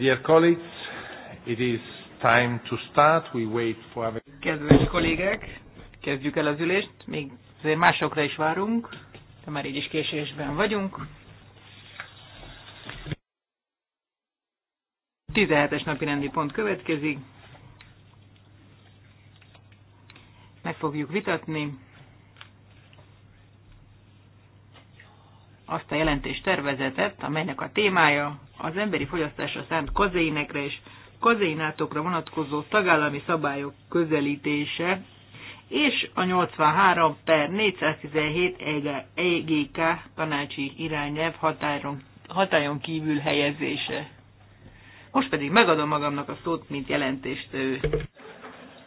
Dear colleagues, it is time to start. We wait for our... Kedves kollégek, kezdjük el az ülést. Még azért másokra is várunk, de már így is késésben vagyunk. 17-es napi rendi pont következik. Meg fogjuk vitatni azt a jelentés tervezetet, amelynek a témája az emberi fogyasztásra szánt kazeinekre és kazeinátokra vonatkozó tagállami szabályok közelítése, és a 83 per 417 EGK tanácsi irányelv határon, határon kívül helyezése. Most pedig megadom magamnak a szót, mint ő.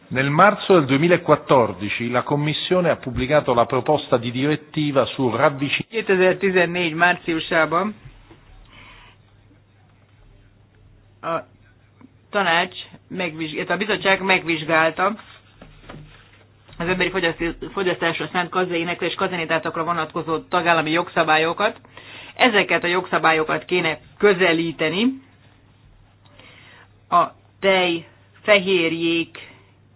Nel marzo del 2014 la Commissione ha pubblicato la proposta di direttiva sul ravvicinamento. 2014 márciusában a tanács, megvizsg... a bizottság megvizsgálta az emberi fogyasztásra szánt kazeinekre és kazenitátokra vonatkozó tagállami jogszabályokat. Ezeket a jogszabályokat kéne közelíteni. A tej fehérjék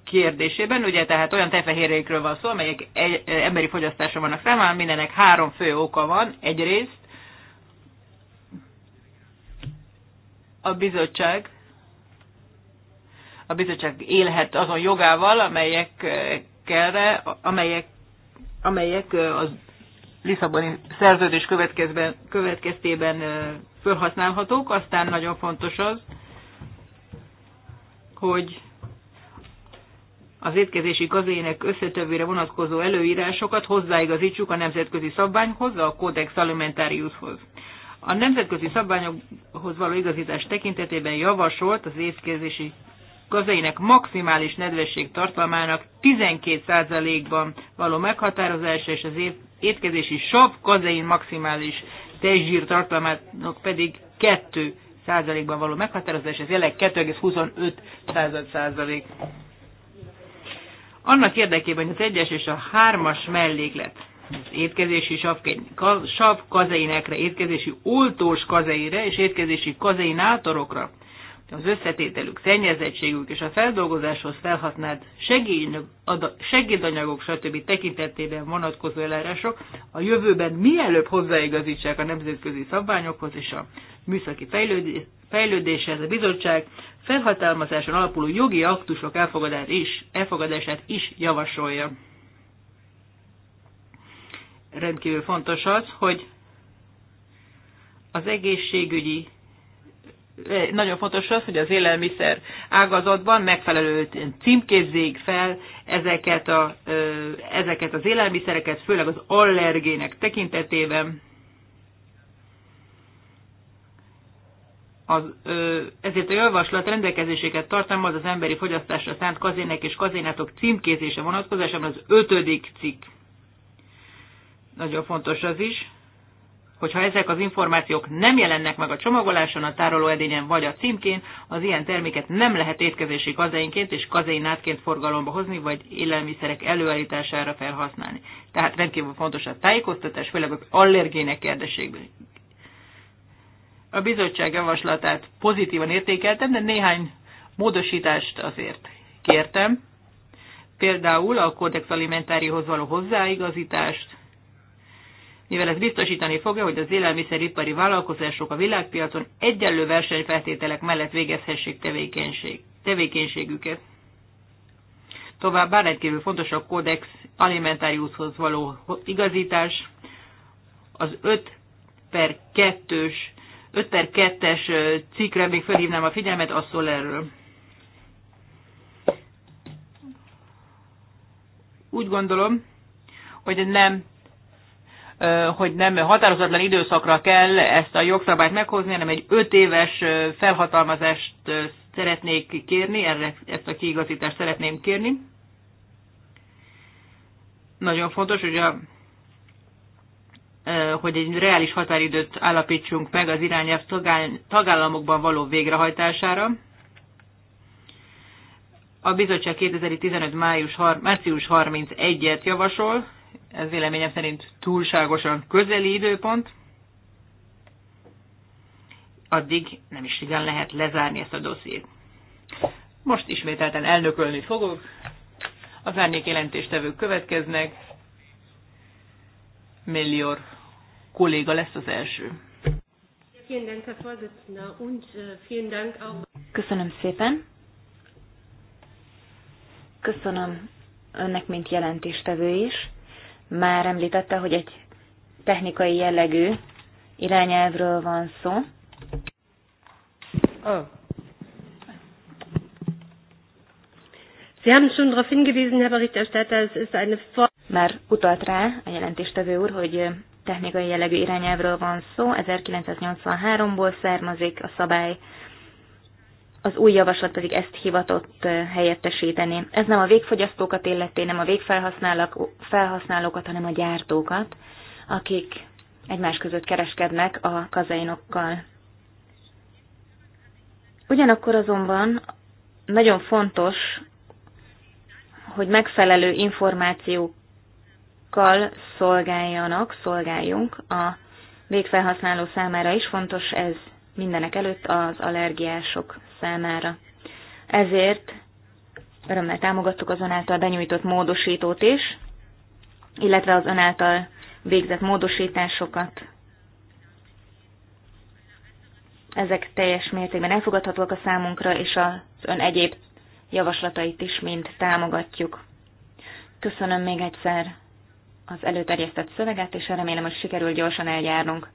kérdésében, ugye tehát olyan tejfehérjékről van szó, amelyek e- emberi fogyasztásra vannak számára, mindenek három fő oka van. Egyrészt a bizottság a bizottság élhet azon jogával, amelyekre, amelyek, amelyek az Lisszaboni szerződés következben, következtében felhasználhatók. Aztán nagyon fontos az, hogy az étkezési gazének összetövére vonatkozó előírásokat hozzáigazítsuk a nemzetközi szabványhoz, a Codex Alimentariushoz. A nemzetközi szabványokhoz való igazítás tekintetében javasolt az étkezési gazainek maximális nedvesség tartalmának 12%-ban való meghatározása, és az étkezési sav gazein maximális tejzsír tartalmának pedig 2%-ban való meghatározása, ez jelenleg 2,25%. Annak érdekében, hogy az egyes és a hármas melléklet étkezési sav kazeinekre, étkezési oltós kazeire és étkezési kazeinátorokra, az összetételük, szennyezettségük és a feldolgozáshoz felhasznált segédanyagok, stb. tekintetében vonatkozó elárások a jövőben mielőbb hozzáigazítsák a nemzetközi szabványokhoz és a műszaki fejlődéshez a bizottság felhatalmazáson alapuló jogi aktusok elfogadását is, elfogadását is javasolja rendkívül fontos az, hogy az egészségügyi eh, nagyon fontos az, hogy az élelmiszer ágazatban megfelelő címkézzék fel ezeket, a, eh, ezeket az élelmiszereket, főleg az allergének tekintetében. Az, eh, ezért a javaslat rendelkezéséket tartalmaz az emberi fogyasztásra szánt kazének és kazénátok címkézése vonatkozásában az ötödik cikk. Nagyon fontos az is, hogyha ezek az információk nem jelennek meg a csomagoláson, a tárolóedényen vagy a címkén, az ilyen terméket nem lehet étkezési kazeinként és kazeinátként forgalomba hozni, vagy élelmiszerek előállítására felhasználni. Tehát rendkívül fontos a tájékoztatás, főleg az allergének kérdésében. A bizottság javaslatát pozitívan értékeltem, de néhány módosítást azért kértem. Például a kódex alimentárihoz való hozzáigazítást, mivel ez biztosítani fogja, hogy az élelmiszeripari vállalkozások a világpiacon egyenlő versenyfeltételek mellett végezhessék tevékenység, tevékenységüket. Továbbá rendkívül fontos a kódex alimentáriushoz való igazítás, az 5 per 2-es 5 per 2-es cikkre még felhívnám a figyelmet, az szól erről. Úgy gondolom, hogy nem hogy nem határozatlan időszakra kell ezt a jogszabályt meghozni, hanem egy öt éves felhatalmazást szeretnék kérni, erre ezt a kiigazítást szeretném kérni. Nagyon fontos, hogy, a, hogy egy reális határidőt állapítsunk meg az irányelv tagállamokban való végrehajtására. A bizottság 2015. Május, március 31-et javasol, ez véleményem szerint túlságosan közeli időpont, addig nem is igen lehet lezárni ezt a dossziét. Most ismételten elnökölni fogok, az árnyék jelentéstevők következnek, Millior kolléga lesz az első. Köszönöm szépen. Köszönöm önnek, mint jelentéstevő is már említette, hogy egy technikai jellegű irányelvről van szó. Oh. Sie haben schon darauf hingewiesen, Herr Berichterstatter, es ist eine Már utalt rá a jelentéstevő úr, hogy technikai jellegű irányelvről van szó, 1983-ból származik a szabály az új javaslat pedig ezt hivatott helyettesíteni. Ez nem a végfogyasztókat illeti, nem a végfelhasználókat, hanem a gyártókat, akik egymás között kereskednek a kazainokkal. Ugyanakkor azonban nagyon fontos, hogy megfelelő információkkal szolgáljanak, szolgáljunk a végfelhasználó számára is fontos ez mindenek előtt az allergiások számára. Ezért örömmel támogattuk az önáltal benyújtott módosítót is, illetve az önáltal végzett módosításokat. Ezek teljes mértékben elfogadhatóak a számunkra, és az ön egyéb javaslatait is mind támogatjuk. Köszönöm még egyszer az előterjesztett szöveget, és remélem, hogy sikerül gyorsan eljárnunk.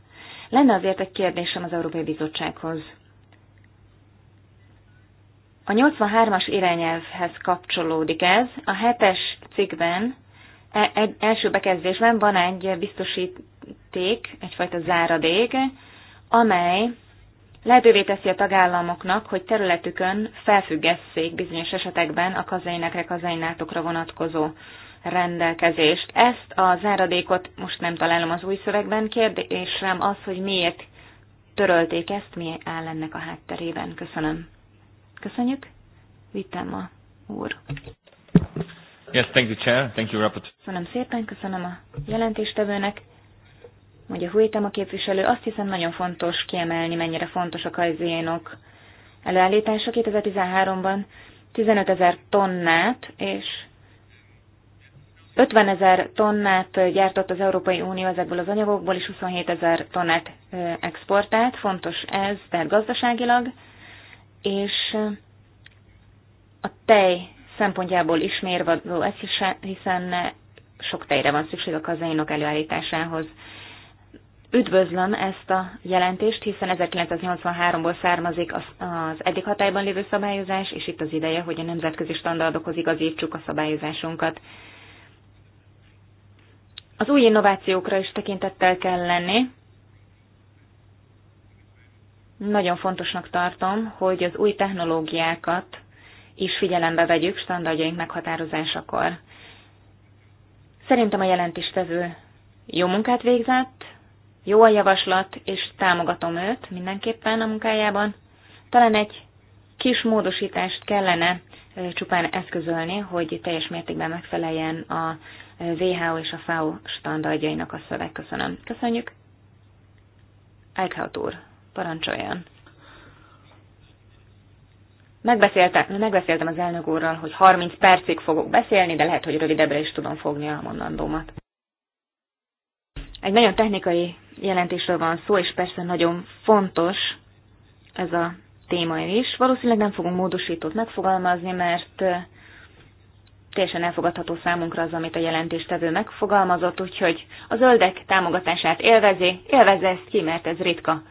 Lenne azért egy kérdésem az Európai Bizottsághoz. A 83-as irányelvhez kapcsolódik ez. A 7-es cikkben, e, egy első bekezdésben van egy biztosíték, egyfajta záradék, amely lehetővé teszi a tagállamoknak, hogy területükön felfüggesszék bizonyos esetekben a kazainek rekazeinátokra vonatkozó rendelkezést. Ezt a záradékot most nem találom az új szövegben. Kérdésem az, hogy miért törölték ezt, mi áll ennek a hátterében. Köszönöm. Köszönjük. Vittem a úr. Yes, thank you, Chair. Thank you, Rapport. Köszönöm szépen, köszönöm a jelentéstevőnek. Mondja a képviselő, azt hiszem nagyon fontos kiemelni, mennyire fontos a kajzénok előállítása 2013-ban 15 ezer tonnát, és 50 ezer tonnát gyártott az Európai Unió ezekből az anyagokból, és 27 ezer tonnát exportált. Fontos ez, tehát gazdaságilag, és a tej szempontjából is mérvadó ez, hiszen sok tejre van szükség a kazainok előállításához. Üdvözlöm ezt a jelentést, hiszen 1983-ból származik az eddig hatályban lévő szabályozás, és itt az ideje, hogy a nemzetközi standardokhoz igazítsuk a szabályozásunkat. Az új innovációkra is tekintettel kell lenni. Nagyon fontosnak tartom, hogy az új technológiákat is figyelembe vegyük standardjaink meghatározásakor. Szerintem a jelentéstevő jó munkát végzett, jó a javaslat, és támogatom őt mindenképpen a munkájában. Talán egy kis módosítást kellene csupán eszközölni, hogy teljes mértékben megfeleljen a WHO és a FAO standardjainak a szöveg. Köszönöm. Köszönjük. Eichhout úr, parancsoljon. Megbeszéltem, megbeszéltem az elnök úrral, hogy 30 percig fogok beszélni, de lehet, hogy rövidebbre is tudom fogni a mondandómat. Egy nagyon technikai jelentésről van szó, és persze nagyon fontos ez a téma is. Valószínűleg nem fogunk módosítót megfogalmazni, mert teljesen elfogadható számunkra az, amit a jelentéstevő megfogalmazott, úgyhogy a zöldek támogatását élvezi, élvezze ezt ki, mert ez ritka.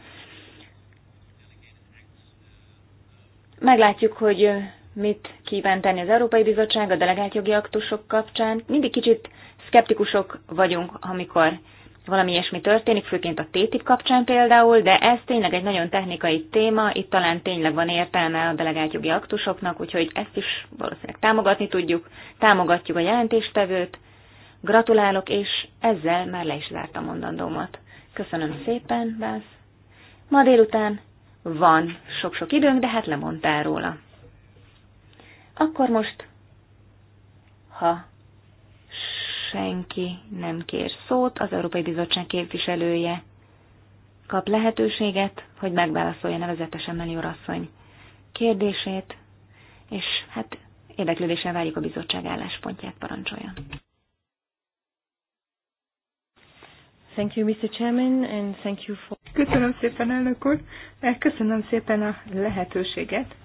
Meglátjuk, hogy mit kíván tenni az Európai Bizottság a delegált jogi aktusok kapcsán. Mindig kicsit szkeptikusok vagyunk, amikor valami ilyesmi történik, főként a TTIP kapcsán például, de ez tényleg egy nagyon technikai téma, itt talán tényleg van értelme a delegált jogi aktusoknak, úgyhogy ezt is valószínűleg támogatni tudjuk, támogatjuk a jelentéstevőt, gratulálok, és ezzel már le is zártam mondandómat. Köszönöm szépen, Bász. Ma délután van sok-sok időnk, de hát lemondtál róla. Akkor most, ha senki nem kér szót, az Európai Bizottság képviselője kap lehetőséget, hogy megválaszolja nevezetesen Melior asszony kérdését, és hát érdeklődéssel várjuk a bizottság álláspontját, parancsolja. Thank you, Mr. Chairman, and thank you for... Köszönöm szépen, elnök úr. Köszönöm szépen a lehetőséget.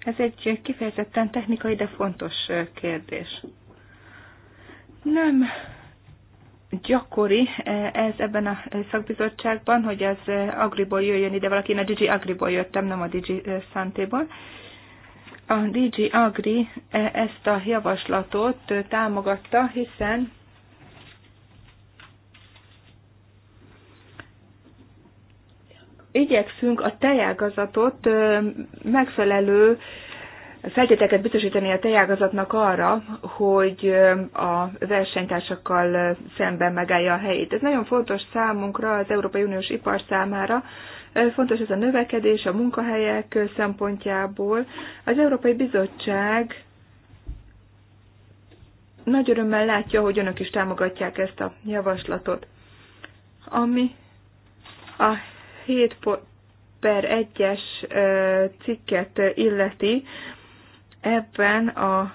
Ez egy kifejezetten technikai, de fontos kérdés. Nem gyakori eh, ez ebben a eh, szakbizottságban, hogy az eh, Agriból jöjjön ide valaki. Én a DG Agriból jöttem, nem a DG Szántéból. A DG Agri ezt a javaslatot támogatta, hiszen igyekszünk a tejágazatot megfelelő feltételeket biztosítani a tejágazatnak arra, hogy a versenytársakkal szemben megállja a helyét. Ez nagyon fontos számunkra, az Európai Uniós ipar számára, fontos ez a növekedés a munkahelyek szempontjából. Az Európai Bizottság nagy örömmel látja, hogy önök is támogatják ezt a javaslatot. Ami a 7 per 1-es cikket illeti, Ebben a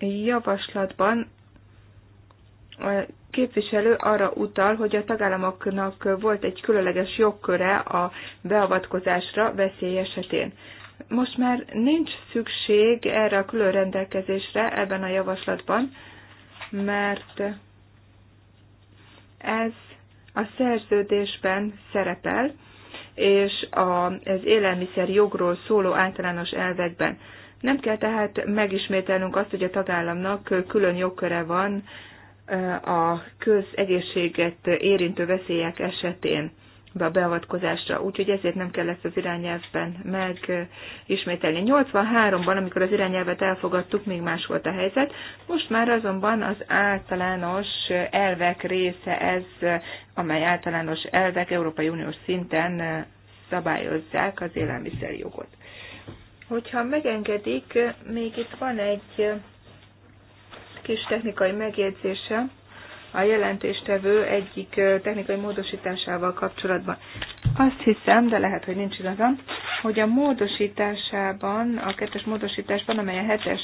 javaslatban a képviselő arra utal, hogy a tagállamoknak volt egy különleges jogköre a beavatkozásra veszély esetén. Most már nincs szükség erre a külön rendelkezésre ebben a javaslatban, mert ez a szerződésben szerepel, és az élelmiszer jogról szóló általános elvekben. Nem kell tehát megismételnünk azt, hogy a tagállamnak külön jogköre van a közegészséget érintő veszélyek esetén be a beavatkozásra, úgyhogy ezért nem kell ezt az irányelvben megismételni. 83-ban, amikor az irányelvet elfogadtuk, még más volt a helyzet, most már azonban az általános elvek része ez, amely általános elvek Európai Uniós szinten szabályozzák az élelmiszerjogot. Hogyha megengedik, még itt van egy kis technikai megjegyzése a jelentéstevő egyik technikai módosításával kapcsolatban. Azt hiszem, de lehet, hogy nincs igazam, hogy a módosításában, a kettes módosításban, amely a hetes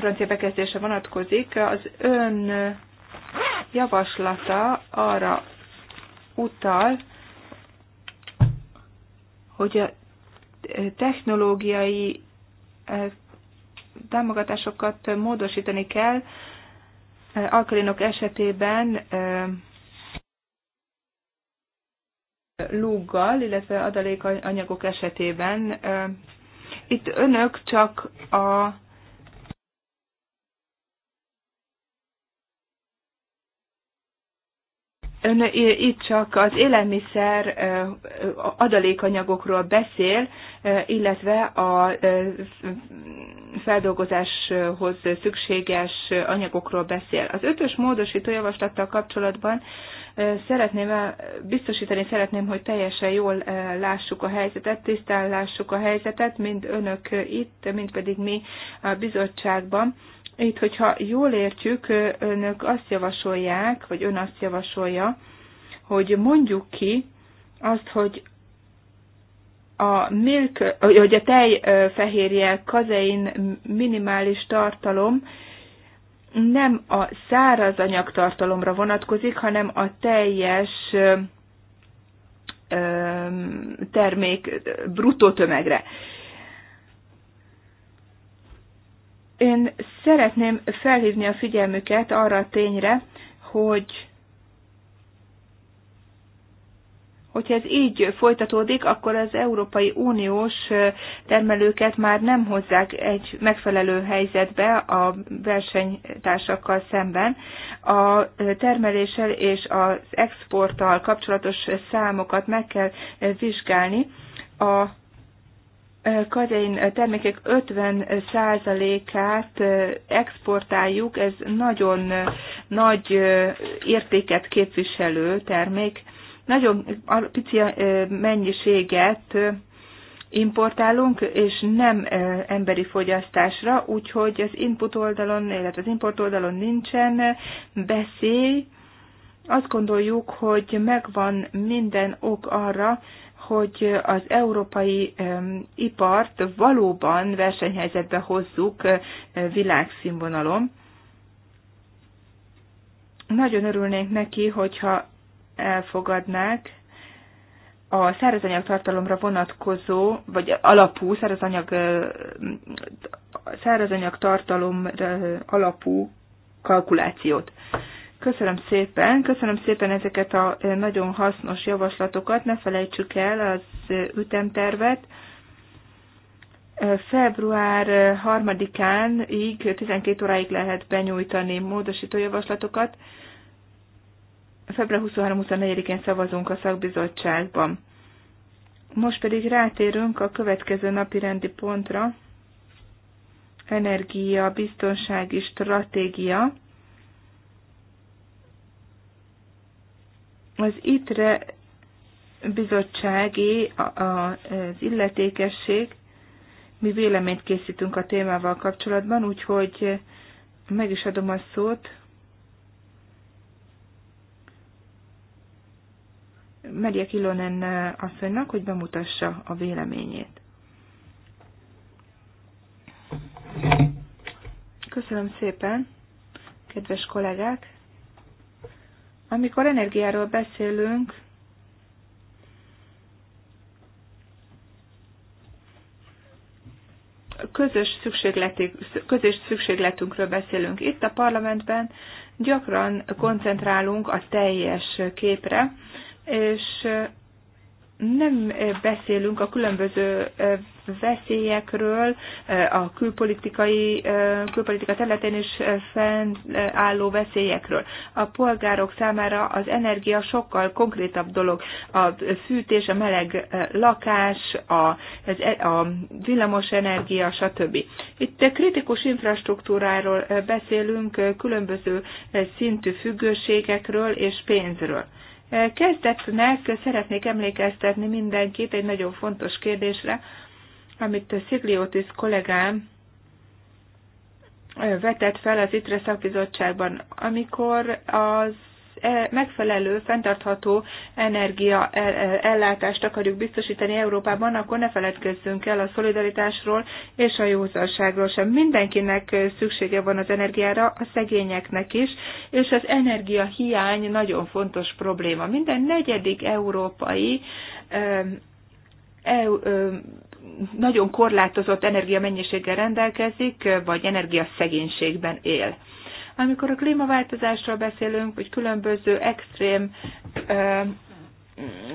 francia bekezdése vonatkozik, az ön javaslata arra utal, hogy a technológiai e, támogatásokat módosítani kell, e, alkalinok esetében e, lúggal, illetve adalékanyagok esetében. Itt önök csak a Ön itt csak az élelmiszer adalékanyagokról beszél, illetve a feldolgozáshoz szükséges anyagokról beszél. Az ötös módosító javaslattal kapcsolatban szeretném, biztosítani szeretném, hogy teljesen jól lássuk a helyzetet, tisztán lássuk a helyzetet, mind önök itt, mind pedig mi a bizottságban itt, hogyha jól értjük, önök azt javasolják, vagy ön azt javasolja, hogy mondjuk ki azt, hogy a milk, hogy a tejfehérje kazein minimális tartalom nem a száraz anyagtartalomra vonatkozik, hanem a teljes termék bruttó tömegre. Én szeretném felhívni a figyelmüket arra a tényre, hogy hogyha ez így folytatódik, akkor az Európai Uniós termelőket már nem hozzák egy megfelelő helyzetbe a versenytársakkal szemben. A termeléssel és az exporttal kapcsolatos számokat meg kell vizsgálni. A kazein termékek 50%-át exportáljuk, ez nagyon nagy értéket képviselő termék. Nagyon pici mennyiséget importálunk, és nem emberi fogyasztásra, úgyhogy az input oldalon, illetve az import oldalon nincsen beszély. Azt gondoljuk, hogy megvan minden ok arra, hogy az európai ipart valóban versenyhelyzetbe hozzuk világszínvonalon. Nagyon örülnénk neki, hogyha elfogadnák a szárazanyag tartalomra vonatkozó, vagy alapú szárazanyag, szárazanyag tartalom alapú kalkulációt. Köszönöm szépen, köszönöm szépen ezeket a eh, nagyon hasznos javaslatokat, ne felejtsük el az eh, ütemtervet. Eh, február 3-án így 12 óráig lehet benyújtani módosító javaslatokat. Február 23-24-én szavazunk a szakbizottságban. Most pedig rátérünk a következő napi rendi pontra, energia, biztonsági stratégia Az ITRE bizottsági az illetékesség, mi véleményt készítünk a témával kapcsolatban, úgyhogy meg is adom a szót. Merje Kilonen asszonynak, hogy bemutassa a véleményét. Köszönöm szépen, kedves kollégák! Amikor energiáról beszélünk, közös, közös szükségletünkről beszélünk. Itt a parlamentben gyakran koncentrálunk a teljes képre, és nem beszélünk a különböző veszélyekről, a külpolitikai, külpolitika területén is fennálló veszélyekről. A polgárok számára az energia sokkal konkrétabb dolog. A fűtés, a meleg lakás, a, e, a villamos energia, stb. Itt kritikus infrastruktúráról beszélünk, különböző szintű függőségekről és pénzről. Kezdetnek szeretnék emlékeztetni mindenkit egy nagyon fontos kérdésre, amit Szigliótis kollégám vetett fel az ITRE szakbizottságban, amikor az E, megfelelő, fenntartható energia e, e, ellátást akarjuk biztosítani Európában, akkor ne feledkezzünk el a szolidaritásról és a józanságról sem. Mindenkinek szüksége van az energiára, a szegényeknek is, és az energiahiány nagyon fontos probléma. Minden negyedik európai EU, nagyon korlátozott energiamennyiséggel rendelkezik, vagy energiaszegénységben él. Amikor a klímaváltozásról beszélünk, vagy különböző extrém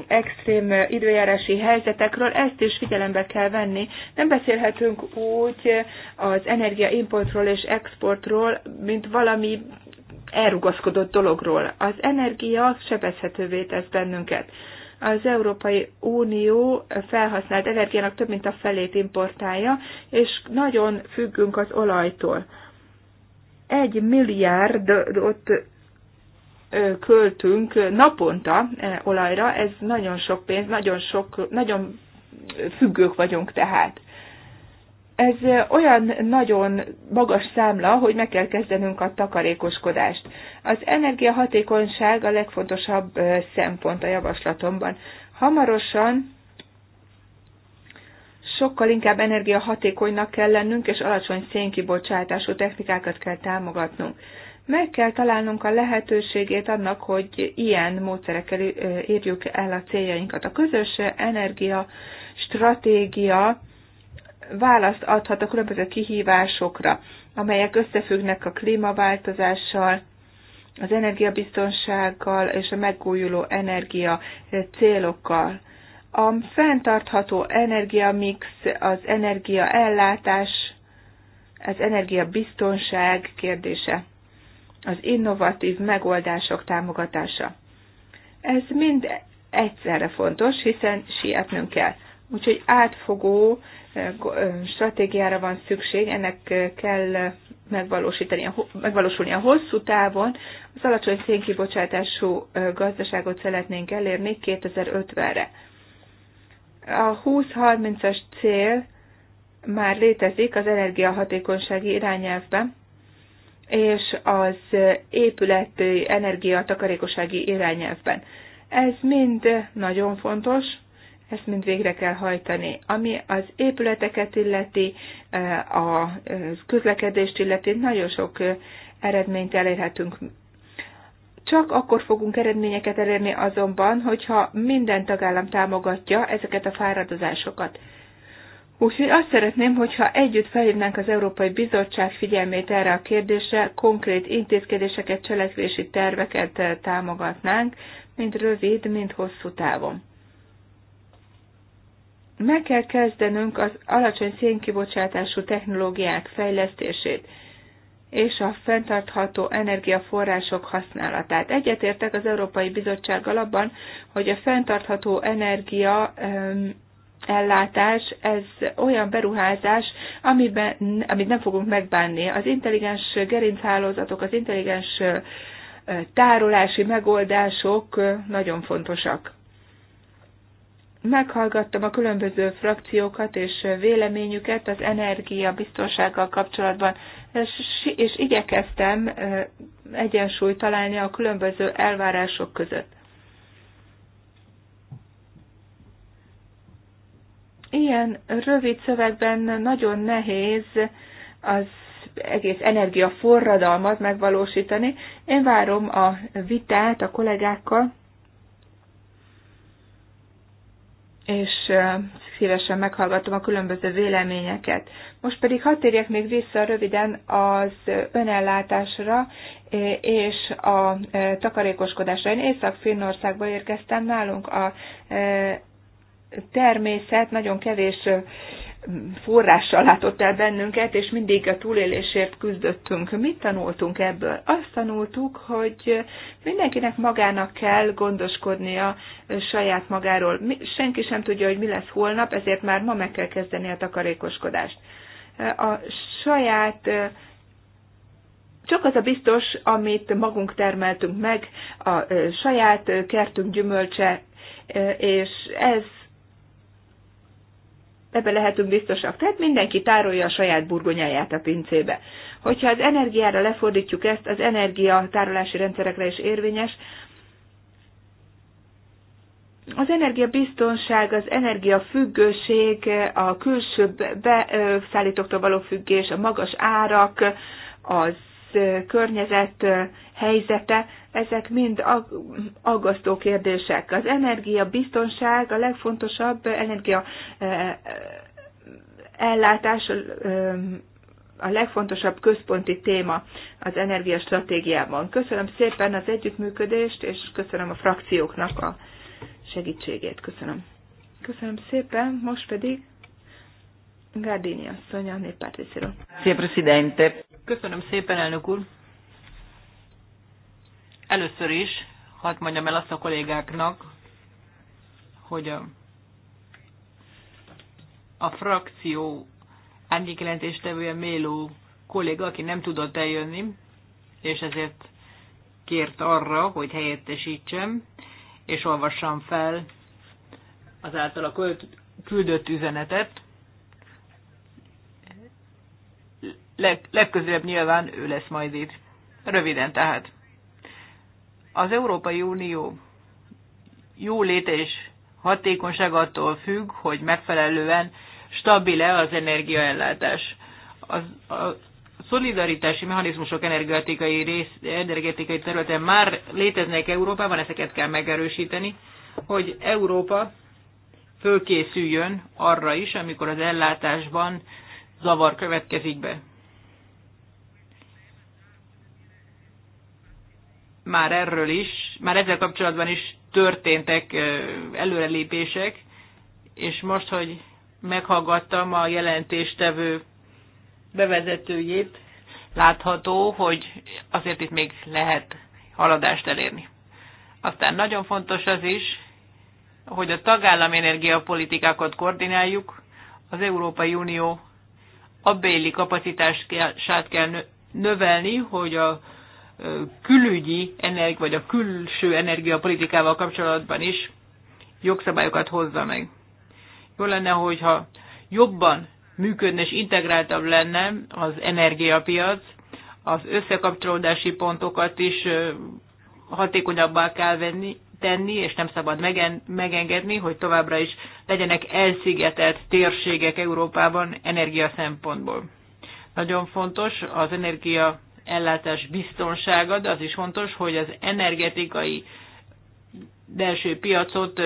extrém időjárási helyzetekről, ezt is figyelembe kell venni. Nem beszélhetünk úgy az energiaimportról és exportról, mint valami elrugaszkodott dologról. Az energia sebezhetővé tesz bennünket. Az Európai Unió felhasznált energiának több mint a felét importálja, és nagyon függünk az olajtól egy milliárdot költünk naponta olajra, ez nagyon sok pénz, nagyon sok, nagyon függők vagyunk tehát. Ez olyan nagyon magas számla, hogy meg kell kezdenünk a takarékoskodást. Az energiahatékonyság a legfontosabb szempont a javaslatomban. Hamarosan sokkal inkább energiahatékonynak kell lennünk, és alacsony szénkibocsátású technikákat kell támogatnunk. Meg kell találnunk a lehetőségét annak, hogy ilyen módszerekkel érjük el a céljainkat. A közös energia stratégia választ adhat a különböző kihívásokra, amelyek összefüggnek a klímaváltozással, az energiabiztonsággal és a megújuló energia célokkal a fenntartható energiamix, az energiaellátás, az energiabiztonság kérdése, az innovatív megoldások támogatása. Ez mind egyszerre fontos, hiszen sietnünk kell. Úgyhogy átfogó eh, eh, stratégiára van szükség, ennek eh, kell megvalósítani, megvalósulni a hosszú távon. Az alacsony szénkibocsátású gazdaságot szeretnénk elérni 2050-re. A 20-30-as cél már létezik az energiahatékonysági irányelvben, és az épületi energiatakarékossági irányelvben. Ez mind nagyon fontos, ezt mind végre kell hajtani. Ami az épületeket illeti, eh, a eh, közlekedést illeti, nagyon sok eh, eredményt elérhetünk csak akkor fogunk eredményeket elérni azonban, hogyha minden tagállam támogatja ezeket a fáradozásokat. Úgyhogy azt szeretném, hogyha együtt felhívnánk az Európai Bizottság figyelmét erre a kérdésre, konkrét intézkedéseket, cselekvési terveket eh, támogatnánk, mind rövid, mind hosszú távon. Meg kell kezdenünk az alacsony szénkibocsátású technológiák fejlesztését és a fenntartható energiaforrások használatát. Egyetértek az Európai Bizottsággal abban, hogy a fenntartható energia ellátás, ez olyan beruházás, amiben, amit nem fogunk megbánni. Az intelligens gerinchálózatok, az intelligens tárolási megoldások nagyon fontosak. Meghallgattam a különböző frakciókat és véleményüket az biztonsággal kapcsolatban és igyekeztem egyensúlyt találni a különböző elvárások között. Ilyen rövid szövegben nagyon nehéz az egész energiaforradalmat megvalósítani. Én várom a vitát a kollégákkal, és szívesen meghallgatom a különböző véleményeket. Most pedig hadd térjek még vissza röviden az önellátásra eh, és a eh, takarékoskodásra. Én Észak-Finnországba érkeztem, nálunk a eh, természet nagyon kevés forrással látott el bennünket, és mindig a túlélésért küzdöttünk. Mit tanultunk ebből? Azt tanultuk, hogy mindenkinek magának kell gondoskodnia saját magáról. Senki sem tudja, hogy mi lesz holnap, ezért már ma meg kell kezdeni a takarékoskodást. A saját csak az a biztos, amit magunk termeltünk meg, a saját kertünk gyümölcse, és ez ebbe lehetünk biztosak. Tehát mindenki tárolja a saját burgonyáját a pincébe. Hogyha az energiára lefordítjuk ezt, az energia tárolási rendszerekre is érvényes, az energiabiztonság, az energiafüggőség, a külső beszállítóktól való függés, a magas árak, az környezet helyzete, ezek mind aggasztó kérdések. Az energia biztonság a legfontosabb energia ellátás a legfontosabb központi téma az energiastratégiában. Köszönöm szépen az együttműködést, és köszönöm a frakcióknak a segítségét. Köszönöm. Köszönöm szépen, most pedig Gardini asszony, a néppárt részéről. Szia, Presidente! Köszönöm szépen, elnök úr! Először is hadd mondjam el azt a kollégáknak, hogy a, a frakció jelentéstevője Méló kolléga, aki nem tudott eljönni, és ezért kért arra, hogy helyettesítsem, és olvassam fel az általa küldött üzenetet. leg, legközelebb nyilván ő lesz majd itt. Röviden tehát. Az Európai Unió jóléte és hatékonyság attól függ, hogy megfelelően stabil-e az energiaellátás. Az, a szolidaritási mechanizmusok energetikai, rész, energetikai területen már léteznek Európában, ezeket kell megerősíteni, hogy Európa fölkészüljön arra is, amikor az ellátásban zavar következik be. már erről is, már ezzel kapcsolatban is történtek előrelépések, és most, hogy meghallgattam a jelentéstevő bevezetőjét, látható, hogy azért itt még lehet haladást elérni. Aztán nagyon fontos az is, hogy a tagállam energiapolitikákat koordináljuk, az Európai Unió abbéli kapacitását kell növelni, hogy a külügyi energi, vagy a külső energiapolitikával kapcsolatban is jogszabályokat hozza meg. Jó lenne, hogyha jobban működne és integráltabb lenne az energiapiac, az összekapcsolódási pontokat is hatékonyabbá kell venni, tenni, és nem szabad megen, megengedni, hogy továbbra is legyenek elszigetelt térségek Európában energia szempontból. Nagyon fontos az energia ellátás biztonsága, de az is fontos, hogy az energetikai belső piacot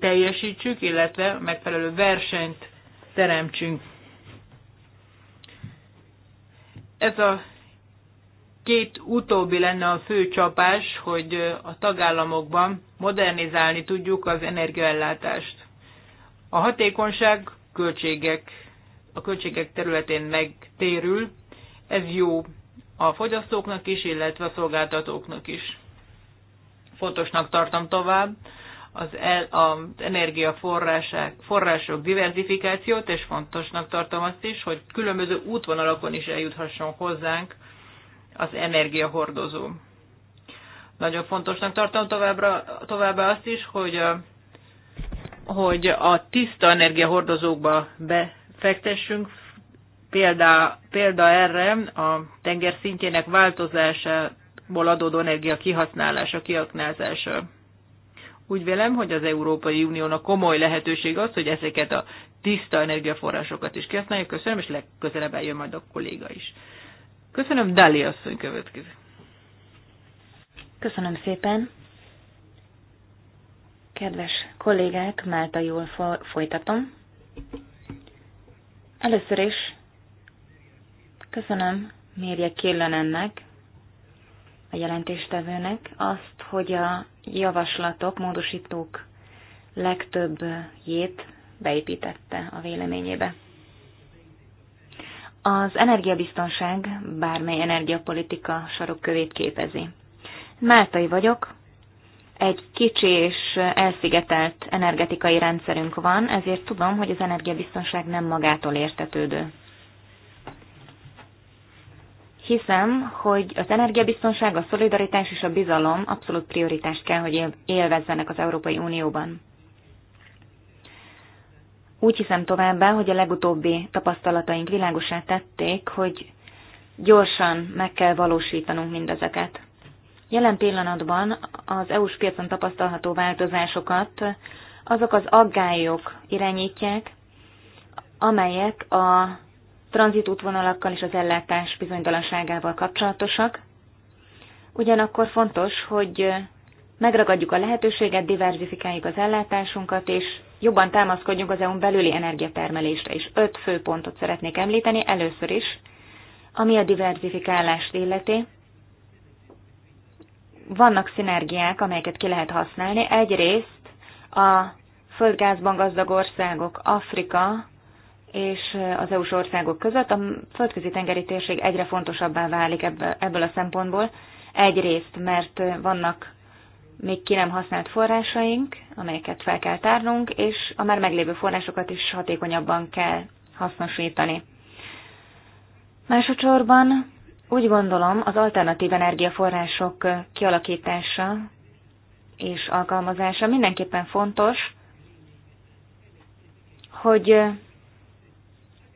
teljesítsük, illetve megfelelő versenyt teremtsünk. Ez a két utóbbi lenne a fő csapás, hogy a tagállamokban modernizálni tudjuk az energiaellátást. A hatékonyság költségek, a költségek területén megtérül, ez jó a fogyasztóknak is, illetve a szolgáltatóknak is. Fontosnak tartom tovább az, el, az energiaforrások diversifikációt, és fontosnak tartom azt is, hogy különböző útvonalakon is eljuthasson hozzánk az energiahordozó. Nagyon fontosnak tartom továbbra, továbbá azt is, hogy a, hogy a tiszta energiahordozókba befektessünk, Példa, példa erre a tenger szintjének változásából adódó energia kihasználása, kiaknázása. Úgy vélem, hogy az Európai Uniónak komoly lehetőség az, hogy ezeket a tiszta energiaforrásokat is kihasználjuk. Köszönöm, és legközelebb eljön majd a kolléga is. Köszönöm, Dali asszony következő. Köszönöm szépen. Kedves kollégák, Málta jól folytatom. Először is Köszönöm Mérje Killenennek, a jelentéstevőnek azt, hogy a javaslatok, módosítók jét beépítette a véleményébe. Az energiabiztonság bármely energiapolitika sarokkövét képezi. Máltai vagyok, egy kicsi és elszigetelt energetikai rendszerünk van, ezért tudom, hogy az energiabiztonság nem magától értetődő Hiszem, hogy az energiabiztonság, a szolidaritás és a bizalom abszolút prioritást kell, hogy élvezzenek az Európai Unióban. Úgy hiszem továbbá, hogy a legutóbbi tapasztalataink világosá tették, hogy gyorsan meg kell valósítanunk mindezeket. Jelen pillanatban az EU-s piacon tapasztalható változásokat azok az aggályok irányítják, amelyek a tranzitútvonalakkal és az ellátás bizonytalanságával kapcsolatosak. Ugyanakkor fontos, hogy megragadjuk a lehetőséget, diverzifikáljuk az ellátásunkat, és jobban támaszkodjunk az EU-n belüli energiatermelésre is. Öt fő pontot szeretnék említeni először is, ami a diverzifikálást illeti. Vannak szinergiák, amelyeket ki lehet használni. Egyrészt a földgázban gazdag országok, Afrika, és az EU-s országok között. A földközi tengeri térség egyre fontosabbá válik ebből a szempontból. Egyrészt, mert vannak még ki nem használt forrásaink, amelyeket fel kell tárnunk, és a már meglévő forrásokat is hatékonyabban kell hasznosítani. Másodszorban úgy gondolom, az alternatív energiaforrások kialakítása és alkalmazása mindenképpen fontos, hogy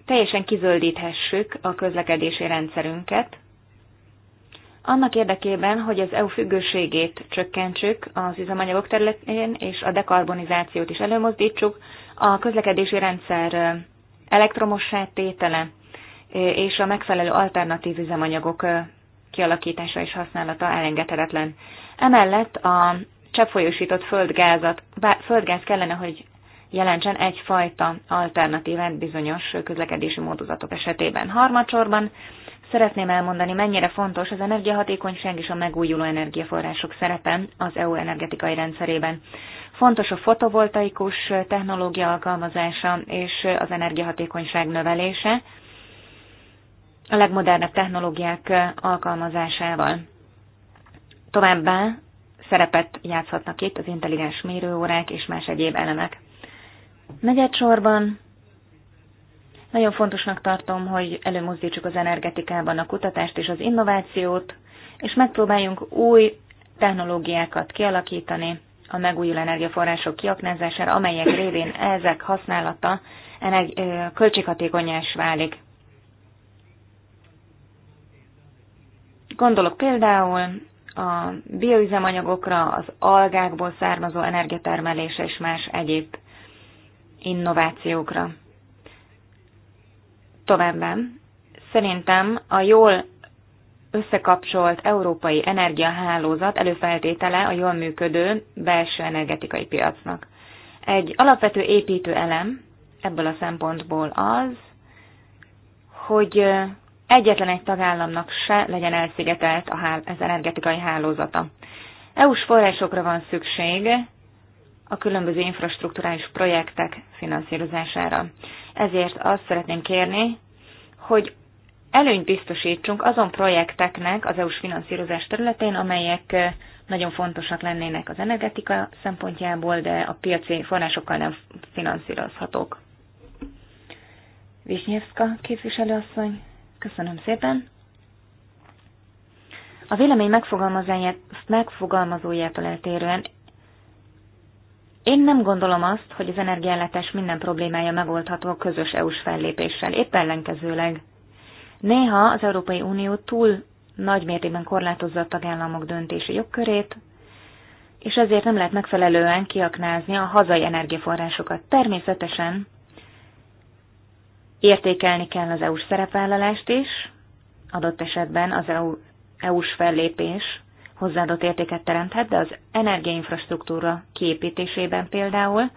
teljesen kizöldíthessük a közlekedési rendszerünket, annak érdekében, hogy az EU függőségét csökkentsük az üzemanyagok területén, és a dekarbonizációt is előmozdítsuk, a közlekedési rendszer elektromossá tétele és a megfelelő alternatív üzemanyagok kialakítása és használata elengedhetetlen. Emellett a cseppfolyósított földgázat, földgáz kellene, hogy jelentsen egyfajta alternatívát bizonyos közlekedési módozatok esetében. Harmadsorban szeretném elmondani, mennyire fontos az energiahatékonyság és a megújuló energiaforrások szerepe az EU energetikai rendszerében. Fontos a fotovoltaikus technológia alkalmazása és az energiahatékonyság növelése a legmodernebb technológiák alkalmazásával. Továbbá szerepet játszhatnak itt az intelligens mérőórák és más egyéb elemek. Negyedsorban nagyon fontosnak tartom, hogy előmozdítsuk az energetikában a kutatást és az innovációt, és megpróbáljunk új technológiákat kialakítani a megújuló energiaforrások kiaknázására, amelyek révén ezek használata költséghatékonyás válik. Gondolok például a bioüzemanyagokra, az algákból származó energiatermelése és más egyéb innovációkra. Továbbá, szerintem a jól összekapcsolt európai energiahálózat előfeltétele a jól működő belső energetikai piacnak. Egy alapvető építő elem ebből a szempontból az, hogy egyetlen egy tagállamnak se legyen elszigetelt az energetikai hálózata. EU-s forrásokra van szükség a különböző infrastruktúrális projektek finanszírozására. Ezért azt szeretném kérni, hogy előnyt biztosítsunk azon projekteknek az EU-s finanszírozás területén, amelyek eh, nagyon fontosak lennének az energetika szempontjából, de a piaci forrásokkal nem finanszírozhatók. Visnyevska képviselőasszony, köszönöm szépen. A vélemény megfogalmazójától eltérően én nem gondolom azt, hogy az energiállátás minden problémája megoldható a közös EU-s fellépéssel, épp ellenkezőleg. Néha az Európai Unió túl nagy mértékben korlátozza a tagállamok döntési jogkörét, és ezért nem lehet megfelelően kiaknázni a hazai energiaforrásokat. Természetesen értékelni kell az EU-s szerepvállalást is, adott esetben az EU, s fellépés hozzáadott értéket teremthet, de az energiainfrastruktúra kiépítésében például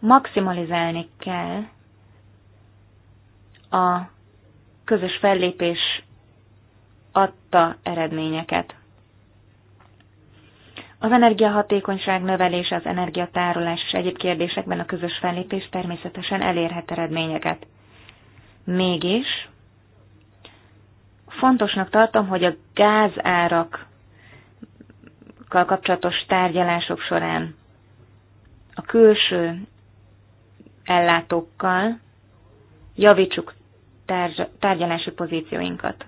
maximalizálni kell a közös fellépés adta eredményeket. Az energiahatékonyság növelése, az energiatárolás és egyéb kérdésekben a közös fellépés természetesen elérhet eredményeket. Mégis Fontosnak tartom, hogy a gázárakkal kapcsolatos tárgyalások során a külső ellátókkal javítsuk tárgyalási pozícióinkat.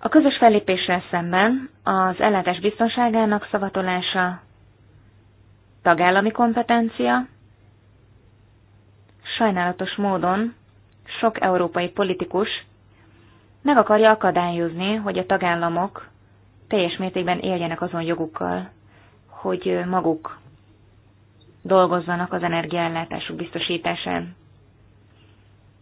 A közös fellépéssel szemben az ellátás biztonságának szavatolása tagállami kompetencia, sajnálatos módon sok európai politikus meg akarja akadályozni, hogy a tagállamok teljes mértékben éljenek azon jogukkal, hogy maguk dolgozzanak az energiaellátásuk biztosításán.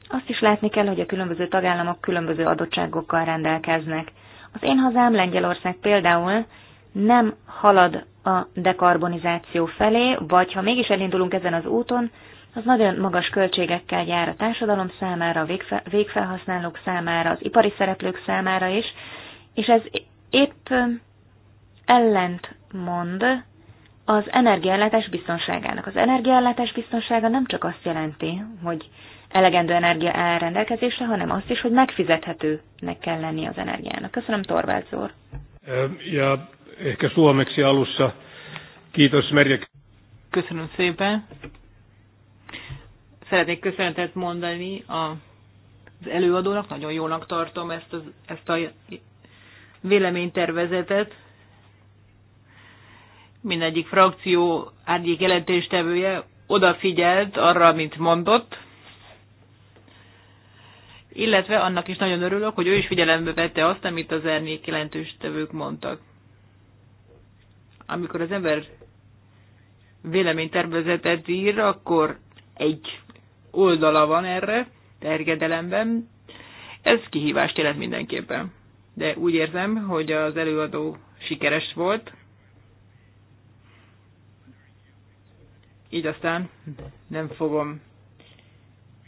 Azt is látni kell, hogy a különböző tagállamok különböző adottságokkal rendelkeznek. Az én hazám Lengyelország például nem halad a dekarbonizáció felé, vagy ha mégis elindulunk ezen az úton, az nagyon magas költségekkel jár a társadalom számára, a végfelhasználók számára, az ipari szereplők számára is, és ez épp ellentmond az energiállátás biztonságának. Az energiállátás biztonsága nem csak azt jelenti, hogy elegendő energia áll rendelkezésre, hanem azt is, hogy megfizethetőnek kell lenni az energiának. Köszönöm, Torvalds Zór. Ja, ehkä suomeksi alussa. Kiitos Merjek. Köszönöm szépen. Szeretnék köszönetet mondani az előadónak, nagyon jónak tartom ezt, az, ezt a véleménytervezetet. Mindegyik frakció árnyék jelentéstevője odafigyelt arra, amit mondott, illetve annak is nagyon örülök, hogy ő is figyelembe vette azt, amit az árnyék jelentéstevők mondtak. Amikor az ember véleménytervezetet ír, akkor egy oldala van erre, terjedelemben. Ez kihívást jelent mindenképpen. De úgy érzem, hogy az előadó sikeres volt, így aztán nem fogom,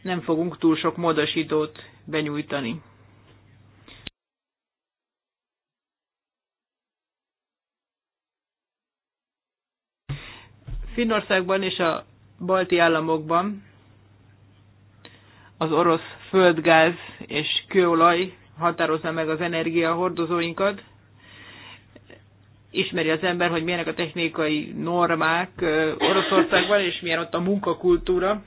nem fogunk túl sok módosítót benyújtani. Finnországban és a balti államokban az orosz földgáz és kőolaj határozza meg az energiahordozóinkat. Ismeri az ember, hogy milyenek a technikai normák Oroszországban, és milyen ott a munkakultúra.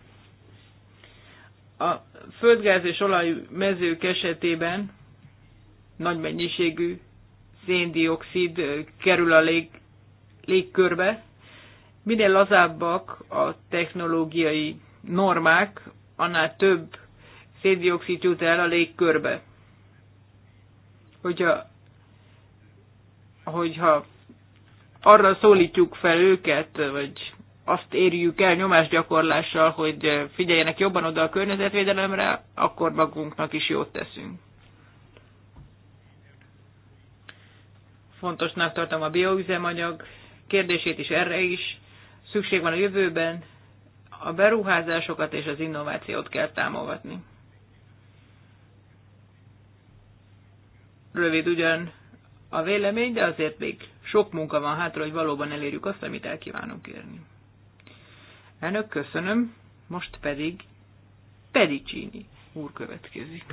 A földgáz és olaj mezők esetében nagy mennyiségű széndiokszid kerül a lég, légkörbe. Minél lazábbak a technológiai normák, annál több széndiokszid jut el a légkörbe. Hogyha, hogyha arra szólítjuk fel őket, vagy azt érjük el nyomásgyakorlással, hogy figyeljenek jobban oda a környezetvédelemre, akkor magunknak is jót teszünk. Fontosnak tartom a bioüzemanyag kérdését is erre is. Szükség van a jövőben, a beruházásokat és az innovációt kell támogatni. Rövid ugyan a vélemény, de azért még sok munka van hátra, hogy valóban elérjük azt, amit el kívánunk érni. Elnök, köszönöm, most pedig Pedicini úr következik.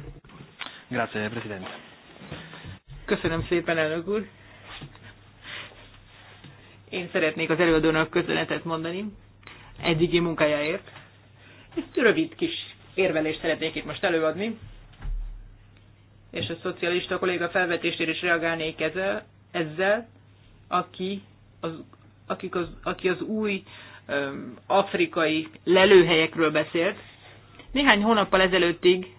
Grazie, Presidente. Köszönöm szépen, elnök úr. Én szeretnék az előadónak köszönetet mondani eddigi munkájáért. Egy rövid kis érvelést szeretnék itt most előadni és a szocialista kolléga felvetésére is reagálnék ezzel, ezzel aki, az, akik az, aki az új um, afrikai lelőhelyekről beszélt. Néhány hónappal ezelőttig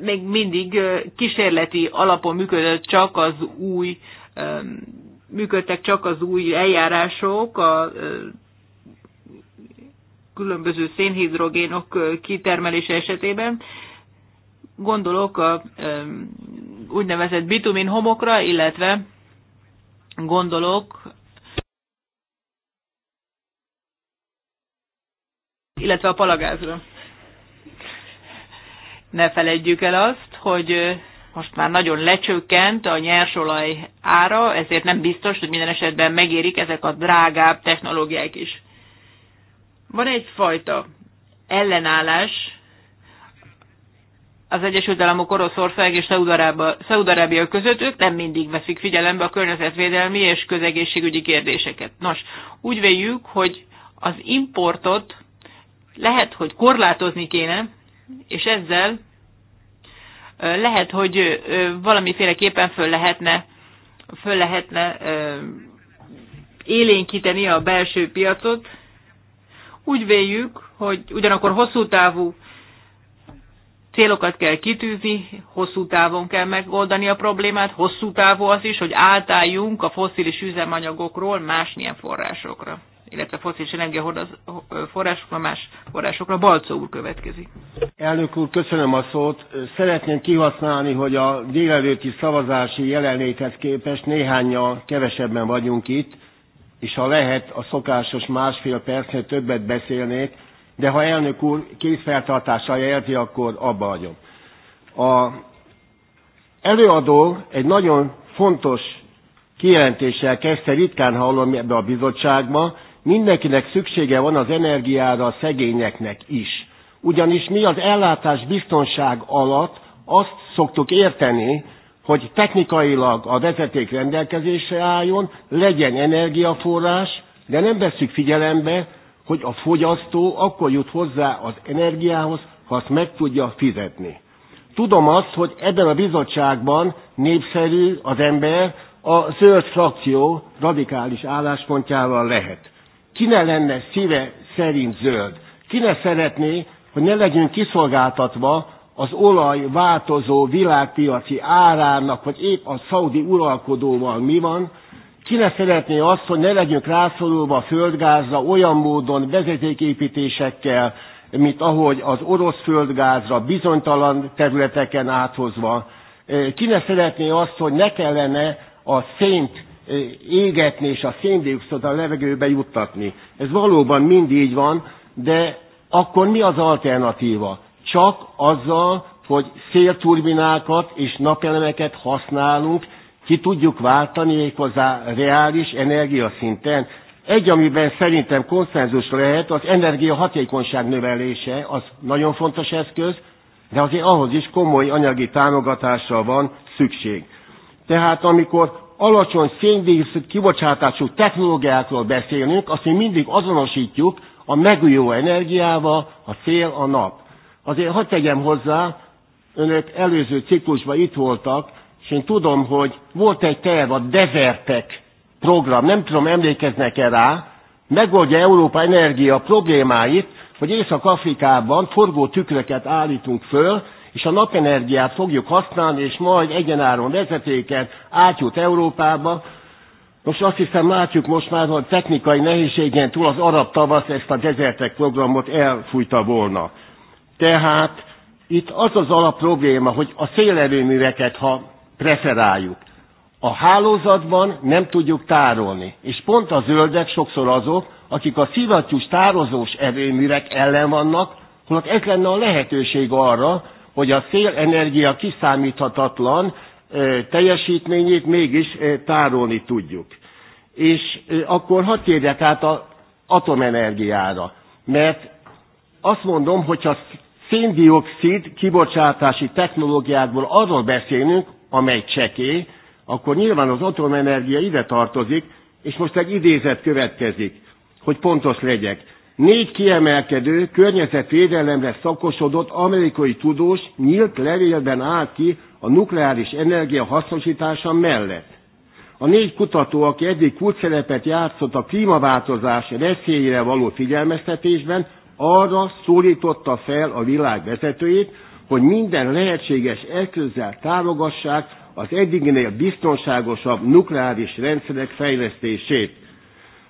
még mindig kísérleti alapon működött csak az új, működtek csak az új eljárások, a különböző szénhidrogénok kitermelése esetében. Gondolok a úgynevezett bitumin homokra, illetve gondolok illetve a palagázra. Ne feledjük el azt, hogy most már nagyon lecsökkent a nyersolaj ára, ezért nem biztos, hogy minden esetben megérik ezek a drágább technológiák is. Van egyfajta ellenállás az Egyesült Államok, Oroszország és Szaudarábia között, ők nem mindig veszik figyelembe a környezetvédelmi és közegészségügyi kérdéseket. Nos, úgy véljük, hogy az importot lehet, hogy korlátozni kéne, és ezzel lehet, hogy valamiféleképpen föl lehetne, föl lehetne élénkíteni a belső piacot, úgy véljük, hogy ugyanakkor hosszú távú célokat kell kitűzni, hosszú távon kell megoldani a problémát, hosszú távú az is, hogy átálljunk a foszilis üzemanyagokról másmilyen forrásokra illetve foszilis energiaforrásokra, más forrásokra. Balcó úr következik. Elnök úr, köszönöm a szót. Szeretném kihasználni, hogy a délelőtti szavazási jelenléthez képest néhányan kevesebben vagyunk itt, és ha lehet a szokásos másfél percnél többet beszélnék, de ha elnök úr készfeltartással jelzi, akkor abba hagyom. A előadó egy nagyon fontos kijelentéssel kezdte, ritkán hallom ebbe a bizottságba, mindenkinek szüksége van az energiára a szegényeknek is. Ugyanis mi az ellátás biztonság alatt azt szoktuk érteni, hogy technikailag a vezeték rendelkezésre álljon, legyen energiaforrás, de nem veszük figyelembe, hogy a fogyasztó akkor jut hozzá az energiához, ha azt meg tudja fizetni. Tudom azt, hogy ebben a bizottságban népszerű az ember a zöld frakció radikális álláspontjával lehet. Ki ne lenne szíve szerint zöld? Ki ne szeretné, hogy ne legyünk kiszolgáltatva az olaj változó világpiaci árának, vagy épp a szaudi uralkodóval mi van, ki ne szeretné azt, hogy ne legyünk rászorulva a földgázra olyan módon vezetéképítésekkel, mint ahogy az orosz földgázra bizonytalan területeken áthozva. E, ki ne szeretné azt, hogy ne kellene a szént e, égetni és a széndiokszot a levegőbe juttatni. Ez valóban mind így van, de akkor mi az alternatíva? csak azzal, hogy szélturbinákat és napelemeket használunk, ki tudjuk váltani méghozzá reális energiaszinten. Egy, amiben szerintem konszenzus lehet, az energia hatékonyság növelése, az nagyon fontos eszköz, de azért ahhoz is komoly anyagi támogatásra van szükség. Tehát amikor alacsony széndiokszid kibocsátású technológiákról beszélünk, azt mi mindig azonosítjuk a megújuló energiával, a szél, a nap. Azért hadd tegyem hozzá, önök előző ciklusban itt voltak, és én tudom, hogy volt egy terv, a Devertek program, nem tudom, emlékeznek-e rá, megoldja Európa energia problémáit, hogy Észak-Afrikában forgó tükröket állítunk föl, és a napenergiát fogjuk használni, és majd egyenáron vezetéket átjut Európába. Most azt hiszem látjuk most már, hogy technikai nehézségen túl az arab tavasz ezt a dezertek programot elfújta volna. Tehát itt az az alapprobléma, hogy a szélerőműveket, ha preferáljuk, a hálózatban nem tudjuk tárolni. És pont a zöldek sokszor azok, akik a szivattyús tározós erőművek ellen vannak, holott ez lenne a lehetőség arra, hogy a szélenergia kiszámíthatatlan teljesítményét mégis tárolni tudjuk. És akkor hadd térjek át az atomenergiára, mert azt mondom, hogy ha széndiokszid kibocsátási technológiákból arról beszélünk, amely cseké, akkor nyilván az atomenergia ide tartozik, és most egy idézet következik, hogy pontos legyek. Négy kiemelkedő, környezetvédelemre szakosodott amerikai tudós nyílt levélben áll ki a nukleáris energia hasznosítása mellett. A négy kutató, aki eddig kulcsszerepet játszott a klímaváltozás veszélyére való figyelmeztetésben, arra szólította fel a világ vezetőit, hogy minden lehetséges eszközzel támogassák az eddiginél biztonságosabb nukleáris rendszerek fejlesztését.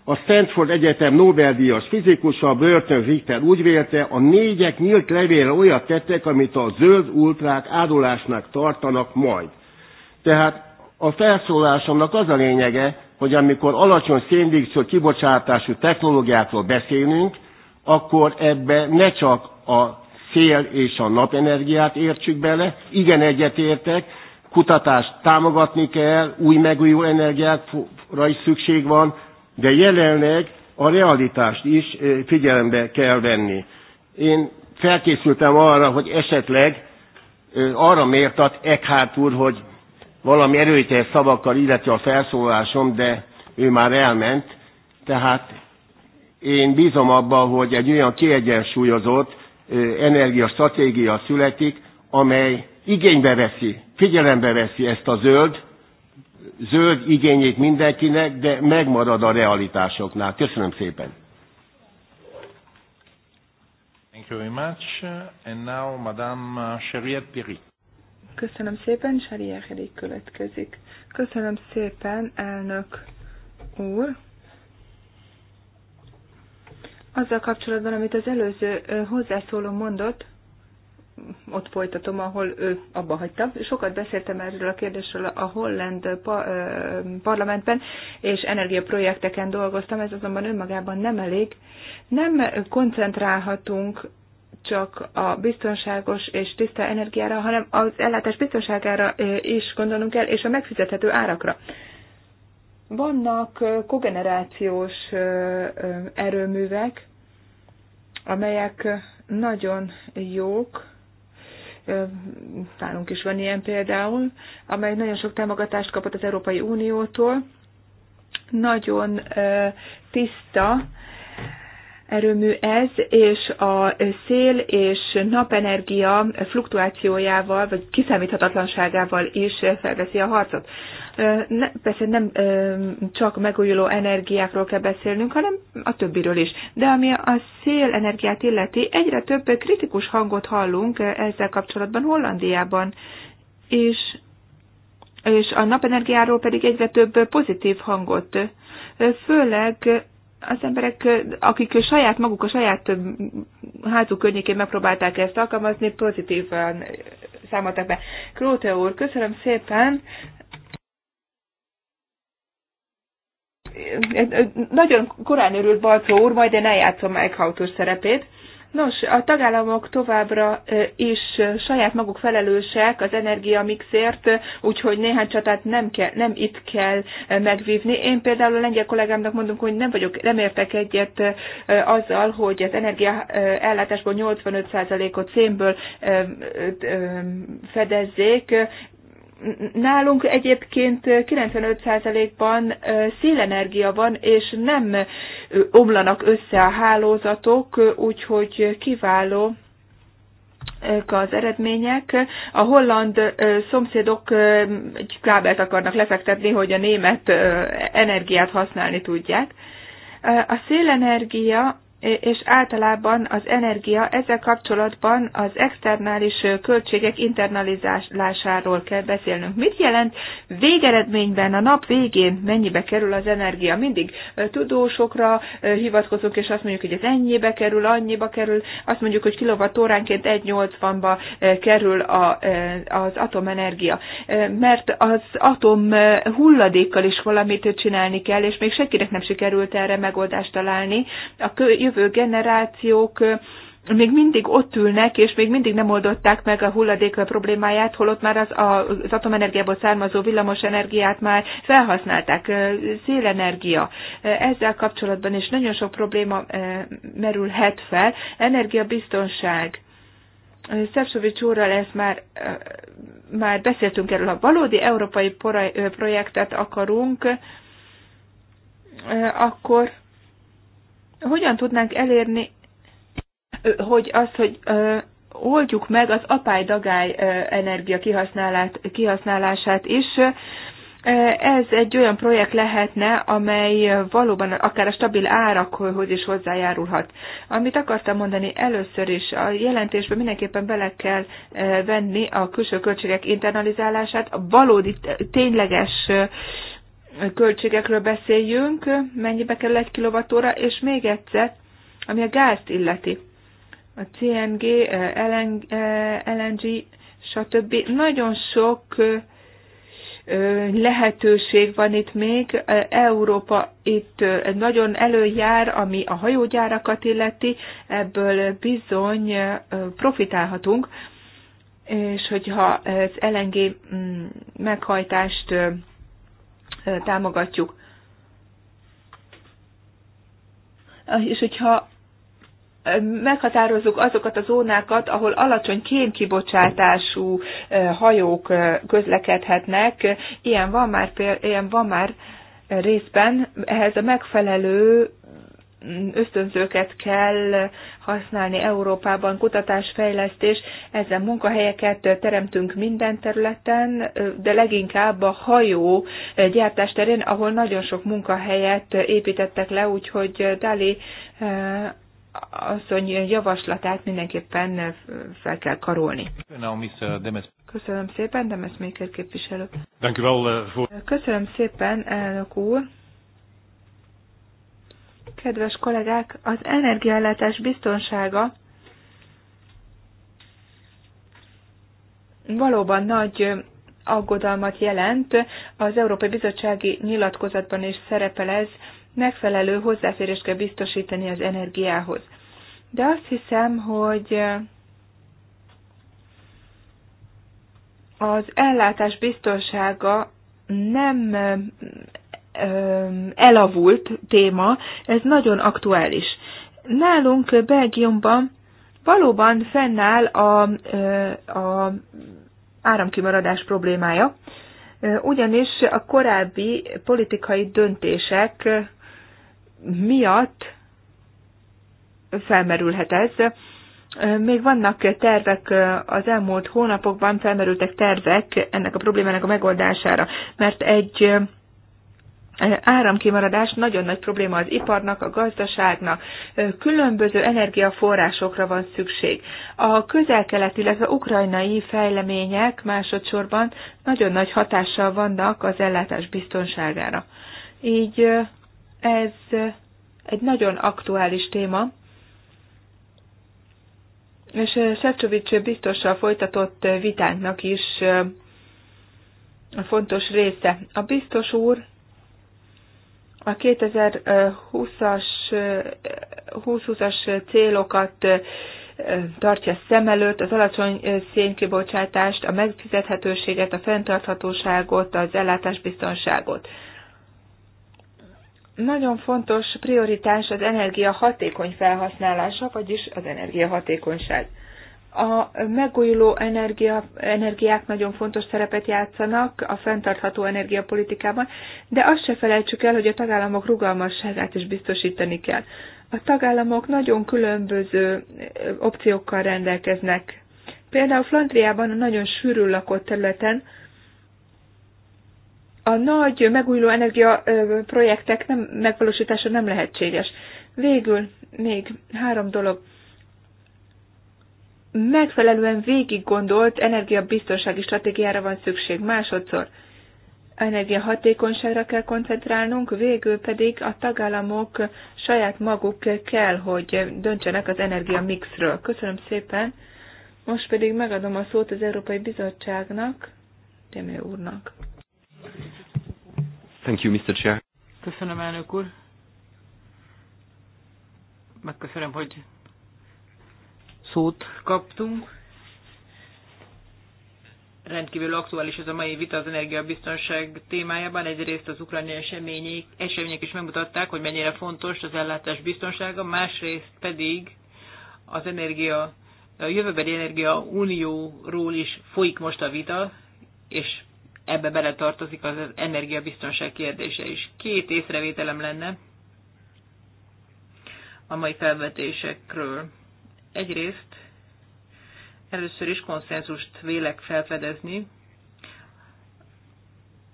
A Stanford Egyetem Nobel-díjas fizikusa Burton Richter úgy vélte, a négyek nyílt levélre olyat tettek, amit a zöld ultrák árulásnak tartanak majd. Tehát a felszólásomnak az a lényege, hogy amikor alacsony széndiokszid kibocsátású technológiákról beszélünk, akkor ebbe ne csak a szél és a napenergiát értsük bele. Igen, egyetértek, kutatást támogatni kell, új megújuló energiákra is szükség van, de jelenleg a realitást is figyelembe kell venni. Én felkészültem arra, hogy esetleg arra mértat Eckhart úr, hogy valami erőteljes szavakkal illeti a felszólásom, de ő már elment, tehát én bízom abban, hogy egy olyan kiegyensúlyozott energiastratégia születik, amely igénybe veszi, figyelembe veszi ezt a zöld, zöld igényét mindenkinek, de megmarad a realitásoknál. Köszönöm szépen. Thank you very much. And now Madame Cherier Piri. Köszönöm szépen, Cherier Piri következik. Köszönöm szépen, elnök úr. Azzal kapcsolatban, amit az előző hozzászóló mondott, ott folytatom, ahol ő abba hagyta. Sokat beszéltem erről a kérdésről a holland parlamentben, és energiaprojekteken dolgoztam, ez azonban önmagában nem elég. Nem koncentrálhatunk csak a biztonságos és tiszta energiára, hanem az ellátás biztonságára is gondolunk el, és a megfizethető árakra. Vannak kogenerációs erőművek, amelyek nagyon jók, nálunk is van ilyen például, amely nagyon sok támogatást kapott az Európai Uniótól, nagyon tiszta erőmű ez, és a szél és napenergia fluktuációjával, vagy kiszámíthatatlanságával is felveszi a harcot. Ne, persze nem csak megújuló energiákról kell beszélnünk, hanem a többiről is. De ami a energiát illeti, egyre több kritikus hangot hallunk ezzel kapcsolatban Hollandiában, és, és a napenergiáról pedig egyre több pozitív hangot. Főleg az emberek, akik saját maguk a saját házuk környékén megpróbálták ezt alkalmazni, pozitívan számoltak be. Króte úr, köszönöm szépen, nagyon korán örült Balcó úr, majd én eljátszom Eichhautor szerepét. Nos, a tagállamok továbbra is saját maguk felelősek az energiamixért, úgyhogy néhány csatát nem, kell, nem itt kell megvívni. Én például a lengyel kollégámnak mondom, hogy nem vagyok, nem értek egyet azzal, hogy az energiaellátásból 85%-ot szénből fedezzék. Nálunk egyébként 95%-ban szélenergia van, és nem omlanak össze a hálózatok, úgyhogy kiváló az eredmények. A holland szomszédok egy kábelt akarnak lefektetni, hogy a német energiát használni tudják. A szélenergia és általában az energia ezzel kapcsolatban az externális költségek internalizálásáról kell beszélnünk. Mit jelent végeredményben, a nap végén mennyibe kerül az energia? Mindig tudósokra hivatkozunk, és azt mondjuk, hogy ez ennyibe kerül, annyiba kerül, azt mondjuk, hogy kilovattóránként 1,80-ba kerül a, az atomenergia. Mert az atom hulladékkal is valamit csinálni kell, és még senkinek nem sikerült erre megoldást találni. A jövő jövő generációk még mindig ott ülnek, és még mindig nem oldották meg a hulladék problémáját, holott már az, az atomenergiából származó villamos energiát már felhasználták, szélenergia. Ezzel kapcsolatban is nagyon sok probléma merülhet fel. Energiabiztonság. Szepsovics úrral ezt már, már beszéltünk erről, a valódi európai projektet akarunk, akkor hogyan tudnánk elérni, hogy azt, hogy oldjuk meg az apály-dagály energia kihasználását is. Ez egy olyan projekt lehetne, amely valóban akár a stabil árakhoz is hozzájárulhat. Amit akartam mondani először is, a jelentésben mindenképpen bele kell venni a külső költségek internalizálását, a valódi tényleges költségekről beszéljünk, mennyibe kell egy kilovatóra, és még egyszer, ami a gázt illeti. A CNG, LNG, stb. Nagyon sok lehetőség van itt még. Európa itt nagyon előjár, ami a hajógyárakat illeti, ebből bizony profitálhatunk, és hogyha az LNG mm, meghajtást támogatjuk. Ah, és hogyha meghatározzuk azokat a zónákat, ahol alacsony kémkibocsátású hajók közlekedhetnek, ilyen van már, ilyen van már részben, ehhez a megfelelő ösztönzőket kell használni Európában, kutatásfejlesztés, ezen munkahelyeket teremtünk minden területen, de leginkább a hajó gyártás terén, ahol nagyon sok munkahelyet építettek le, úgyhogy Dali eh, asszony javaslatát mindenképpen fel kell karolni. Köszönöm szépen, Demes Maker képviselő. Eh, Köszönöm szépen, elnök úr. Kedves kollégák, az energiaellátás biztonsága valóban nagy aggodalmat jelent. Az Európai Bizottsági Nyilatkozatban is szerepel ez, megfelelő hozzáférést kell biztosítani az energiához. De azt hiszem, hogy az ellátás biztonsága nem elavult téma, ez nagyon aktuális. Nálunk Belgiumban valóban fennáll a, a áramkimaradás problémája, ugyanis a korábbi politikai döntések miatt felmerülhet ez. Még vannak tervek az elmúlt hónapokban, felmerültek tervek ennek a problémának a megoldására, mert egy áramkimaradás nagyon nagy probléma az iparnak, a gazdaságnak, különböző energiaforrásokra van szükség. A közel-kelet, illetve ukrajnai fejlemények másodszorban nagyon nagy hatással vannak az ellátás biztonságára. Így ez egy nagyon aktuális téma, és Szefcsovics biztossal folytatott vitánknak is fontos része. A biztos úr a 2020-as 2020-as célokat tartja szem előtt az alacsony szénkibocsátást, a megfizethetőséget, a fenntarthatóságot, az ellátásbiztonságot. Nagyon fontos prioritás az energia hatékony felhasználása, vagyis az energiahatékonyság. A megújuló energia, energiák nagyon fontos szerepet játszanak a fenntartható energiapolitikában, de azt se felejtsük el, hogy a tagállamok rugalmasságát is biztosítani kell. A tagállamok nagyon különböző opciókkal rendelkeznek. Például Flandriában a nagyon sűrű lakott területen a nagy megújuló energia projektek nem, megvalósítása nem lehetséges. Végül még három dolog megfelelően végig gondolt energiabiztonsági stratégiára van szükség. Másodszor energiahatékonyságra kell koncentrálnunk, végül pedig a tagállamok saját maguk kell, hogy döntsenek az energiamixről. Köszönöm szépen. Most pedig megadom a szót az Európai Bizottságnak, Demé úrnak. Thank you, Mr. Chair. Köszönöm, elnök úr. Megköszönöm, hogy szót kaptunk. Rendkívül aktuális ez a mai vita az energiabiztonság témájában. Egyrészt az ukrajnai események, események is megmutatták, hogy mennyire fontos az ellátás biztonsága, másrészt pedig az energia, a jövőbeli energia unióról is folyik most a vita, és ebbe beletartozik az energiabiztonság kérdése is. Két észrevételem lenne a mai felvetésekről. Egyrészt először is konszenzust vélek felfedezni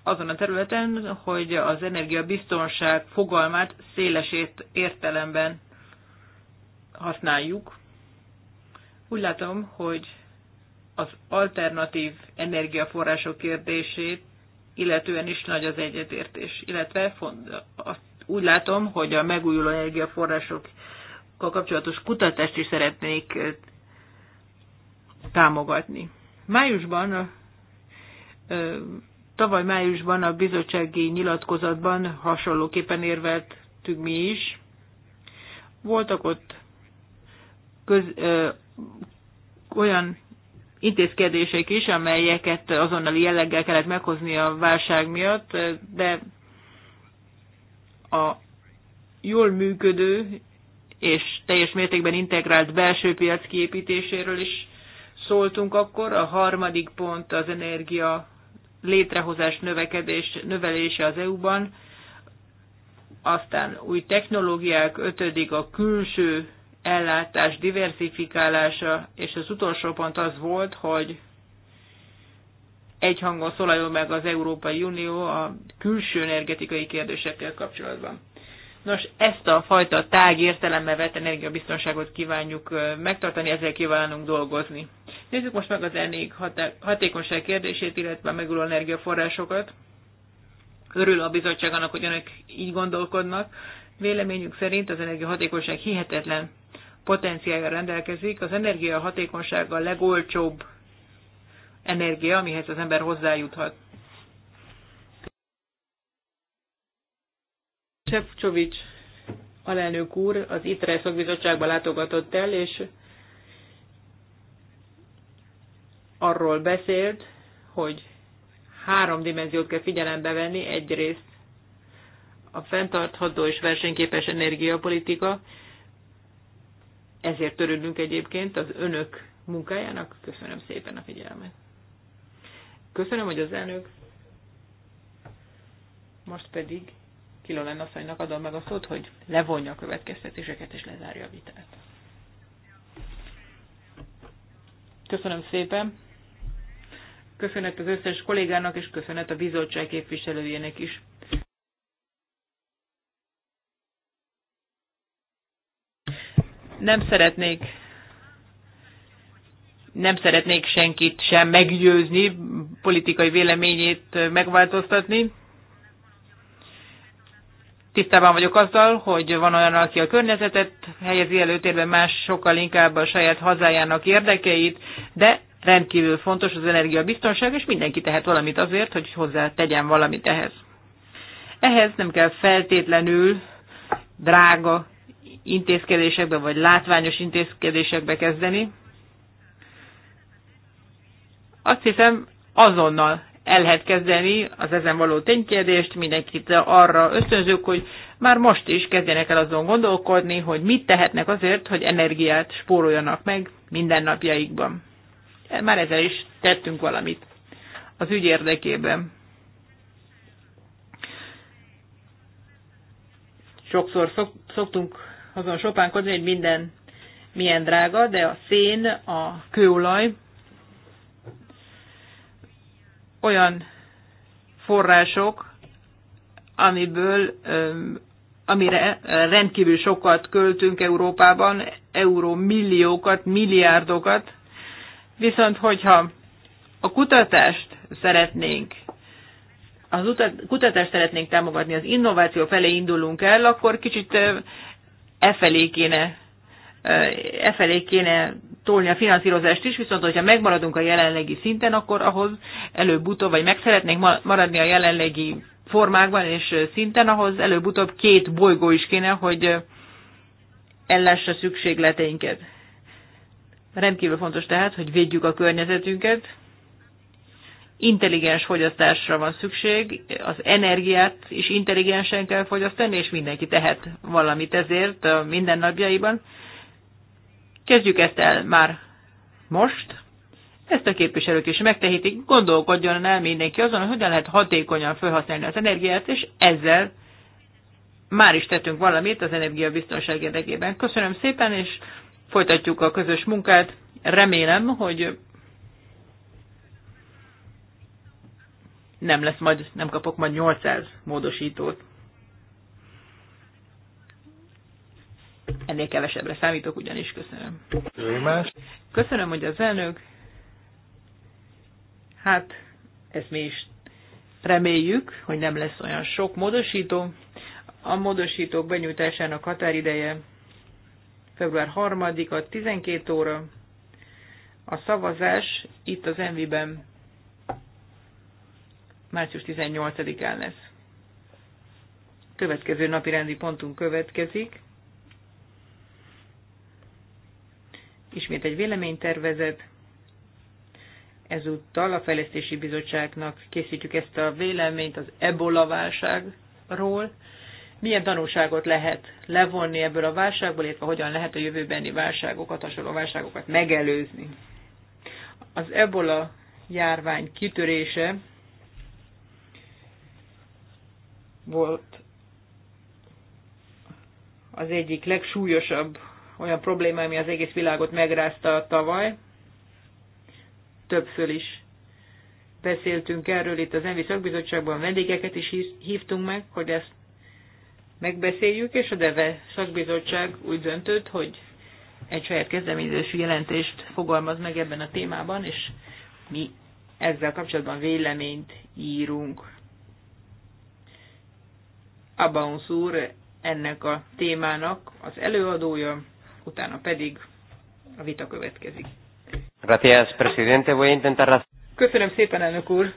azon a területen, hogy az energiabiztonság fogalmát széles értelemben használjuk. Úgy látom, hogy az alternatív energiaforrások kérdését illetően is nagy az egyetértés, illetve azt úgy látom, hogy a megújuló energiaforrások kapcsolatos kutatást is szeretnék támogatni. Májusban, a, tavaly májusban a bizottsági nyilatkozatban hasonlóképpen érveltünk mi is. Voltak ott köz, ö, olyan intézkedések is, amelyeket azonnali jelleggel kellett meghozni a válság miatt, de a jól működő és teljes mértékben integrált belső piac kiépítéséről is szóltunk akkor. A harmadik pont az energia létrehozás növekedés, növelése az EU-ban. Aztán új technológiák, ötödik a külső ellátás diversifikálása, és az utolsó pont az volt, hogy egy hangon szólaljon meg az Európai Unió a külső energetikai kérdésekkel kapcsolatban. Nos, ezt a fajta tág értelembe vett energiabiztonságot kívánjuk megtartani, ezzel kívánunk dolgozni. Nézzük most meg az elég hatékonyság kérdését, illetve a megújuló energiaforrásokat. Örül a bizottság annak, hogy önök így gondolkodnak. Véleményük szerint az energiahatékonyság hihetetlen potenciálja rendelkezik. Az energiahatékonyság a legolcsóbb energia, amihez az ember hozzájuthat. Csepcsovics alelnök úr az ITRE szakbizottságba látogatott el, és arról beszélt, hogy három dimenziót kell figyelembe venni. Egyrészt a fenntartható és versenyképes energiapolitika, ezért törődünk egyébként az önök munkájának. Köszönöm szépen a figyelmet. Köszönöm, hogy az elnök. Most pedig Kilolen asszonynak adom meg a szót, hogy levonja a következtetéseket és lezárja a vitát. Köszönöm szépen. Köszönet az összes kollégának, és köszönet a bizottság képviselőjének is. Nem szeretnék nem szeretnék senkit sem meggyőzni, politikai véleményét megváltoztatni tisztában vagyok azzal, hogy van olyan, aki a környezetet helyezi előtérben, más sokkal inkább a saját hazájának érdekeit, de rendkívül fontos az energiabiztonság, és mindenki tehet valamit azért, hogy hozzá tegyen valamit ehhez. Ehhez nem kell feltétlenül drága intézkedésekbe vagy látványos intézkedésekbe kezdeni. Azt hiszem, azonnal el lehet kezdeni az ezen való ténykérdést, mindenkit arra ösztönzők, hogy már most is kezdjenek el azon gondolkodni, hogy mit tehetnek azért, hogy energiát spóroljanak meg mindennapjaikban. Már ezzel is tettünk valamit az ügy érdekében. Sokszor szok, szoktunk azon sopánkodni, hogy minden milyen drága, de a szén, a kőolaj olyan források, amiből, amire rendkívül sokat költünk Európában, euró milliókat, milliárdokat, viszont hogyha a kutatást szeretnénk, az kutatást szeretnénk támogatni, az innováció felé indulunk el, akkor kicsit e felé kéne, e felé kéne tolni a finanszírozást is, viszont hogyha megmaradunk a jelenlegi szinten, akkor ahhoz előbb-utóbb, vagy meg szeretnénk maradni a jelenlegi formákban és szinten, ahhoz előbb-utóbb két bolygó is kéne, hogy ellássa szükségleteinket. Rendkívül fontos tehát, hogy védjük a környezetünket, intelligens fogyasztásra van szükség, az energiát is intelligensen kell fogyasztani, és mindenki tehet valamit ezért a mindennapjaiban. Kezdjük ezt el már most. Ezt a képviselők is megtehetik, gondolkodjon el mindenki azon, hogy hogyan lehet hatékonyan felhasználni az energiát, és ezzel már is tettünk valamit az energiabiztonság érdekében. Köszönöm szépen, és folytatjuk a közös munkát. Remélem, hogy nem lesz majd, nem kapok majd 800 módosítót. Ennél kevesebbre számítok, ugyanis köszönöm. Köszönöm, köszönöm hogy az elnök. Hát, ezt mi is reméljük, hogy nem lesz olyan sok módosító. A módosítók benyújtásának határideje február 3-a 12 óra. A szavazás itt az Envi-ben március 18-án lesz. Következő napi rendi pontunk következik. Ismét egy véleménytervezet. Ezúttal a Fejlesztési Bizottságnak készítjük ezt a véleményt az ebola válságról. Milyen tanulságot lehet levonni ebből a válságból, illetve hogyan lehet a jövőbeni válságokat, hasonló válságokat megelőzni. Az ebola járvány kitörése volt az egyik legsúlyosabb olyan probléma, ami az egész világot megrázta tavaly. Többször is beszéltünk erről itt az ENVI szakbizottságban, vendégeket is hívtunk meg, hogy ezt megbeszéljük, és a DEVE szakbizottság úgy döntött, hogy egy saját kezdeményezésű jelentést fogalmaz meg ebben a témában, és mi ezzel kapcsolatban véleményt írunk. Abaunsz úr ennek a témának az előadója, utána pedig a vita következik. Gracias, presidente. Voy a intentar... Köszönöm szépen, elnök úr.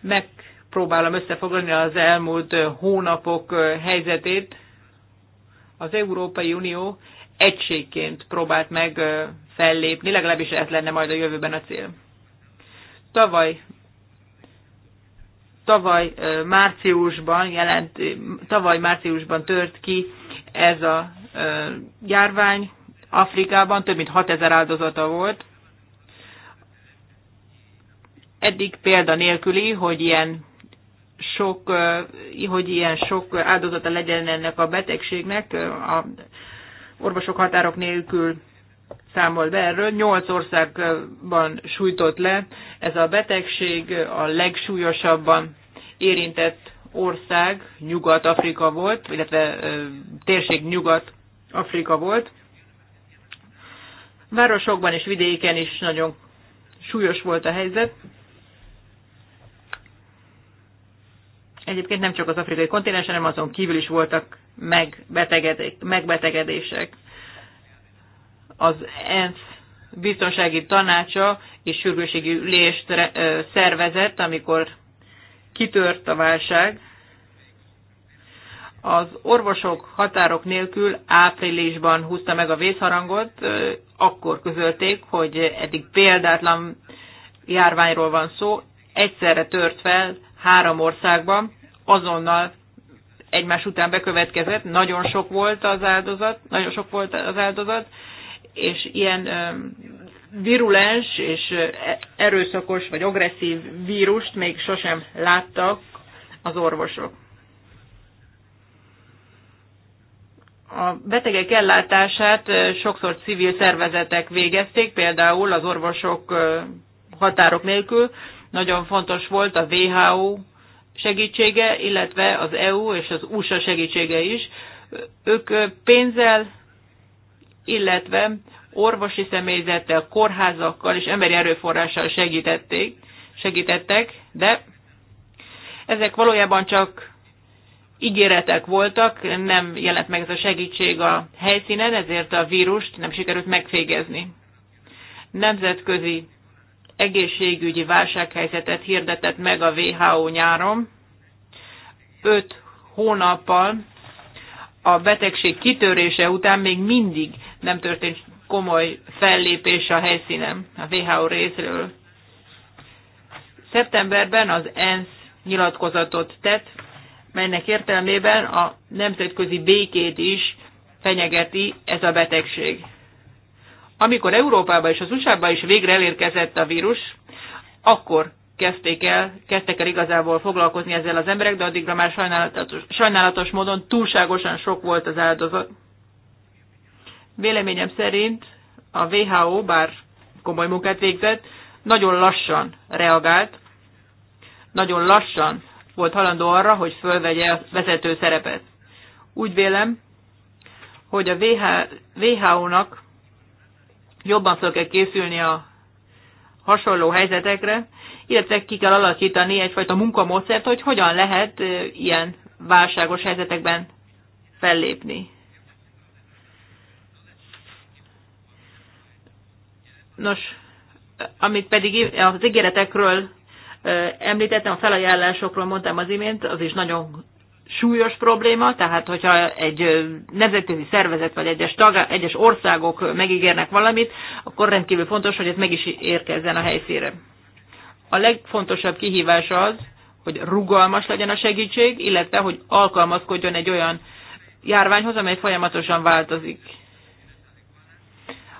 Megpróbálom összefoglalni az elmúlt hónapok helyzetét. Az Európai Unió egységként próbált meg fellépni, legalábbis ez lenne majd a jövőben a cél. Tavaly tavaly márciusban jelent, tavaly márciusban tört ki ez a járvány. Afrikában több mint 6000 áldozata volt. Eddig példa nélküli, hogy ilyen sok, hogy ilyen sok áldozata legyen ennek a betegségnek. A orvosok határok nélkül számol be erről. Nyolc országban sújtott le ez a betegség, a legsúlyosabban érintett ország Nyugat-Afrika volt, illetve térség Nyugat-Afrika volt. Városokban és vidéken is nagyon súlyos volt a helyzet. Egyébként nem csak az afrikai kontinensen, hanem azon kívül is voltak megbetegedések. Az ENSZ biztonsági tanácsa és sürgőségi ülést szervezett, amikor kitört a válság, az orvosok határok nélkül áprilisban húzta meg a vészharangot, akkor közölték, hogy eddig példátlan járványról van szó, egyszerre tört fel három országban, azonnal egymás után bekövetkezett, nagyon sok volt az áldozat, nagyon sok volt az áldozat, és ilyen virulens és erőszakos vagy agresszív vírust még sosem láttak az orvosok. A betegek ellátását sokszor civil szervezetek végezték, például az orvosok határok nélkül. Nagyon fontos volt a WHO segítsége, illetve az EU és az USA segítsége is. Ők pénzzel, illetve orvosi személyzettel, kórházakkal és emberi erőforrással segítették, segítettek, de ezek valójában csak ígéretek voltak, nem jelent meg ez a segítség a helyszínen, ezért a vírust nem sikerült megfégezni. Nemzetközi egészségügyi válsághelyzetet hirdetett meg a WHO nyáron. Öt hónappal a betegség kitörése után még mindig nem történt komoly fellépés a helyszínen, a WHO részről. Szeptemberben az ENSZ nyilatkozatot tett, melynek értelmében a nemzetközi békét is fenyegeti ez a betegség. Amikor Európába és az USA-ba is végre elérkezett a vírus, akkor kezdték el, kezdtek el igazából foglalkozni ezzel az emberek, de addigra már sajnálatos, sajnálatos módon túlságosan sok volt az áldozat. Véleményem szerint a WHO, bár komoly munkát végzett, nagyon lassan reagált, nagyon lassan volt halandó arra, hogy fölvegye a vezető szerepet. Úgy vélem, hogy a WHO-nak jobban fel kell készülni a hasonló helyzetekre, illetve ki kell alakítani egyfajta munkamódszert, hogy hogyan lehet ilyen válságos helyzetekben fellépni. Nos, amit pedig az ígéretekről említettem, a felajánlásokról mondtam az imént, az is nagyon súlyos probléma, tehát hogyha egy nemzetközi szervezet vagy egyes, tag, egyes országok megígérnek valamit, akkor rendkívül fontos, hogy ez meg is érkezzen a helyszínre. A legfontosabb kihívás az, hogy rugalmas legyen a segítség, illetve hogy alkalmazkodjon egy olyan járványhoz, amely folyamatosan változik.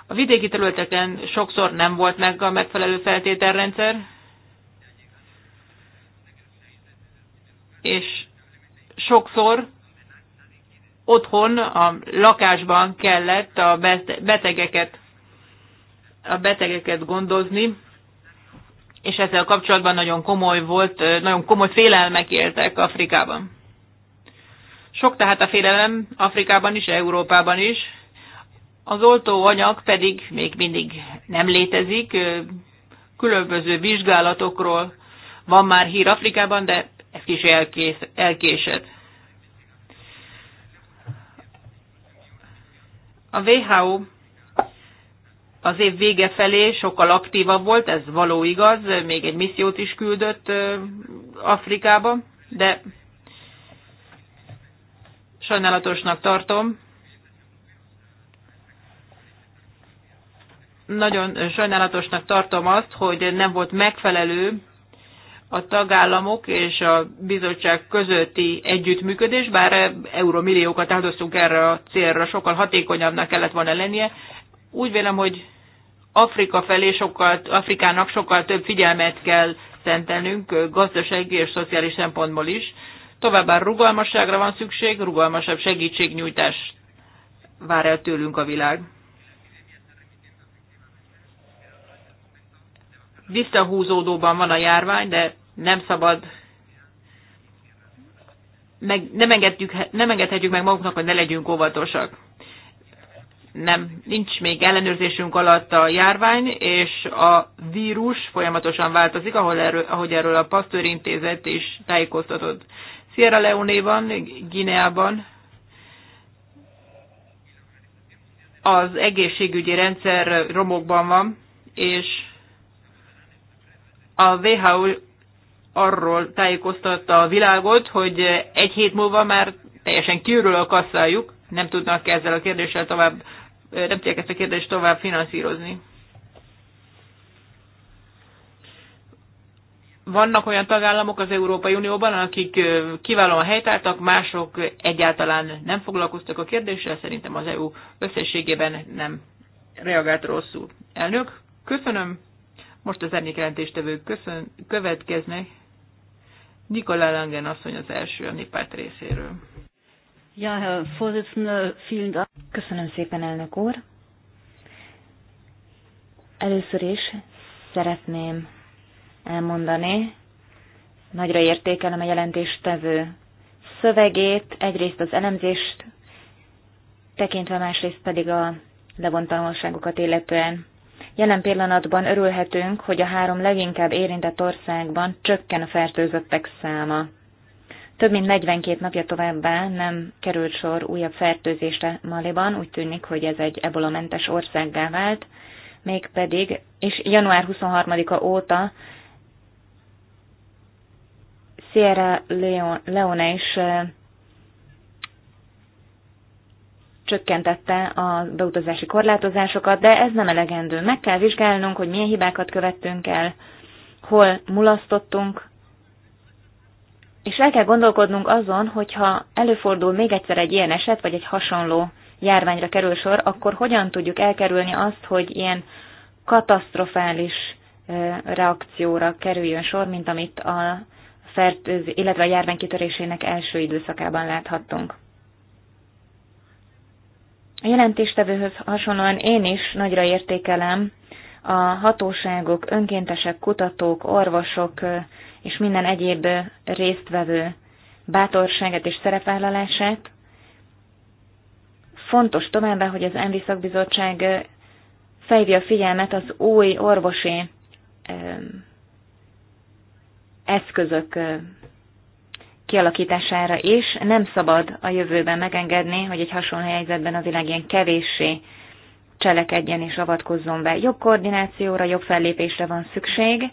A vidéki területeken sokszor nem volt meg a megfelelő feltételrendszer, és sokszor otthon, a lakásban kellett a betegeket, a betegeket gondozni, és ezzel kapcsolatban nagyon komoly volt, nagyon komoly félelmek éltek Afrikában. Sok tehát a félelem Afrikában is, Európában is, az oltóanyag pedig még mindig nem létezik, különböző vizsgálatokról van már hír Afrikában, de ez kis elkés, elkésed. A WHO az év vége felé sokkal aktívabb volt, ez való igaz, még egy missziót is küldött Afrikába, de sajnálatosnak tartom, nagyon sajnálatosnak tartom azt, hogy nem volt megfelelő a tagállamok és a bizottság közötti együttműködés, bár euromilliókat áldoztunk erre a célra, sokkal hatékonyabbnak kellett volna lennie. Úgy vélem, hogy Afrika felé sokkal, Afrikának sokkal több figyelmet kell szentelnünk gazdasági és szociális szempontból is. Továbbá rugalmasságra van szükség, rugalmasabb segítségnyújtás vár el tőlünk a világ. visszahúzódóban van a járvány, de nem szabad, meg, nem, engedjük, nem engedhetjük meg magunknak, hogy ne legyünk óvatosak. Nem, nincs még ellenőrzésünk alatt a járvány, és a vírus folyamatosan változik, ahol erről, ahogy erről a Pasteur Intézet is tájékoztatott. Sierra Leone-ban, Gineában az egészségügyi rendszer romokban van, és a WHO arról tájékoztatta a világot, hogy egy hét múlva már teljesen kiürül a kasszájuk, nem tudnak ezzel a kérdéssel tovább, nem tudják ezt a kérdést tovább finanszírozni. Vannak olyan tagállamok az Európai Unióban, akik kiválóan helytáltak, mások egyáltalán nem foglalkoztak a kérdéssel, szerintem az EU összességében nem reagált rosszul. Elnök, köszönöm. Most az emlékjelentéstevők köszön, következnek. Nikola Langen asszony az első a néppárt részéről. Ja, Köszönöm szépen, elnök úr. Először is szeretném elmondani, nagyra értékelem a jelentéstevő szövegét, egyrészt az elemzést tekintve, másrészt pedig a levontanulságokat illetően. Jelen pillanatban örülhetünk, hogy a három leginkább érintett országban csökken a fertőzöttek száma. Több mint 42 napja továbbá nem került sor újabb fertőzésre Maliban, úgy tűnik, hogy ez egy ebolamentes országgá vált, mégpedig, és január 23-a óta Sierra Leone is csökkentette a beutazási korlátozásokat, de ez nem elegendő. Meg kell vizsgálnunk, hogy milyen hibákat követtünk el, hol mulasztottunk, és el kell gondolkodnunk azon, hogyha előfordul még egyszer egy ilyen eset, vagy egy hasonló járványra kerül sor, akkor hogyan tudjuk elkerülni azt, hogy ilyen katasztrofális reakcióra kerüljön sor, mint amit a fertőz, illetve a járvány kitörésének első időszakában láthattunk. A jelentéstevőhöz hasonlóan én is nagyra értékelem a hatóságok, önkéntesek, kutatók, orvosok és minden egyéb résztvevő bátorságát és szerepvállalását. Fontos továbbá, hogy az ENVI szakbizottság felhívja a figyelmet az új orvosi eszközök kialakítására is. Nem szabad a jövőben megengedni, hogy egy hasonló helyzetben az világ ilyen kevéssé cselekedjen és avatkozzon be. Jobb koordinációra, jobb fellépésre van szükség,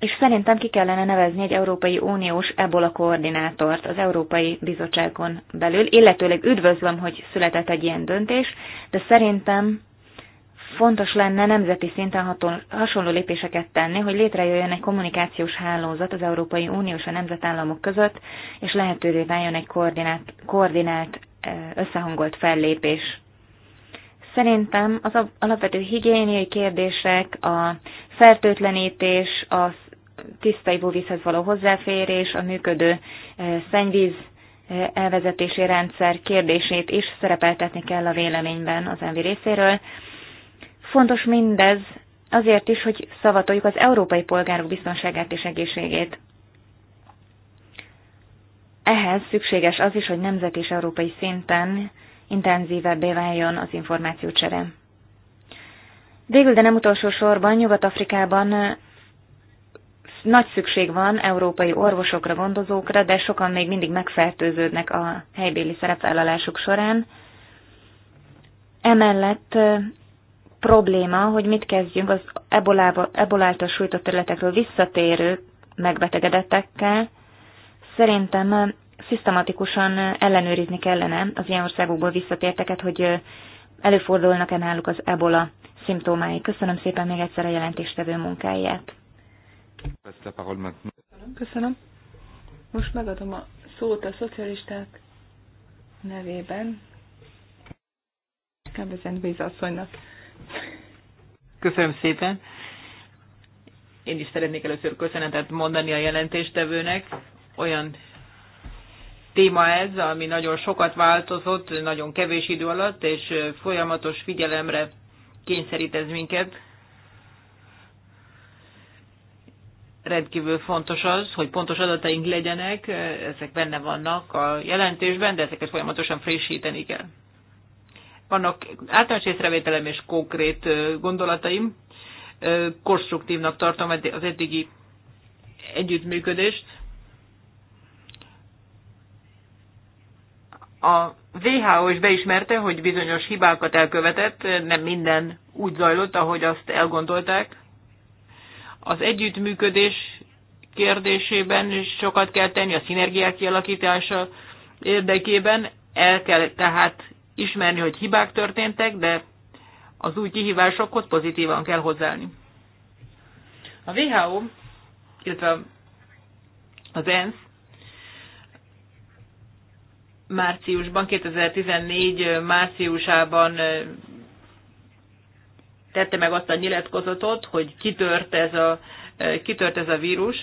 és szerintem ki kellene nevezni egy Európai Uniós ebola koordinátort az Európai Bizottságon belül, illetőleg üdvözlöm, hogy született egy ilyen döntés, de szerintem fontos lenne nemzeti szinten hasonló lépéseket tenni, hogy létrejöjjön egy kommunikációs hálózat az Európai Unió és a nemzetállamok között, és lehetővé váljon egy koordinált, koordinált összehangolt fellépés. Szerintem az alapvető higiéniai kérdések, a fertőtlenítés, a tiszta ivóvízhez való hozzáférés, a működő szennyvíz elvezetési rendszer kérdését is szerepeltetni kell a véleményben az elvi részéről. Fontos mindez azért is, hogy szavatoljuk az európai polgárok biztonságát és egészségét. Ehhez szükséges az is, hogy nemzet és európai szinten intenzívebbé váljon az információcsere. Végül, de nem utolsó sorban, Nyugat-Afrikában nagy szükség van európai orvosokra, gondozókra, de sokan még mindig megfertőződnek a helybéli szerepvállalásuk során. Emellett probléma, hogy mit kezdjünk az ebolába, eboláltal sújtott területekről visszatérő megbetegedettekkel. Szerintem szisztematikusan ellenőrizni kellene az ilyen országokból visszatérteket, hogy előfordulnak-e náluk az ebola szimptomái. Köszönöm szépen még egyszer a jelentéstevő munkáját. Köszönöm. Most megadom a szót a szocialisták nevében. Kábezen Béza asszonynak. Köszönöm szépen. Én is szeretnék először köszönetet mondani a jelentéstevőnek. Olyan téma ez, ami nagyon sokat változott, nagyon kevés idő alatt, és folyamatos figyelemre kényszerít ez minket. Rendkívül fontos az, hogy pontos adataink legyenek, ezek benne vannak a jelentésben, de ezeket folyamatosan frissíteni kell vannak általános észrevételem és konkrét gondolataim. Konstruktívnak tartom az eddigi együttműködést. A WHO is beismerte, hogy bizonyos hibákat elkövetett, nem minden úgy zajlott, ahogy azt elgondolták. Az együttműködés kérdésében is sokat kell tenni, a szinergiák kialakítása érdekében el kell tehát ismerni, hogy hibák történtek, de az új kihívásokhoz pozitívan kell hozzáállni. A WHO, illetve az ENSZ márciusban, 2014 márciusában tette meg azt a nyilatkozatot, hogy kitört ez a, kitört ez a vírus.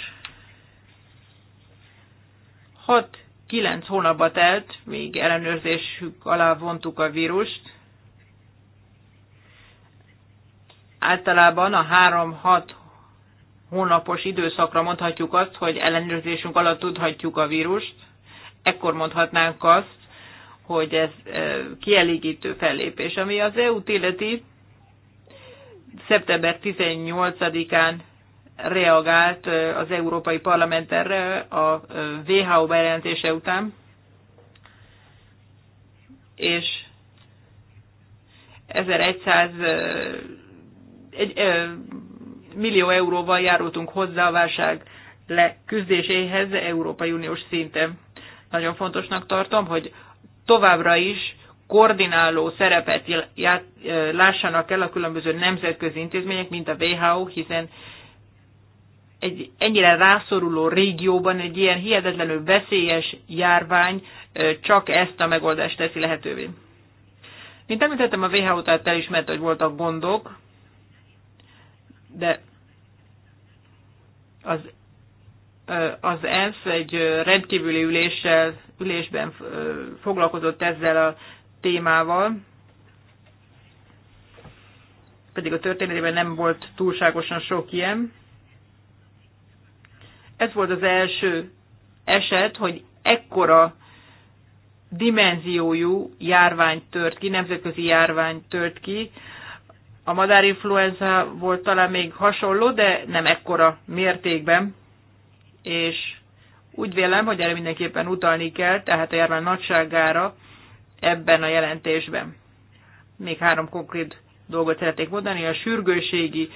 Hat Kilenc hónapba telt, még ellenőrzésük alá vontuk a vírust. Általában a három-hat hónapos időszakra mondhatjuk azt, hogy ellenőrzésünk alatt tudhatjuk a vírust. Ekkor mondhatnánk azt, hogy ez kielégítő fellépés. Ami az EU-t illeti, szeptember 18-án reagált az Európai Parlament erre a WHO bejelentése után, és 1100 egy, millió euróval járultunk hozzá a válság leküzdéséhez Európai Uniós szinten. Nagyon fontosnak tartom, hogy továbbra is koordináló szerepet lássanak el a különböző nemzetközi intézmények, mint a WHO, hiszen egy ennyire rászoruló régióban egy ilyen hihetetlenül veszélyes járvány csak ezt a megoldást teszi lehetővé. Mint említettem, a WHO tehát elismerte, hogy voltak gondok, de az, az ENSZ egy rendkívüli üléssel, ülésben foglalkozott ezzel a témával, pedig a történetében nem volt túlságosan sok ilyen. Ez volt az első eset, hogy ekkora dimenziójú járvány tört ki, nemzetközi járvány tört ki. A madárinfluenza volt talán még hasonló, de nem ekkora mértékben, és úgy vélem, hogy erre mindenképpen utalni kell, tehát a járvány nagyságára ebben a jelentésben. Még három konkrét dolgot szeretnék mondani, a sürgőségi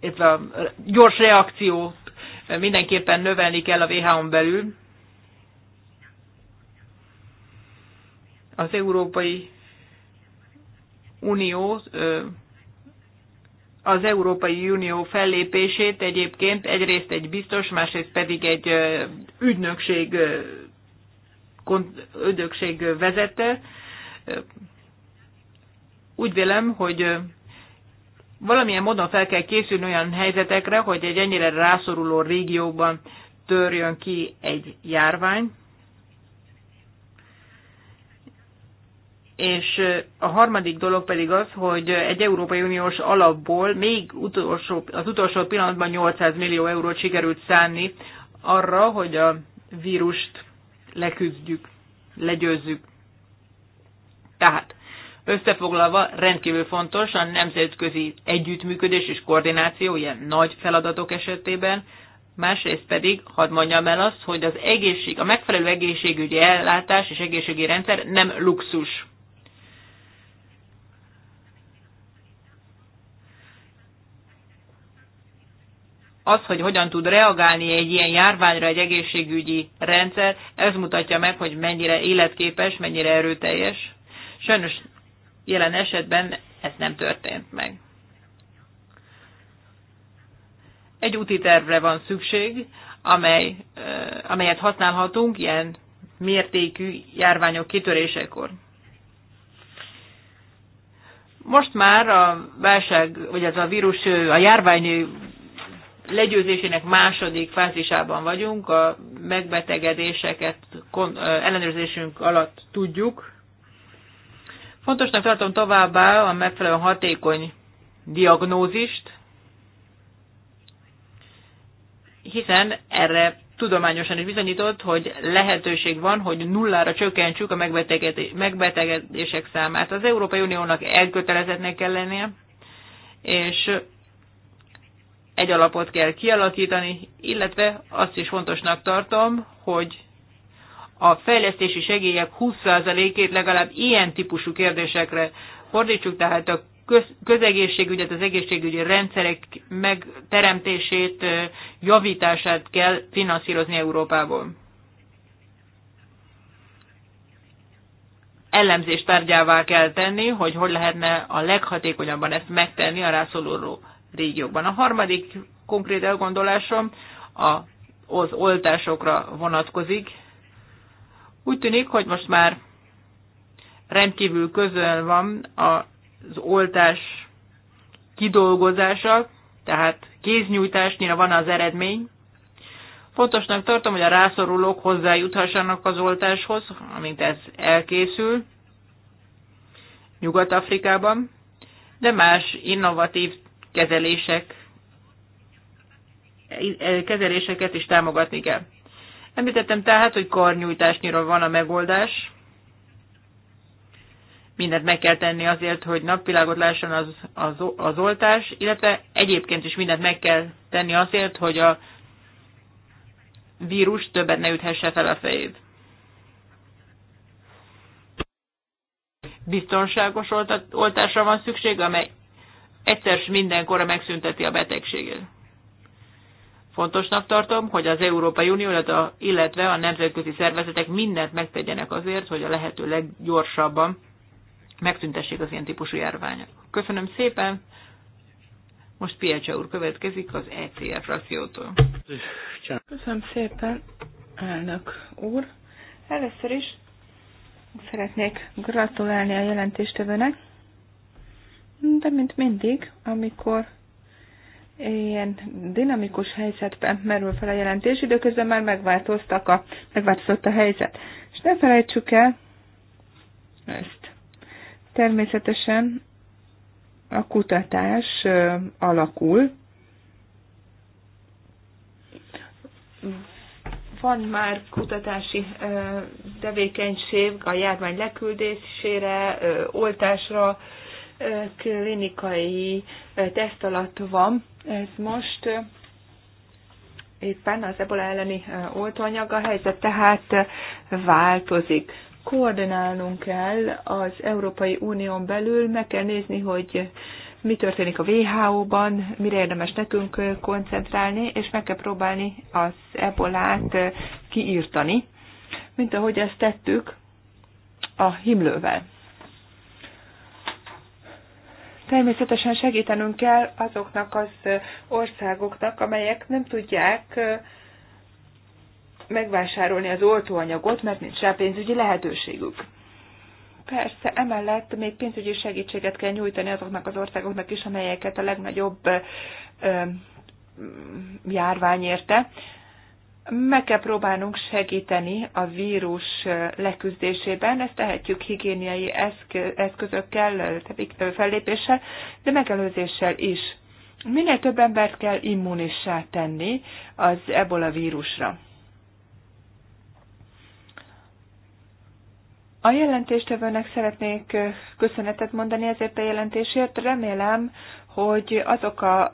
illetve a gyors reakció mindenképpen növelni kell a WHO-n belül. Az Európai Unió az Európai Unió fellépését egyébként egyrészt egy biztos, másrészt pedig egy ügynökség, ügynökség vezette. Úgy vélem, hogy valamilyen módon fel kell készülni olyan helyzetekre, hogy egy ennyire rászoruló régióban törjön ki egy járvány. És a harmadik dolog pedig az, hogy egy Európai Uniós alapból még utolsó, az utolsó pillanatban 800 millió eurót sikerült szánni arra, hogy a vírust leküzdjük, legyőzzük. Tehát Összefoglalva rendkívül fontos a nemzetközi együttműködés és koordináció ilyen nagy feladatok esetében, másrészt pedig hadd mondjam el azt, hogy az egészség, a megfelelő egészségügyi ellátás és egészségügyi rendszer nem luxus. az, hogy hogyan tud reagálni egy ilyen járványra egy egészségügyi rendszer, ez mutatja meg, hogy mennyire életképes, mennyire erőteljes. Sajnos Jelen esetben ez nem történt meg. Egy úti tervre van szükség, amely, amelyet használhatunk ilyen mértékű járványok kitörésekor. Most már a válság, vagy ez a vírus, a járvány legyőzésének második fázisában vagyunk, a megbetegedéseket ellenőrzésünk alatt tudjuk, Fontosnak tartom továbbá a megfelelően hatékony diagnózist, hiszen erre tudományosan is bizonyított, hogy lehetőség van, hogy nullára csökkentsük a megbetegedések számát. Az Európai Uniónak elkötelezettnek kell lennie, és egy alapot kell kialakítani, illetve azt is fontosnak tartom, hogy a fejlesztési segélyek 20%-ét legalább ilyen típusú kérdésekre fordítsuk, tehát a köz, közegészségügyet, az egészségügyi rendszerek megteremtését, javítását kell finanszírozni Európából. Ellenzést tárgyává kell tenni, hogy hogy lehetne a leghatékonyabban ezt megtenni a rászoruló régiókban. A harmadik konkrét elgondolásom a, az oltásokra vonatkozik. Úgy tűnik, hogy most már rendkívül közel van az oltás kidolgozása, tehát kéznyújtásnyira van az eredmény. Fontosnak tartom, hogy a rászorulók hozzájuthassanak az oltáshoz, amint ez elkészül Nyugat-Afrikában, de más innovatív kezelések, kezeléseket is támogatni kell. Említettem tehát, hogy karnyújtásnyira van a megoldás. Mindent meg kell tenni azért, hogy napvilágot lásson az, az, az oltás, illetve egyébként is mindent meg kell tenni azért, hogy a vírus többet ne üthesse fel a fejét. Biztonságos oltásra van szükség, amely egyszer mindenkorra megszünteti a betegséget. Fontosnak tartom, hogy az Európai Unió, illetve a nemzetközi szervezetek mindent megtegyenek azért, hogy a lehető leggyorsabban megtüntessék az ilyen típusú járványok. Köszönöm szépen! Most Piacsa úr következik az ECR frakciótól. Köszönöm szépen, elnök úr! Először is szeretnék gratulálni a jelentéstevőnek, de mint mindig, amikor ilyen dinamikus helyzetben merül fel a jelentés, időközben már megváltoztak a, megváltozott a helyzet. És ne felejtsük el ezt. Természetesen a kutatás alakul. Van már kutatási tevékenység a járvány leküldésére, oltásra, klinikai teszt alatt van ez most éppen az ebola elleni oltóanyag a helyzet, tehát változik. Koordinálnunk kell az Európai Unión belül, meg kell nézni, hogy mi történik a WHO-ban, mire érdemes nekünk koncentrálni, és meg kell próbálni az ebolát kiírtani, mint ahogy ezt tettük a himlővel. Természetesen segítenünk kell azoknak az országoknak, amelyek nem tudják megvásárolni az oltóanyagot, mert nincs rá pénzügyi lehetőségük. Persze, emellett még pénzügyi segítséget kell nyújtani azoknak az országoknak is, amelyeket a legnagyobb járvány érte meg kell próbálnunk segíteni a vírus leküzdésében, ezt tehetjük higiéniai eszközökkel, fellépéssel, de megelőzéssel is. Minél több embert kell immunissá tenni az ebola vírusra. A jelentéstevőnek szeretnék köszönetet mondani ezért a jelentésért. Remélem, hogy azok a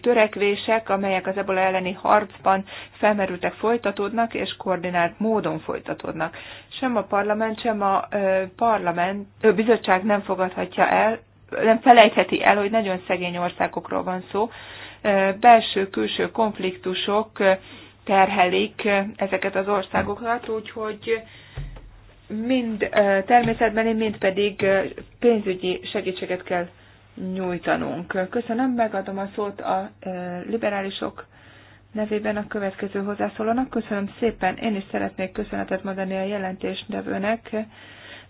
törekvések, amelyek az ebola elleni harcban felmerültek, folytatódnak és koordinált módon folytatódnak. Sem a parlament, sem a parlament, ö, bizottság nem fogadhatja el, nem felejtheti el, hogy nagyon szegény országokról van szó. Belső-külső konfliktusok terhelik ezeket az országokat, úgyhogy mind természetbeni, mind pedig pénzügyi segítséget kell nyújtanunk. Köszönöm, megadom a szót a e, liberálisok nevében a következő hozzászólónak. Köszönöm szépen, én is szeretnék köszönetet mondani a jelentéstevőnek,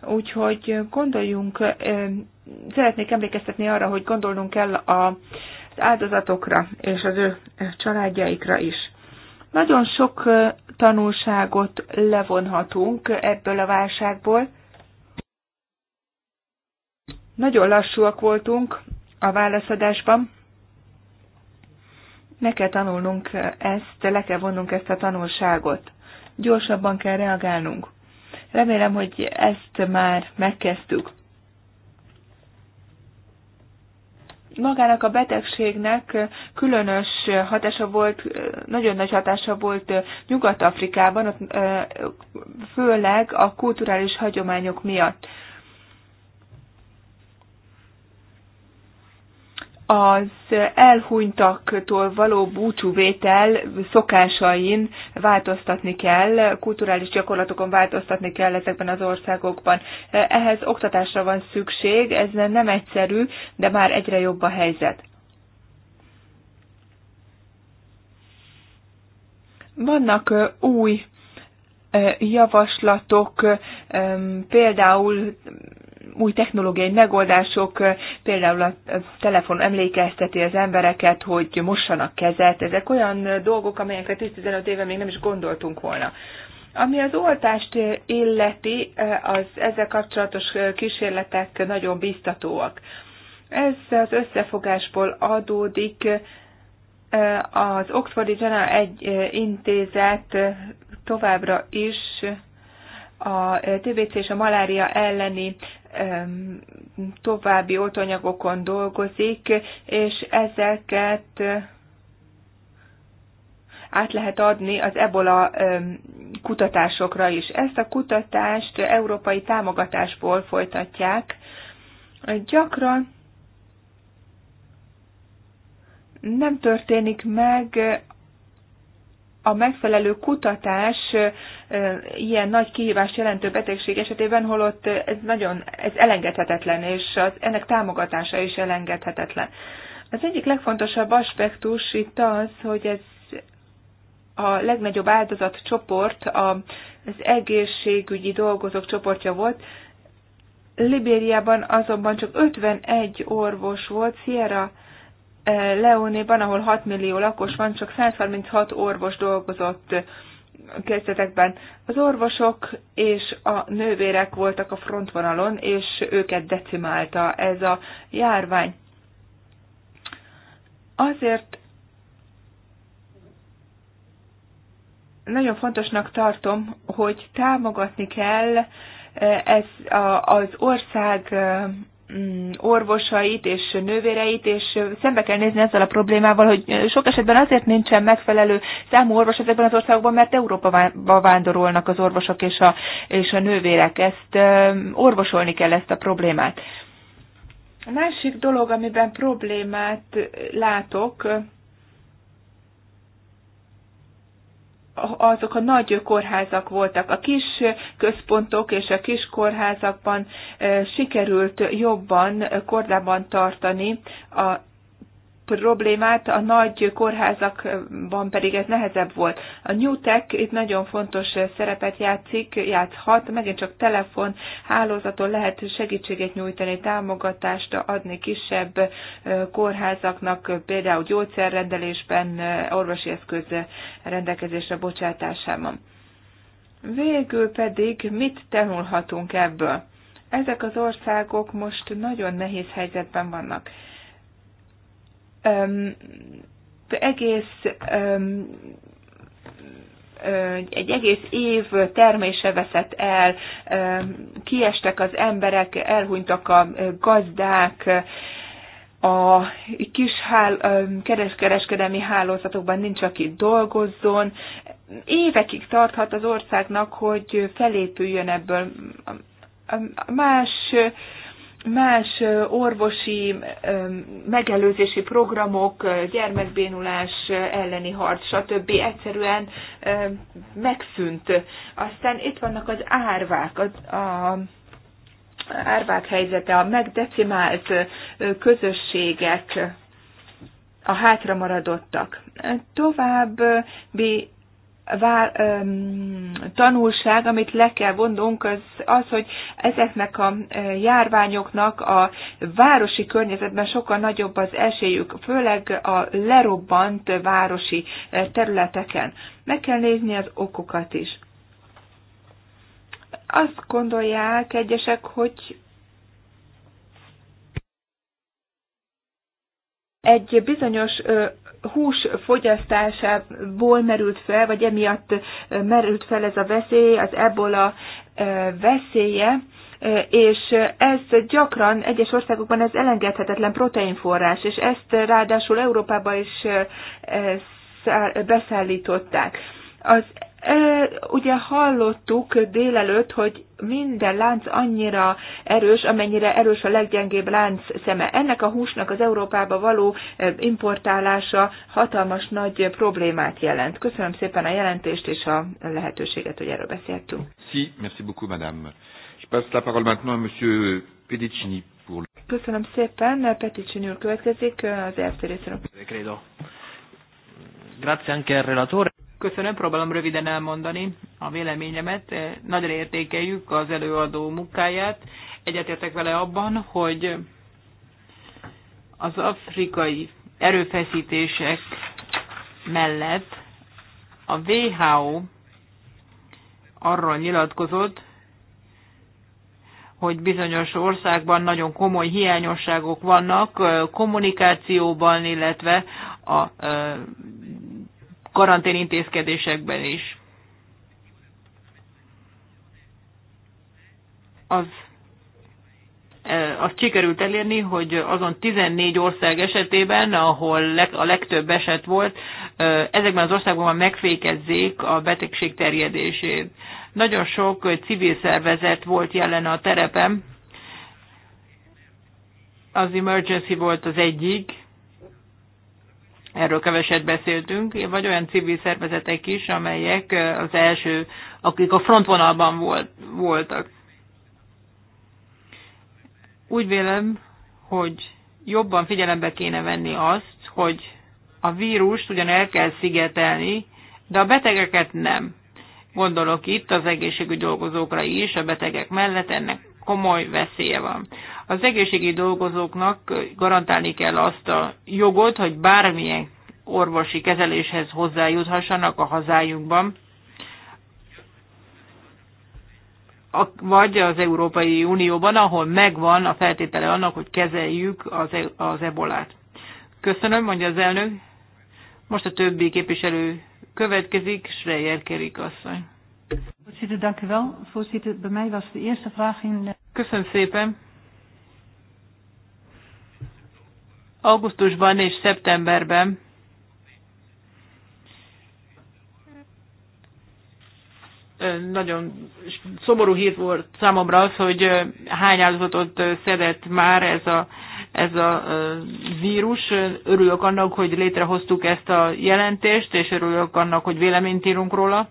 úgyhogy gondoljunk, e, szeretnék emlékeztetni arra, hogy gondolnunk kell az áldozatokra és az ő családjaikra is. Nagyon sok e, tanulságot levonhatunk ebből a válságból, nagyon lassúak voltunk a válaszadásban. Ne kell tanulnunk ezt, le kell vonnunk ezt a tanulságot. Gyorsabban kell reagálnunk. Remélem, hogy ezt már megkezdtük. magának a betegségnek különös hatása volt, nagyon nagy hatása volt Nyugat-Afrikában, főleg a kulturális hagyományok miatt. az elhunytaktól való búcsúvétel szokásain változtatni kell, kulturális gyakorlatokon változtatni kell ezekben az országokban. Ehhez oktatásra van szükség, ez nem egyszerű, de már egyre jobb a helyzet. Vannak új javaslatok, például új technológiai megoldások, például a telefon emlékezteti az embereket, hogy mossanak kezet, ezek olyan dolgok, amelyekre 10-15 éve még nem is gondoltunk volna. Ami az oltást illeti, az ezzel kapcsolatos kísérletek nagyon biztatóak. Ez az összefogásból adódik, az Oxfordi General egy intézet továbbra is a TBC és a malária elleni további oltanyagokon dolgozik, és ezeket eh, át lehet adni az ebola kutatásokra is. Ezt a kutatást európai támogatásból folytatják. Gyakran nem történik meg a megfelelő kutatás ilyen nagy kihívást jelentő betegség esetében, holott ez nagyon ez elengedhetetlen, és az, ennek támogatása is elengedhetetlen. Az egyik legfontosabb aspektus itt az, hogy ez a legnagyobb áldozat csoport, az egészségügyi dolgozók csoportja volt. Libériában azonban csak 51 orvos volt, Sierra Leónéban, ahol 6 millió lakos van, csak 136 orvos dolgozott kezdetekben. Az orvosok és a nővérek voltak a frontvonalon, és őket decimálta ez a járvány. Azért nagyon fontosnak tartom, hogy támogatni kell ez az ország Mm, orvosait és nővéreit, és szembe kell nézni ezzel a problémával, hogy sok esetben azért nincsen megfelelő számú orvos ezekben az országokban, mert Európába vándorolnak az orvosok és a, és a nővérek. Ezt orvosolni kell ezt a problémát. A másik dolog, amiben problémát látok, azok a nagy kórházak voltak. A kis központok és a kis kórházakban eh, sikerült jobban eh, kordában tartani a problémát, a nagy kórházakban pedig ez nehezebb volt. A New Tech itt nagyon fontos szerepet játszik, játszhat, megint csak telefon hálózaton lehet segítséget nyújtani, támogatást adni kisebb kórházaknak, például gyógyszerrendelésben, orvosi eszköz rendelkezésre bocsátásában. Végül pedig mit tanulhatunk ebből? Ezek az országok most nagyon nehéz helyzetben vannak de egész um, egy egész év termése veszett el, kiestek az emberek, elhunytak a gazdák, a kis hál, kereskedelmi hálózatokban nincs, aki dolgozzon. Évekig tarthat az országnak, hogy felépüljön ebből. Más más orvosi megelőzési programok, gyermekbénulás elleni harc, stb. egyszerűen megszűnt. Aztán itt vannak az árvák, a, a árvák helyzete, a megdecimált közösségek, a hátramaradottak. További vál, um, tanulság, amit le kell vonnunk, az az, hogy ezeknek a járványoknak a városi környezetben sokkal nagyobb az esélyük, főleg a lerobbant városi területeken. Meg kell nézni az okokat is. Azt gondolják egyesek, hogy egy bizonyos hús fogyasztásából merült fel, vagy emiatt eh, merült fel ez a veszély, az ebola eh, veszélye, eh, és ez gyakran egyes országokban ez elengedhetetlen proteinforrás, és ezt ráadásul Európába is beszállították. Az Ugye hallottuk délelőtt, hogy minden lánc annyira erős, amennyire erős a leggyengébb lánc szeme. Ennek a húsnak az Európába való importálása hatalmas nagy problémát jelent. Köszönöm szépen a jelentést és a lehetőséget, hogy erről beszéltünk. Si, merci beaucoup, madame. Je passe la parole maintenant à monsieur Pedicini. Pour... Köszönöm szépen, Pedicini úr következik az EFT részéről. Grazie anche al relatore. Köszönöm, próbálom röviden elmondani a véleményemet. Eh, nagyra értékeljük az előadó munkáját. Egyetértek vele abban, hogy az afrikai erőfeszítések mellett a WHO arról nyilatkozott, hogy bizonyos országban nagyon komoly hiányosságok vannak eh, kommunikációban, illetve a eh, karantén intézkedésekben is. Az, e, az sikerült elérni, hogy azon 14 ország esetében, ahol a legtöbb eset volt, e, ezekben az országokban megfékezzék a betegség terjedését. Nagyon sok civil szervezet volt jelen a terepen, az Emergency volt az egyik, erről keveset beszéltünk, vagy olyan civil szervezetek is, amelyek az első, akik a frontvonalban volt, voltak. Úgy vélem, hogy jobban figyelembe kéne venni azt, hogy a vírust ugyan el kell szigetelni, de a betegeket nem. Gondolok itt az egészségügy dolgozókra is, a betegek mellett ennek komoly veszélye van. Az egészségi dolgozóknak garantálni kell azt a jogot, hogy bármilyen orvosi kezeléshez hozzájuthassanak a hazájukban, vagy az Európai Unióban, ahol megvan a feltétele annak, hogy kezeljük az, e az ebolát. Köszönöm, mondja az elnök. Most a többi képviselő következik, Schreier Kerik asszony. Voorzitter, dank u wel. Voorzitter, bij mij was de eerste vraag in... Eh, Köszönöm szépen. Augusztusban és szeptemberben nagyon szomorú hír volt számomra az, hogy hány áldozatot szedett már ez a, ez a vírus. Örülök annak, hogy létrehoztuk ezt a jelentést, és örülök annak, hogy véleményt írunk róla.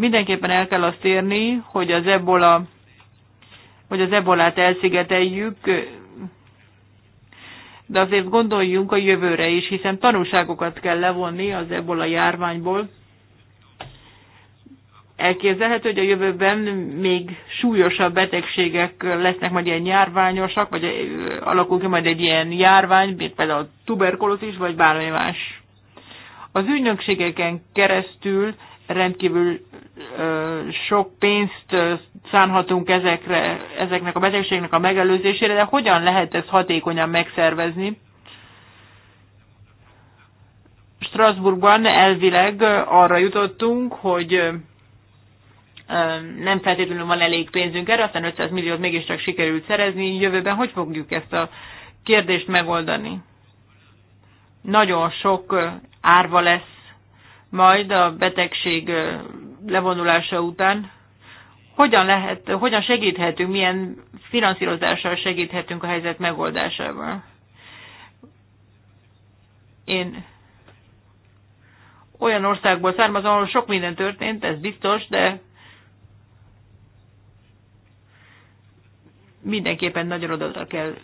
Mindenképpen el kell azt érni, hogy az ebola, hogy az ebolát elszigeteljük, de azért gondoljunk a jövőre is, hiszen tanulságokat kell levonni az ebola járványból. Elképzelhető, hogy a jövőben még súlyosabb betegségek lesznek majd ilyen járványosak, vagy alakul ki majd egy ilyen járvány, mint például a tuberkulózis, vagy bármi más. Az ügynökségeken keresztül rendkívül sok pénzt szánhatunk ezekre, ezeknek a betegségnek a megelőzésére, de hogyan lehet ezt hatékonyan megszervezni? Strasbourgban elvileg arra jutottunk, hogy nem feltétlenül van elég pénzünk erre, aztán 500 milliót mégiscsak sikerült szerezni, jövőben hogy fogjuk ezt a kérdést megoldani? Nagyon sok árva lesz majd a betegség levonulása után, hogyan, lehet, hogyan segíthetünk, milyen finanszírozással segíthetünk a helyzet megoldásával. Én olyan országból származom, ahol sok minden történt, ez biztos, de mindenképpen nagyon oda kell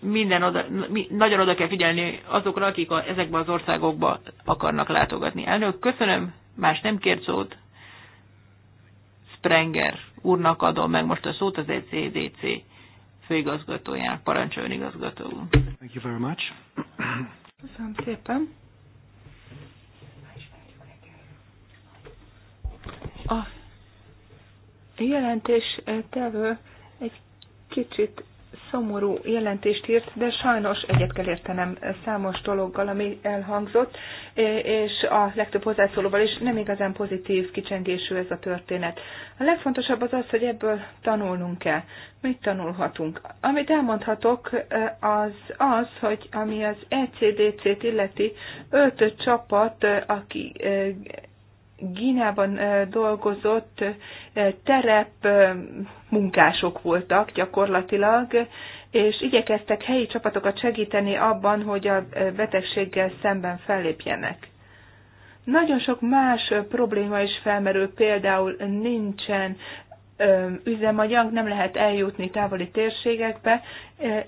minden oda, nagyon oda kell figyelni azokra, akik a, ezekben az országokba akarnak látogatni. Elnök, köszönöm, más nem kért szót. Sprenger úrnak adom meg most a szót, az ECDC főigazgatójának, parancsoljon igazgató úr. Thank you very much. Köszönöm szépen. A jelentés tevő egy kicsit szomorú jelentést írt, de sajnos egyet kell értenem számos dologgal, ami elhangzott, és a legtöbb hozzászólóval is nem igazán pozitív kicsengésű ez a történet. A legfontosabb az az, hogy ebből tanulnunk kell. Mit tanulhatunk? Amit elmondhatok, az az, hogy ami az ECDC-t illeti, öt csapat, aki Gínában dolgozott terep munkások voltak gyakorlatilag, és igyekeztek helyi csapatokat segíteni abban, hogy a betegséggel szemben fellépjenek. Nagyon sok más probléma is felmerül, például nincsen üzemanyag nem lehet eljutni távoli térségekbe,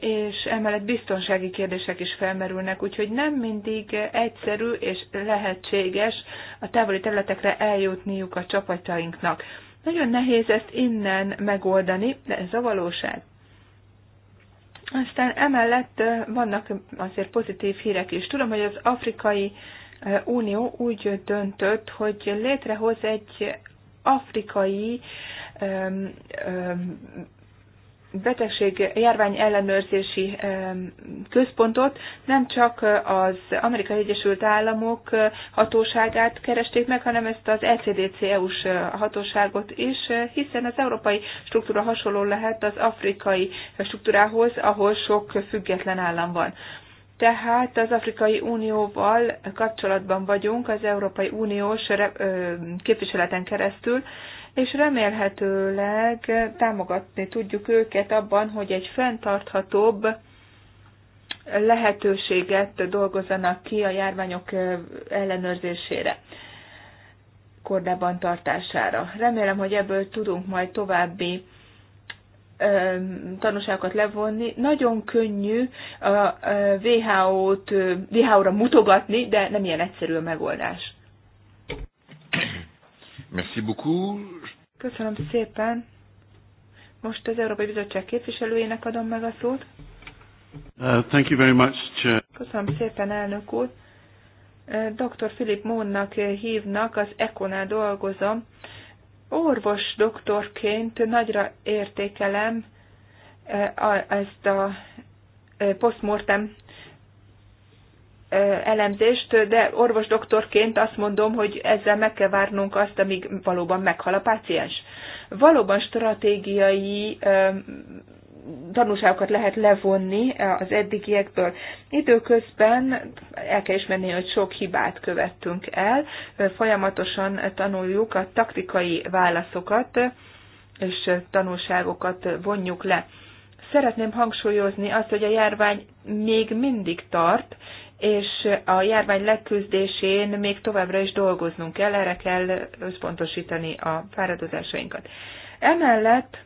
és emellett biztonsági kérdések is felmerülnek, úgyhogy nem mindig egyszerű és lehetséges a távoli területekre eljutniuk a csapatainknak. Nagyon nehéz ezt innen megoldani, de ez a valóság. Aztán emellett vannak azért pozitív hírek is. Tudom, hogy az Afrikai Unió úgy döntött, hogy létrehoz egy afrikai betegség járvány ellenőrzési központot nem csak az Amerikai Egyesült Államok hatóságát keresték meg, hanem ezt az ECDC EU-s hatóságot is, hiszen az európai struktúra hasonló lehet az afrikai struktúrához, ahol sok független állam van. Tehát az Afrikai Unióval kapcsolatban vagyunk az Európai Uniós képviseleten keresztül, és remélhetőleg támogatni tudjuk őket abban, hogy egy fenntarthatóbb lehetőséget dolgozzanak ki a járványok ellenőrzésére, kordában tartására. Remélem, hogy ebből tudunk majd további tanulságokat levonni. Nagyon könnyű a WHO-t, WHO-ra mutogatni, de nem ilyen egyszerű a megoldás. Merci beaucoup. Köszönöm szépen. Most az Európai Bizottság képviselőjének adom meg a szót. Uh, thank you very much, Chair. Köszönöm szépen, elnök úr. Uh, Dr. Philip Mónnak uh, hívnak, az Econál dolgozom. Orvos doktorként nagyra értékelem uh, ezt a postmortem elemzést, de orvos doktorként azt mondom, hogy ezzel meg kell várnunk azt, amíg valóban meghal a páciens. Valóban stratégiai tanulságokat lehet levonni az eddigiekből. Időközben el kell ismerni, hogy sok hibát követtünk el, folyamatosan tanuljuk a taktikai válaszokat, és tanulságokat vonjuk le. Szeretném hangsúlyozni azt, hogy a járvány még mindig tart, és a járvány leküzdésén még továbbra is dolgoznunk kell, erre kell összpontosítani a fáradozásainkat. Emellett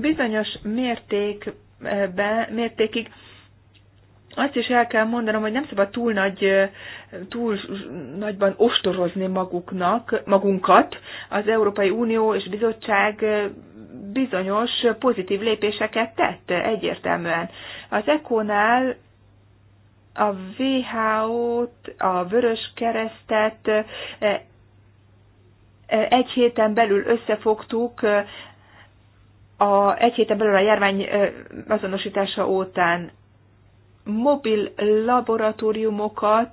bizonyos mértékbe, mértékig azt is el kell mondanom, hogy nem szabad túl nagy, túl nagyban ostorozni maguknak, magunkat. Az Európai Unió és Bizottság bizonyos pozitív lépéseket tett egyértelműen. Az ECO-nál a WHO-t, a Vörös Keresztet egy héten belül összefogtuk a, egy héten belül a járvány azonosítása után mobil laboratóriumokat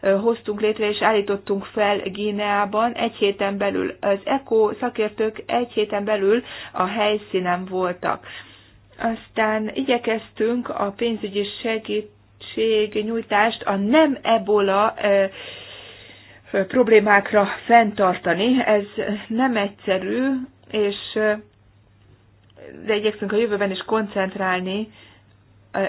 hoztunk létre és állítottunk fel Gíneában. Egy héten belül az ECO szakértők egy héten belül a helyszínen voltak. Aztán igyekeztünk a pénzügyi segít segítségnyújtást a nem ebola problémákra fenntartani. Ez nem egyszerű, és de igyekszünk a jövőben is koncentrálni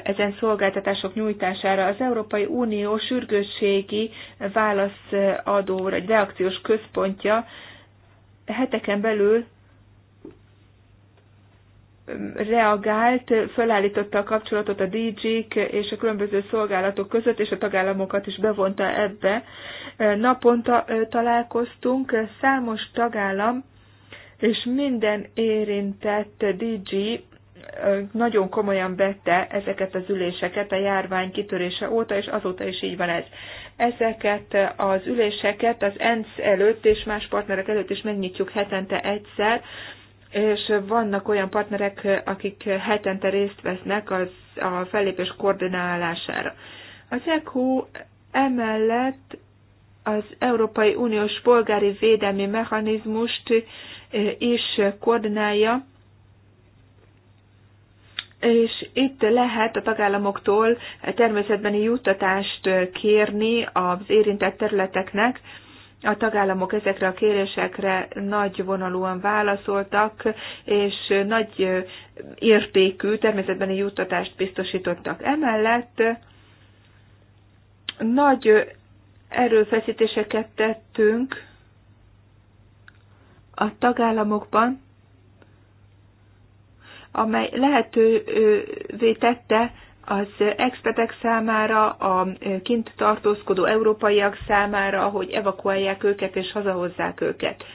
ezen szolgáltatások nyújtására. Az Európai Unió sürgősségi válaszadó, vagy reakciós központja heteken belül reagált, fölállította a kapcsolatot a DG-k és a különböző szolgálatok között, és a tagállamokat is bevonta ebbe. Naponta találkoztunk, számos tagállam és minden érintett DG nagyon komolyan vette ezeket az üléseket a járvány kitörése óta, és azóta is így van ez. Ezeket az üléseket az ENSZ előtt és más partnerek előtt is megnyitjuk hetente egyszer, és vannak olyan partnerek, akik hetente részt vesznek az, a fellépés koordinálására. Az EQ emellett az Európai Uniós polgári védelmi mechanizmust eh, is koordinálja, és itt lehet a tagállamoktól természetbeni juttatást kérni az érintett területeknek, a tagállamok ezekre a kérésekre nagy vonalúan válaszoltak, és nagy értékű természetbeni juttatást biztosítottak. Emellett nagy erőfeszítéseket tettünk a tagállamokban, amely lehetővé tette az expetek számára, a kint tartózkodó európaiak számára, hogy evakuálják őket és hazahozzák őket.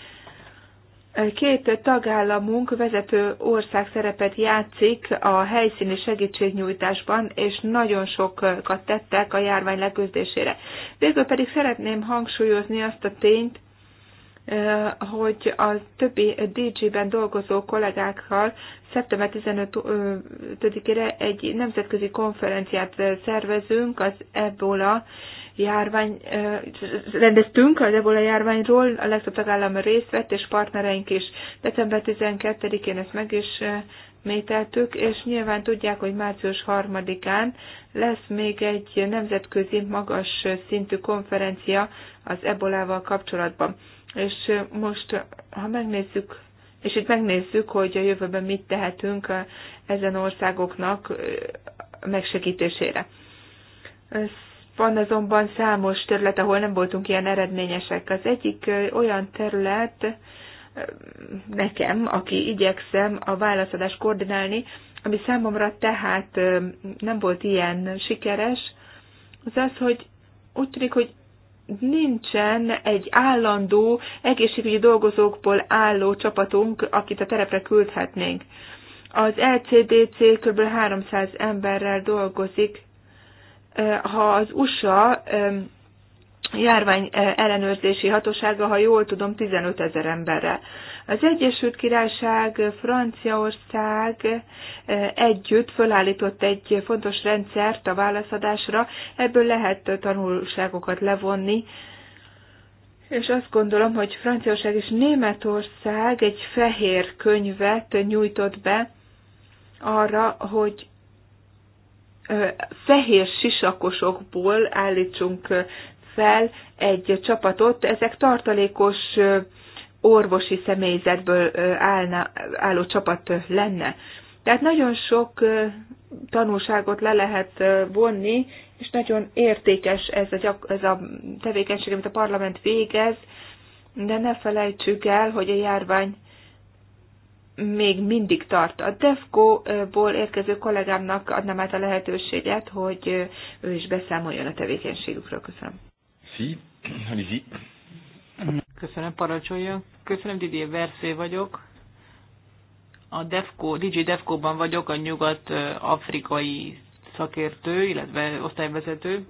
Két tagállamunk vezető ország szerepet játszik a helyszíni segítségnyújtásban, és nagyon sokat tettek a járvány leküzdésére. Végül pedig szeretném hangsúlyozni azt a tényt, hogy a többi DG-ben dolgozó kollégákkal szeptember 15-ére egy nemzetközi konferenciát szervezünk az ebola járvány, rendeztünk az ebola járványról, a legtöbb tagállam részt vett, és partnereink is december 12-én ezt meg is mételtük, és nyilván tudják, hogy március 3-án lesz még egy nemzetközi magas szintű konferencia az ebolával kapcsolatban. És most, ha megnézzük, és itt megnézzük, hogy a jövőben mit tehetünk ezen országoknak megsegítésére. Van azonban számos terület, ahol nem voltunk ilyen eredményesek. Az egyik olyan terület nekem, aki igyekszem a válaszadást koordinálni, ami számomra tehát nem volt ilyen sikeres, az az, hogy úgy tűnik, hogy nincsen egy állandó egészségügyi dolgozókból álló csapatunk, akit a terepre küldhetnénk. Az LCDC kb. 300 emberrel dolgozik. Ha az USA járvány ellenőrzési hatósága, ha jól tudom, 15 ezer emberrel. Az Egyesült Királyság, Franciaország eh, együtt fölállított egy fontos rendszert a válaszadásra, ebből lehet tanulságokat levonni, és azt gondolom, hogy Franciaország és Németország egy fehér könyvet nyújtott be arra, hogy eh, fehér sisakosokból állítsunk eh, fel egy csapatot. Ezek tartalékos orvosi személyzetből állna, álló csapat lenne. Tehát nagyon sok tanulságot le lehet vonni, és nagyon értékes ez a, gyak, ez a tevékenység, amit a parlament végez, de ne felejtsük el, hogy a járvány még mindig tart. A DEFCO-ból érkező kollégámnak adnám át a lehetőséget, hogy ő is beszámoljon a tevékenységükről. Köszönöm. Sí, allez Köszönöm, parancsolja. Köszönöm, Didier Verszé vagyok. A DEFCO, DJ DEFCO-ban vagyok, a nyugat-afrikai szakértő, illetve osztályvezető.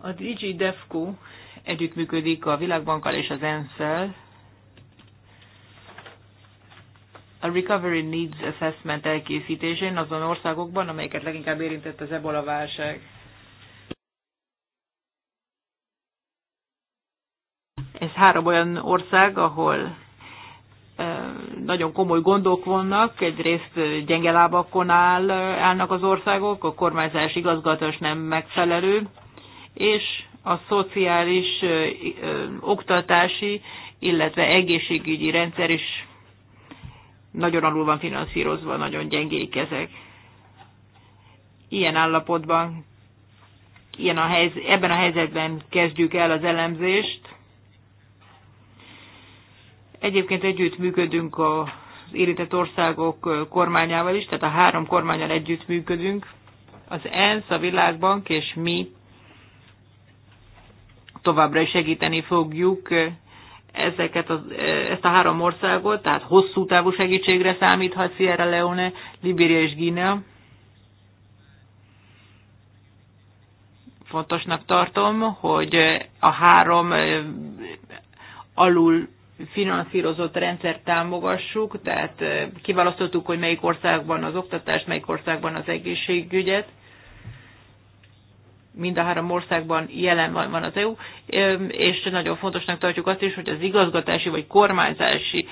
A DJ DEFCO együttműködik a Világbankkal és az ENSZ-el. A Recovery Needs Assessment elkészítésén azon országokban, amelyeket leginkább érintett az ebola válság. Ez három olyan ország, ahol nagyon komoly gondok vannak, egyrészt gyenge lábakon áll, állnak az országok, a kormányzás igazgatás nem megfelelő, és a szociális, oktatási, illetve egészségügyi rendszer is nagyon alul van finanszírozva, nagyon gyengék ezek. Ilyen állapotban, ilyen a helyz, ebben a helyzetben kezdjük el az elemzést, Egyébként együtt működünk az érintett országok kormányával is, tehát a három kormányal együtt működünk. Az ENSZ, a Világbank és mi továbbra is segíteni fogjuk ezeket az, ezt a három országot, tehát hosszú távú segítségre számíthat Sierra Leone, Libéria és Guinea. Fontosnak tartom, hogy a három alul finanszírozott rendszert támogassuk, tehát kiválasztottuk, hogy melyik országban az oktatást, melyik országban az egészségügyet. Mind a három országban jelen van az EU, és nagyon fontosnak tartjuk azt is, hogy az igazgatási vagy kormányzási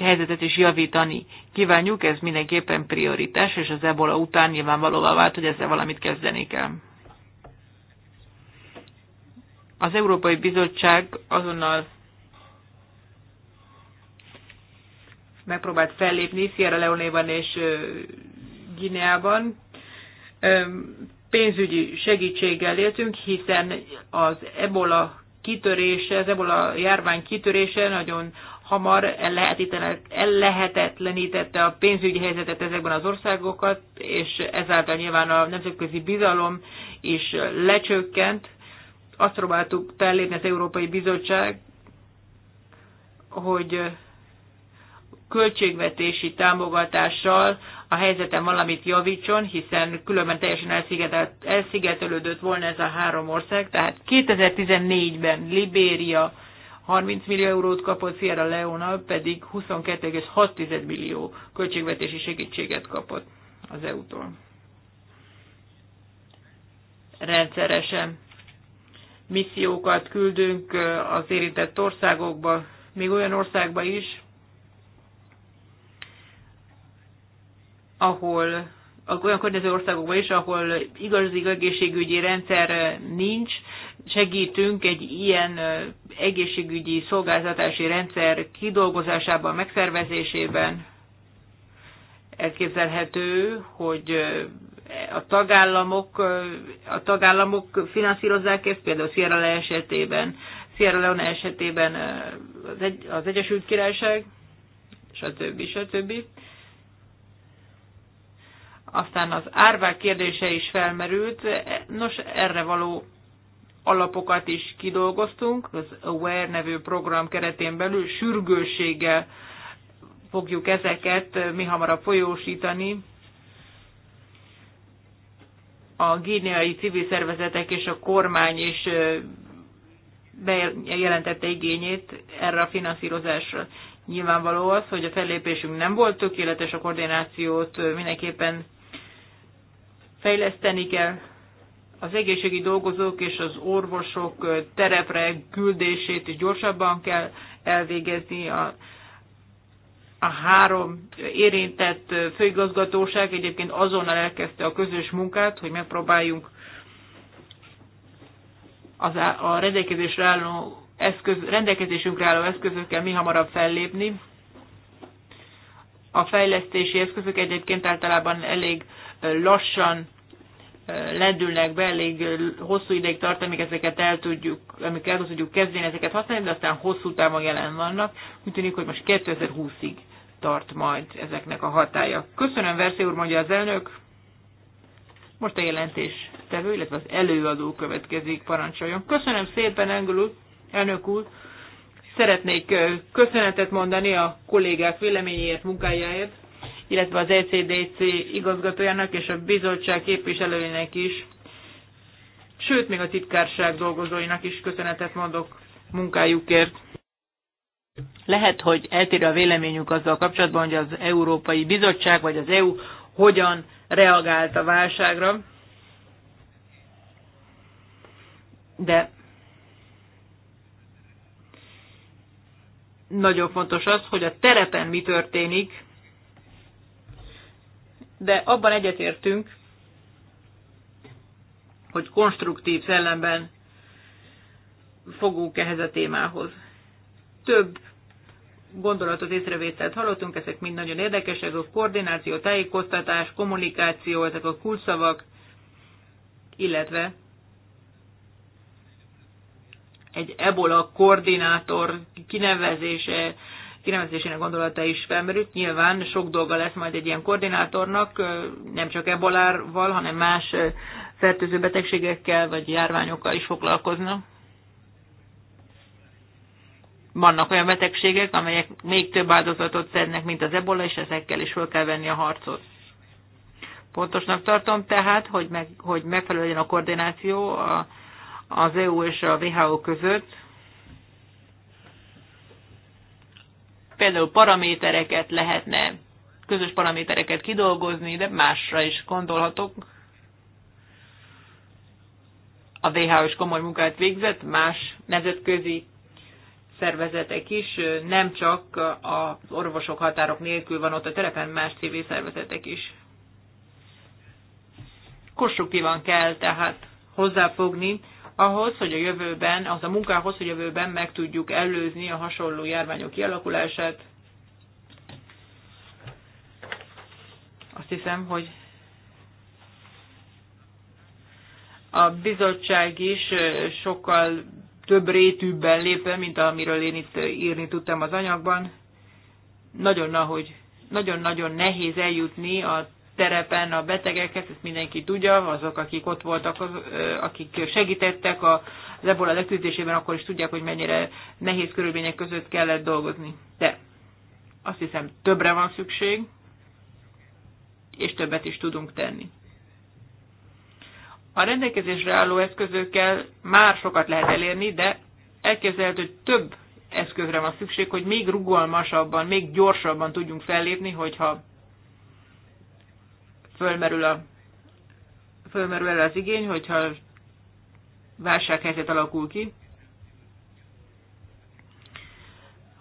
helyzetet is javítani kívánjuk, ez mindenképpen prioritás, és az ebola után nyilvánvalóvá vált, hogy ezzel valamit kezdeni kell. Az Európai Bizottság azonnal megpróbált fellépni Sierra Leone-ban és Gineában. Pénzügyi segítséggel éltünk, hiszen az ebola kitörése, az ebola járvány kitörése nagyon hamar ellehetetlenítette a pénzügyi helyzetet ezekben az országokat, és ezáltal nyilván a nemzetközi bizalom is lecsökkent. Azt próbáltuk fellépni az Európai Bizottság, hogy költségvetési támogatással a helyzeten valamit javítson, hiszen különben teljesen elszigetelődött volna ez a három ország. Tehát 2014-ben Libéria 30 millió eurót kapott, Sierra Leona pedig 22,6 millió költségvetési segítséget kapott az EU-tól. Rendszeresen missziókat küldünk az érintett országokba, még olyan országba is, ahol olyan környező országokban is, ahol igazi egészségügyi rendszer nincs, segítünk egy ilyen egészségügyi szolgáltatási rendszer kidolgozásában, megszervezésében. Elképzelhető, hogy a tagállamok, a tagállamok finanszírozzák ezt, például Sierra Leone esetében, Sierra Leone esetében az, egy, az Egyesült Királyság, stb. stb. stb. Aztán az árvák kérdése is felmerült. Nos, erre való alapokat is kidolgoztunk, az AWARE nevű program keretén belül sürgősséggel fogjuk ezeket mi hamarabb folyósítani. A géniai civil szervezetek és a kormány is bejelentette igényét erre a finanszírozásra. Nyilvánvaló az, hogy a fellépésünk nem volt tökéletes, a koordinációt mindenképpen fejleszteni kell az egészségi dolgozók és az orvosok terepre küldését is gyorsabban kell elvégezni. A, a három érintett főigazgatóság egyébként azonnal elkezdte a közös munkát, hogy megpróbáljunk az a rendelkezésre álló eszköz, rendelkezésünkre álló eszközökkel mi hamarabb fellépni. A fejlesztési eszközök egyébként általában elég lassan ledülnek be, elég hosszú ideig tart, amíg ezeket el tudjuk, amíg el tudjuk kezdeni ezeket használni, de aztán hosszú távon jelen vannak. Úgy tűnik, hogy most 2020-ig tart majd ezeknek a hatája. Köszönöm, Verszé úr, mondja az elnök. Most a jelentés tevő, illetve az előadó következik, parancsoljon. Köszönöm szépen, Engel elnök úr. Szeretnék köszönetet mondani a kollégák véleményéért, munkájáért illetve az ECDC igazgatójának és a bizottság képviselőinek is, sőt, még a titkárság dolgozóinak is köszönetet mondok munkájukért. Lehet, hogy eltér a véleményük azzal kapcsolatban, hogy az Európai Bizottság vagy az EU hogyan reagált a válságra, de nagyon fontos az, hogy a terepen mi történik, de abban egyetértünk, hogy konstruktív szellemben fogunk ehhez a témához. Több gondolatot, észrevételt hallottunk, ezek mind nagyon érdekesek, a koordináció, tájékoztatás, kommunikáció, ezek a kulcsszavak, illetve egy ebola koordinátor kinevezése, kinevezésének gondolata is felmerült. Nyilván sok dolga lesz majd egy ilyen koordinátornak, nem csak ebolárval, hanem más fertőző betegségekkel vagy járványokkal is foglalkozna. Vannak olyan betegségek, amelyek még több áldozatot szednek, mint az ebola, és ezekkel is fel kell venni a harcot. Pontosnak tartom tehát, hogy, meg, hogy megfelelően a koordináció a, az EU és a WHO között, például paramétereket lehetne, közös paramétereket kidolgozni, de másra is gondolhatok. A WHO is komoly munkát végzett, más nemzetközi szervezetek is, nem csak az orvosok határok nélkül van ott a terepen, más civil szervezetek is. Konstruktívan kell tehát hozzáfogni ahhoz, hogy a jövőben, az a munkához, hogy a jövőben meg tudjuk előzni a hasonló járványok kialakulását. Azt hiszem, hogy a bizottság is sokkal több rétűbben lép mint amiről én itt írni tudtam az anyagban. Nagyon, nagyon-nagyon nehéz eljutni a terepen a betegeket, ezt mindenki tudja, azok, akik ott voltak, az, akik segítettek a ebola leküzdésében, akkor is tudják, hogy mennyire nehéz körülmények között kellett dolgozni. De azt hiszem, többre van szükség, és többet is tudunk tenni. A rendelkezésre álló eszközökkel már sokat lehet elérni, de elképzelhető, hogy több eszközre van szükség, hogy még rugalmasabban, még gyorsabban tudjunk fellépni, hogyha fölmerül, a, fölmerül el az igény, hogyha válsághelyzet alakul ki.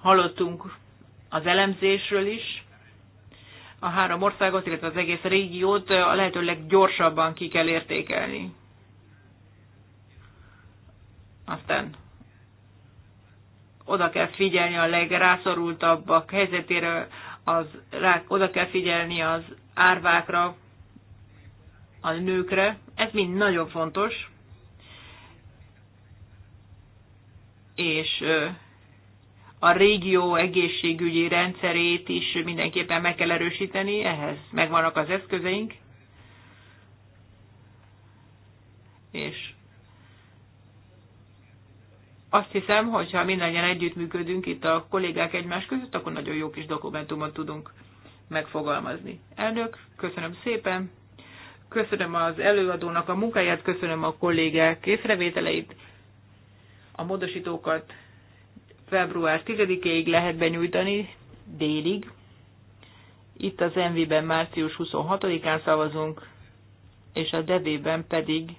Hallottunk az elemzésről is. A három országot, illetve az egész régiót a lehető leggyorsabban ki kell értékelni. Aztán oda kell figyelni a legrászorultabbak helyzetére, az, oda kell figyelni az árvákra, a nőkre. Ez mind nagyon fontos. És a régió egészségügyi rendszerét is mindenképpen meg kell erősíteni, ehhez megvannak az eszközeink. És azt hiszem, hogy ha mindannyian együttműködünk itt a kollégák egymás között, akkor nagyon jó kis dokumentumot tudunk megfogalmazni. Elnök, köszönöm szépen! köszönöm az előadónak a munkáját, köszönöm a kollégák észrevételeit. A módosítókat február 10-ig lehet benyújtani, délig. Itt az MV-ben március 26-án szavazunk, és a DEV-ben pedig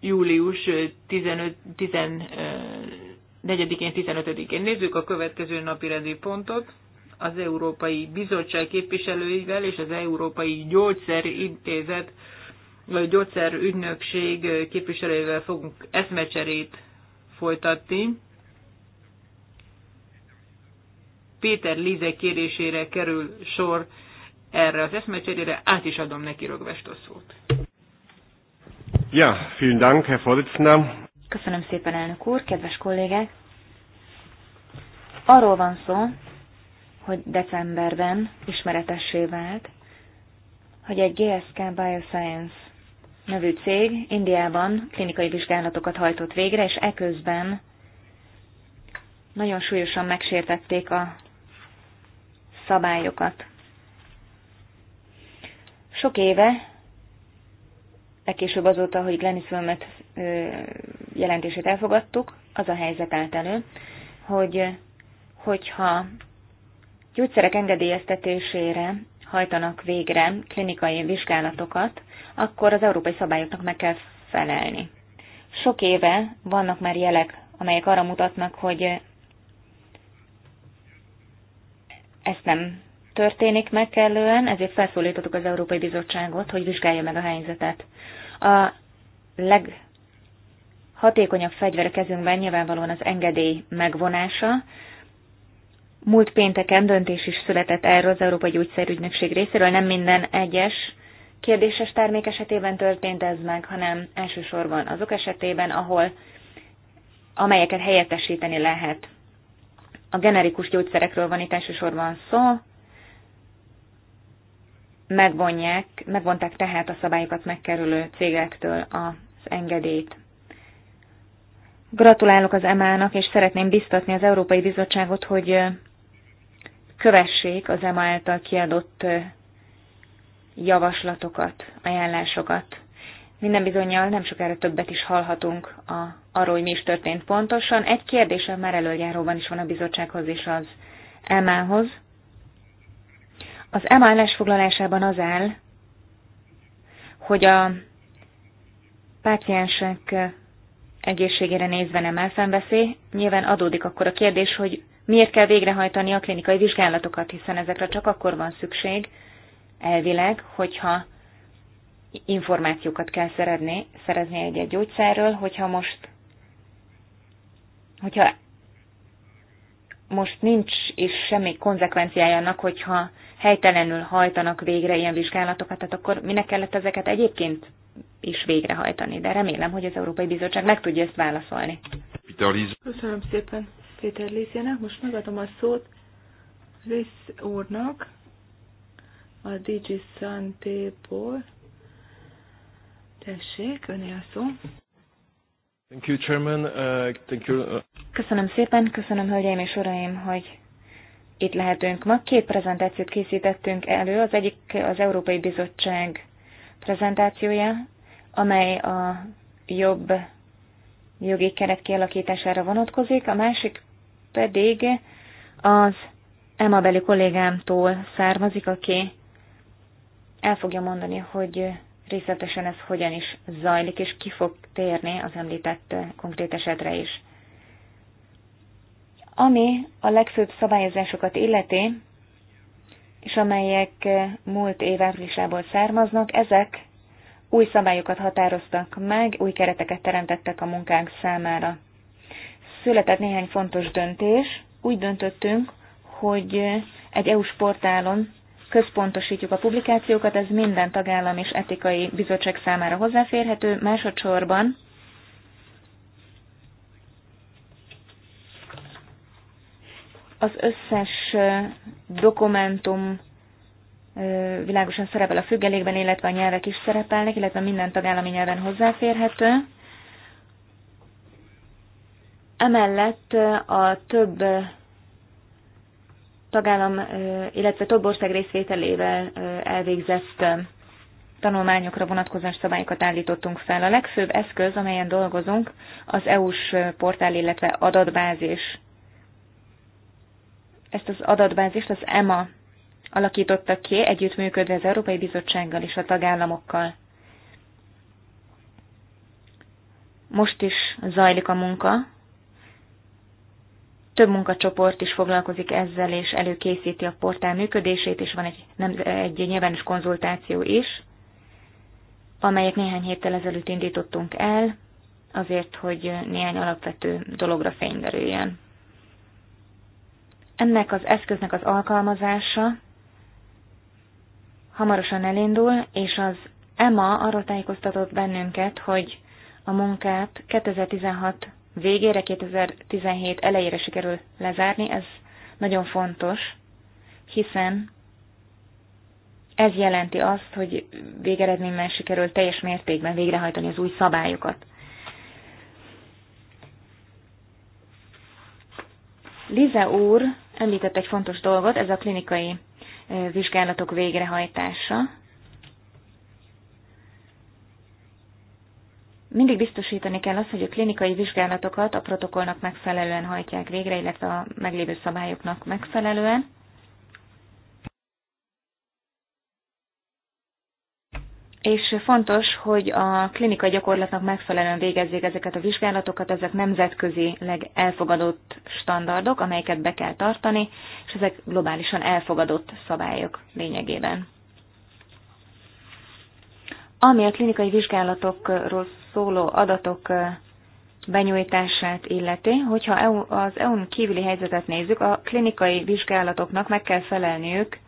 július 15, 14-én, 15-én. Nézzük a következő napi rendi pontot az Európai Bizottság képviselőivel és az Európai Gyógyszerintézet, vagy Gyógyszerügynökség képviselőivel fogunk eszmecserét folytatni. Péter Lize kérésére kerül sor erre az eszmecserére, át is adom neki rögvest a szót. Ja, vielen Dank, Herr Vorsitzender. Köszönöm szépen, elnök úr, kedves kollégák! Arról van szó, hogy decemberben ismeretessé vált, hogy egy GSK Bioscience nevű cég Indiában klinikai vizsgálatokat hajtott végre, és eközben nagyon súlyosan megsértették a szabályokat. Sok éve, legkésőbb azóta, hogy Glennis Wilmet jelentését elfogadtuk, az a helyzet állt elő, hogy hogyha gyógyszerek engedélyeztetésére hajtanak végre klinikai vizsgálatokat, akkor az európai szabályoknak meg kell felelni. Sok éve vannak már jelek, amelyek arra mutatnak, hogy ezt nem történik meg kellően, ezért felszólítottuk az Európai Bizottságot, hogy vizsgálja meg a helyzetet. A leghatékonyabb fegyver a kezünkben nyilvánvalóan az engedély megvonása, Múlt pénteken döntés is született erről az Európai Gyógyszerügynökség részéről, nem minden egyes kérdéses termék esetében történt ez meg, hanem elsősorban azok esetében, ahol amelyeket helyettesíteni lehet. A generikus gyógyszerekről van itt elsősorban szó, megvonják, megvonták tehát a szabályokat megkerülő cégektől az engedélyt. Gratulálok az EMA-nak, és szeretném biztatni az Európai Bizottságot, hogy kövessék az EMA által kiadott javaslatokat, ajánlásokat. Minden bizonyal nem sokára többet is hallhatunk a, arról, hogy mi is történt pontosan. Egy kérdésem már előjáróban is van a bizottsághoz és az EMA-hoz. Az EMA állásfoglalásában az áll, hogy a páciensek egészségére nézve nem elszenveszély. Nyilván adódik akkor a kérdés, hogy miért kell végrehajtani a klinikai vizsgálatokat, hiszen ezekre csak akkor van szükség, elvileg, hogyha információkat kell szerezni, szerezni egy-egy gyógyszerről, hogyha most hogyha most nincs is semmi konzekvenciája annak, hogyha helytelenül hajtanak végre ilyen vizsgálatokat, tehát akkor minek kellett ezeket egyébként is végrehajtani, de remélem, hogy az Európai Bizottság meg tudja ezt válaszolni. Köszönöm szépen. Péter Léziának. Most megadom a szót Risz úrnak a Digi Santéból. Tessék, öné a szó. Thank you, Chairman. Uh, thank you. Uh... Köszönöm szépen, köszönöm, hölgyeim és uraim, hogy itt lehetünk ma. Két prezentációt készítettünk elő. Az egyik az Európai Bizottság prezentációja, amely a jobb jogi keret kialakítására vonatkozik, a másik pedig az Emma beli kollégámtól származik, aki el fogja mondani, hogy részletesen ez hogyan is zajlik, és ki fog térni az említett konkrét esetre is. Ami a legfőbb szabályozásokat illeti, és amelyek múlt év áprilisából származnak, ezek új szabályokat határoztak meg, új kereteket teremtettek a munkánk számára született néhány fontos döntés. Úgy döntöttünk, hogy egy eu sportálon portálon központosítjuk a publikációkat, ez minden tagállam és etikai bizottság számára hozzáférhető. Másodszorban az összes dokumentum világosan szerepel a függelékben, illetve a nyelvek is szerepelnek, illetve minden tagállami nyelven hozzáférhető. Emellett a több tagállam, illetve több ország részvételével elvégzett tanulmányokra vonatkozás szabályokat állítottunk fel. A legfőbb eszköz, amelyen dolgozunk, az EU-s portál, illetve adatbázis. Ezt az adatbázist az EMA alakította ki, együttműködve az Európai Bizottsággal és a tagállamokkal. Most is zajlik a munka több munkacsoport is foglalkozik ezzel, és előkészíti a portál működését, és van egy, nem, egy nyilvános konzultáció is, amelyet néhány héttel ezelőtt indítottunk el, azért, hogy néhány alapvető dologra fényderüljön. Ennek az eszköznek az alkalmazása hamarosan elindul, és az EMA arra tájékoztatott bennünket, hogy a munkát 2016 végére, 2017 elejére sikerül lezárni, ez nagyon fontos, hiszen ez jelenti azt, hogy végeredményben sikerül teljes mértékben végrehajtani az új szabályokat. Lize úr említett egy fontos dolgot, ez a klinikai vizsgálatok végrehajtása. Mindig biztosítani kell azt, hogy a klinikai vizsgálatokat a protokollnak megfelelően hajtják végre, illetve a meglévő szabályoknak megfelelően. És fontos, hogy a klinikai gyakorlatnak megfelelően végezzék ezeket a vizsgálatokat, ezek nemzetközi elfogadott standardok, amelyeket be kell tartani, és ezek globálisan elfogadott szabályok lényegében. Ami a klinikai vizsgálatokról szóló adatok benyújtását illeti, hogyha az EU-n kívüli helyzetet nézzük, a klinikai vizsgálatoknak meg kell felelniük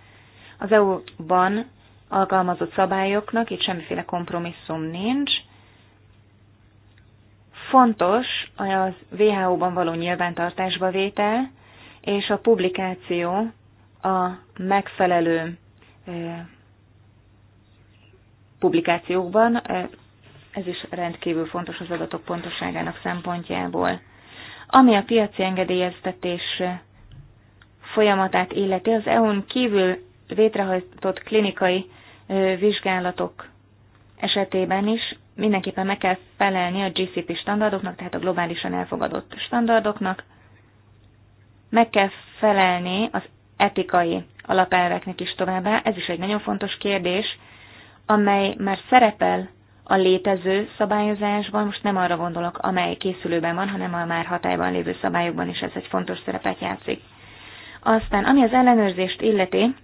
az EU-ban alkalmazott szabályoknak, itt semmiféle kompromisszum nincs. Fontos az WHO-ban való nyilvántartásba vétel, és a publikáció a megfelelő publikációkban. Ez is rendkívül fontos az adatok pontoságának szempontjából. Ami a piaci engedélyeztetés folyamatát illeti, az EU-n kívül létrehajtott klinikai vizsgálatok esetében is mindenképpen meg kell felelni a GCP standardoknak, tehát a globálisan elfogadott standardoknak, meg kell felelni az etikai alapelveknek is továbbá. Ez is egy nagyon fontos kérdés, amely már szerepel a létező szabályozásban, most nem arra gondolok, amely készülőben van, hanem a már hatályban lévő szabályokban is ez egy fontos szerepet játszik. Aztán, ami az ellenőrzést illeti,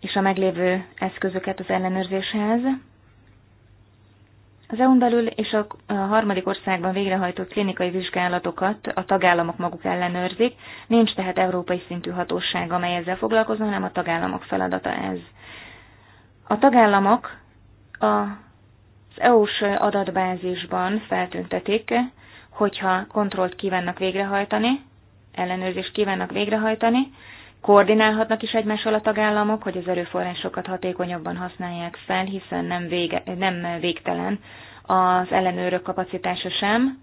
és a meglévő eszközöket az ellenőrzéshez, az EU-n belül és a harmadik országban végrehajtott klinikai vizsgálatokat a tagállamok maguk ellenőrzik, nincs tehát európai szintű hatóság, amely ezzel foglalkozna, hanem a tagállamok feladata ez. A tagállamok az EU-s adatbázisban feltüntetik, hogyha kontrollt kívánnak végrehajtani, ellenőrzést kívánnak végrehajtani, koordinálhatnak is egymással a tagállamok, hogy az erőforrásokat hatékonyabban használják fel, hiszen nem, vége, nem végtelen az ellenőrök kapacitása sem,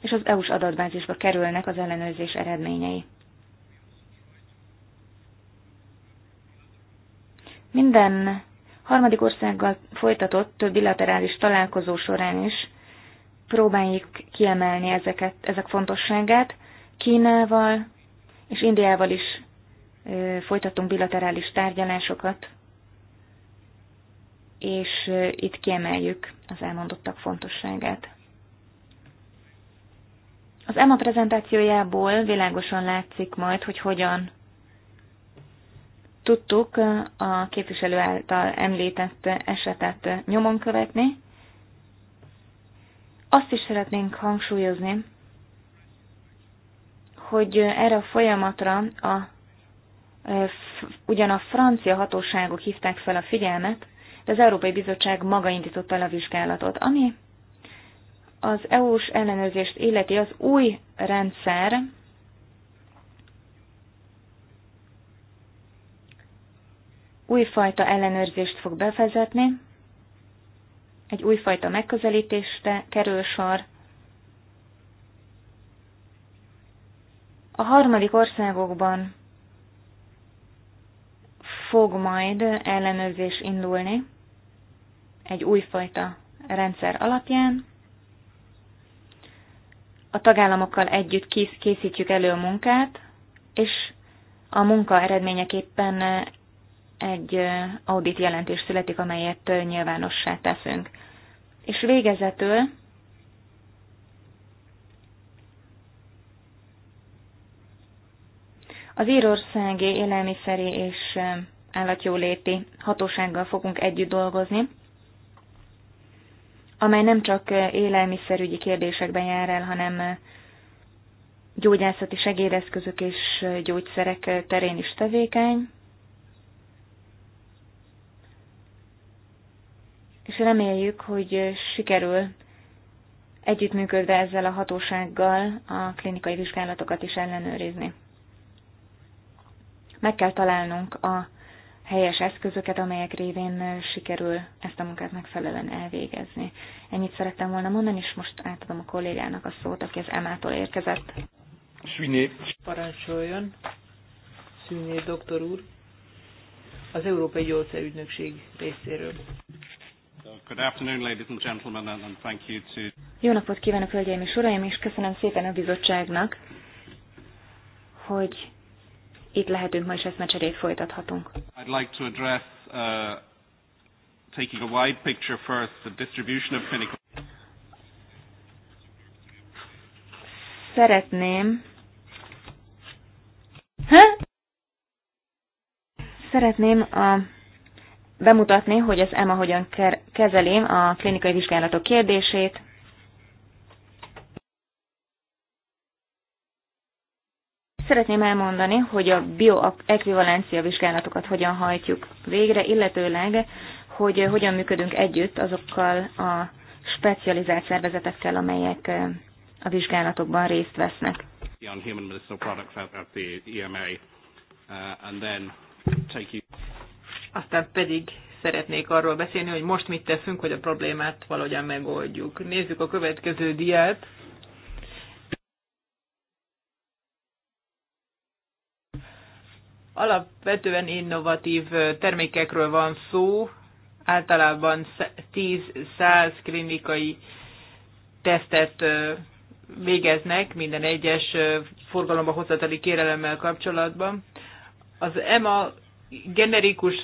és az EU-s adatbázisba kerülnek az ellenőrzés eredményei. Minden harmadik országgal folytatott bilaterális találkozó során is próbáljuk kiemelni ezeket, ezek fontosságát. Kínával és Indiával is Folytatunk bilaterális tárgyalásokat, és itt kiemeljük az elmondottak fontosságát. Az EMA prezentációjából világosan látszik majd, hogy hogyan tudtuk a képviselő által említett esetet nyomon követni. Azt is szeretnénk hangsúlyozni, hogy erre a folyamatra a ugyan a francia hatóságok hívták fel a figyelmet, de az Európai Bizottság maga indította el a vizsgálatot, ami az EU-s ellenőrzést illeti az új rendszer, újfajta ellenőrzést fog bevezetni, egy újfajta megközelítésre kerül sor. A harmadik országokban fog majd ellenőrzés indulni egy újfajta rendszer alapján. A tagállamokkal együtt készítjük elő a munkát, és a munka eredményeképpen egy audit jelentés születik, amelyet nyilvánossá teszünk. És végezetül az írországi élelmiszeri és állatjóléti hatósággal fogunk együtt dolgozni, amely nem csak élelmiszerügyi kérdésekben jár el, hanem gyógyászati segédeszközök és gyógyszerek terén is tevékeny. És reméljük, hogy sikerül együttműködve ezzel a hatósággal a klinikai vizsgálatokat is ellenőrizni. Meg kell találnunk a helyes eszközöket, amelyek révén sikerül ezt a munkát megfelelően elvégezni. Ennyit szerettem volna mondani, és most átadom a kollégának a szót, aki az EMA-tól érkezett. Szűné. Parancsoljon. Szűné doktor úr. Az Európai Gyógyszerügynökség részéről. Good afternoon, ladies and gentlemen, and thank you to... Jó napot kívánok, hölgyeim és uraim, és köszönöm szépen a bizottságnak, hogy itt lehetünk ma és ezt mecserét folytathatunk. I'd like to address, uh, taking a wide picture first, the distribution of clinical... Szeretném... Ha? Szeretném a uh, bemutatni, hogy az EMA hogyan kezelém a klinikai vizsgálatok kérdését, Szeretném elmondani, hogy a bioekvivalencia vizsgálatokat hogyan hajtjuk végre, illetőleg, hogy eh, hogyan működünk együtt azokkal a specializált szervezetekkel, amelyek eh, a vizsgálatokban részt vesznek. E uh, Aztán pedig szeretnék arról beszélni, hogy most mit teszünk, hogy a problémát valahogyan megoldjuk. Nézzük a következő diát. Alapvetően innovatív termékekről van szó, általában 10-100 klinikai tesztet végeznek minden egyes forgalomba hozatali kérelemmel kapcsolatban. Az EMA generikus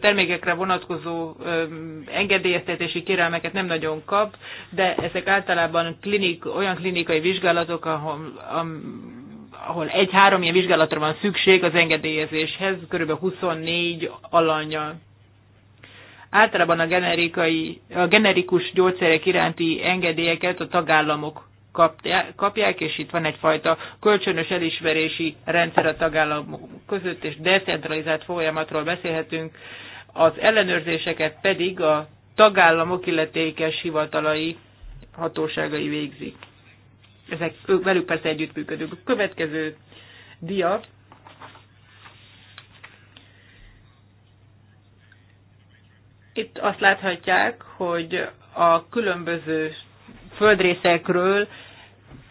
termékekre vonatkozó engedélyeztetési kérelmeket nem nagyon kap, de ezek általában klinik, olyan klinikai vizsgálatok, ahol, ahol egy-három ilyen vizsgálatra van szükség az engedélyezéshez, kb. 24 alanya. Általában a, generikai, a generikus gyógyszerek iránti engedélyeket a tagállamok kapják, és itt van egyfajta kölcsönös elismerési rendszer a tagállamok között, és decentralizált folyamatról beszélhetünk, az ellenőrzéseket pedig a tagállamok illetékes hivatalai hatóságai végzik ezek, ők, velük persze együttműködünk. A következő dia Itt azt láthatják, hogy a különböző földrészekről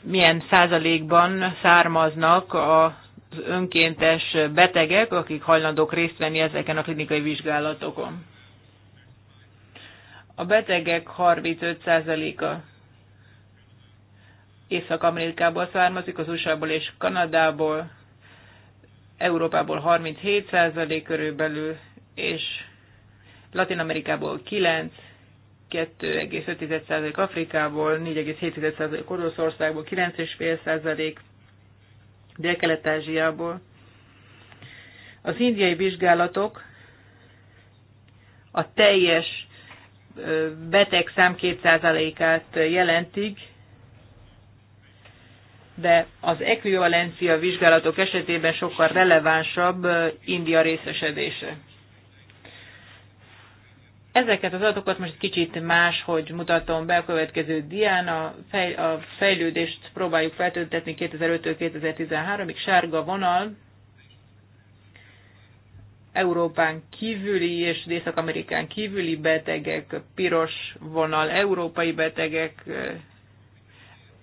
milyen százalékban származnak az önkéntes betegek, akik hajlandók részt venni ezeken a klinikai vizsgálatokon. A betegek 35%-a Észak-Amerikából származik, az USA-ból és Kanadából, Európából 37% körülbelül, és Latin-Amerikából 9, 2,5% Afrikából, 4,7% Oroszországból, 9,5% Dél-Kelet-Ázsiából. Az indiai vizsgálatok a teljes szám 2%-át jelentik, de az ekvivalencia vizsgálatok esetében sokkal relevánsabb India részesedése. Ezeket az adatokat most kicsit más, hogy mutatom be a következő dián. A, fej, a fejlődést próbáljuk feltöntetni 2005-től 2013-ig. Sárga vonal Európán kívüli és Észak-Amerikán kívüli betegek, piros vonal európai betegek,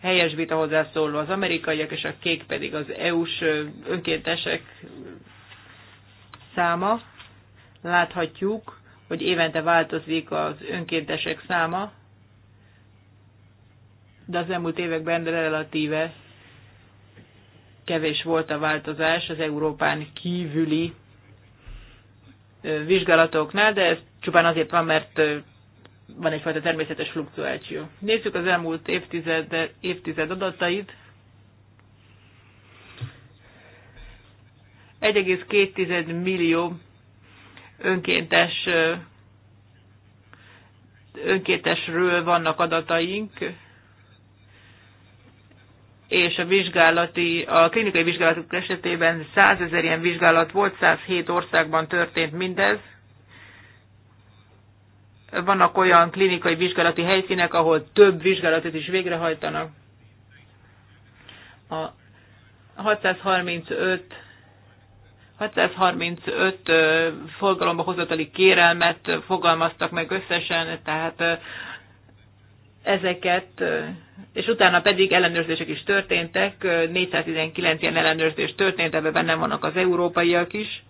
helyes vita hozzászóló az amerikaiak, és a kék pedig az EU-s önkéntesek száma. Láthatjuk, hogy évente változik az önkéntesek száma, de az elmúlt években relatíve kevés volt a változás az Európán kívüli vizsgálatoknál, de ez csupán azért van, mert van egyfajta természetes fluktuáció. Nézzük az elmúlt évtized, évtized adatait. 1,2 millió önkéntes önkéntesről vannak adataink, és a vizsgálati, a klinikai vizsgálatok esetében 100 ezer ilyen vizsgálat volt, 107 országban történt mindez, vannak olyan klinikai vizsgálati helyszínek, ahol több vizsgálatot is végrehajtanak. A 635 635 forgalomba hozatali kérelmet fogalmaztak meg összesen, tehát ezeket, és utána pedig ellenőrzések is történtek, 419 ilyen ellenőrzés történt, ebben benne vannak az európaiak is.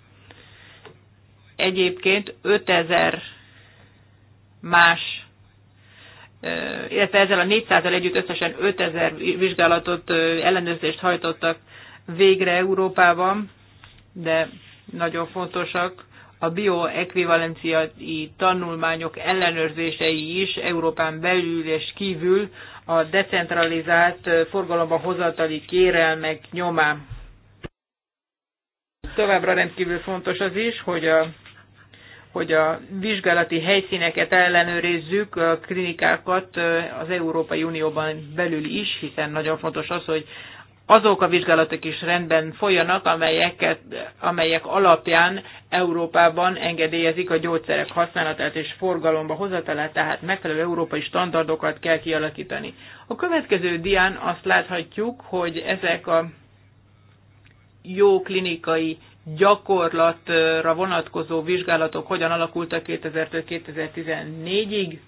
Egyébként 5000 más illetve ezzel a 400-al együtt összesen 5000 vizsgálatot, ellenőrzést hajtottak végre Európában, de nagyon fontosak a bioekvivalenciai tanulmányok ellenőrzései is Európán belül és kívül a decentralizált forgalomba hozatali kérelmek nyomán. Továbbra rendkívül fontos az is, hogy a hogy a vizsgálati helyszíneket ellenőrizzük, a klinikákat az Európai Unióban belül is, hiszen nagyon fontos az, hogy azok a vizsgálatok is rendben folyanak, amelyeket, amelyek alapján Európában engedélyezik a gyógyszerek használatát és forgalomba hozatalát, tehát megfelelő európai standardokat kell kialakítani. A következő dián azt láthatjuk, hogy ezek a jó klinikai gyakorlatra vonatkozó vizsgálatok hogyan alakultak 2000-től 2014-ig.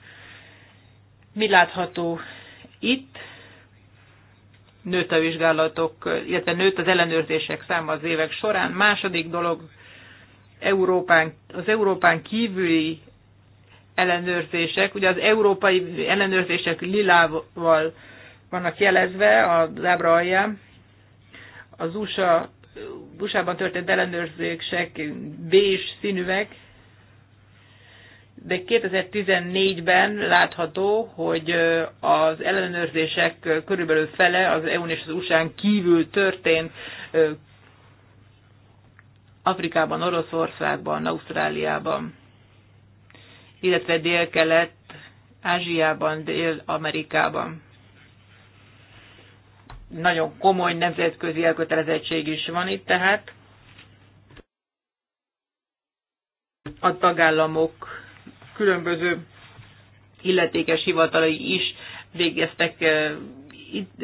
Mi látható itt? Nőtt a vizsgálatok, illetve nőtt az ellenőrzések száma az évek során. Második dolog, Európán, az Európán kívüli ellenőrzések, ugye az európai ellenőrzések lilával vannak jelezve az ábra alján, az USA busában történt ellenőrzések bés színűek, de 2014-ben látható, hogy az ellenőrzések körülbelül fele az EU-n és az USA-n kívül történt Afrikában, Oroszországban, Ausztráliában, illetve dél-kelet, Ázsiában, Dél-Amerikában nagyon komoly nemzetközi elkötelezettség is van itt, tehát a tagállamok különböző illetékes hivatalai is végeztek itt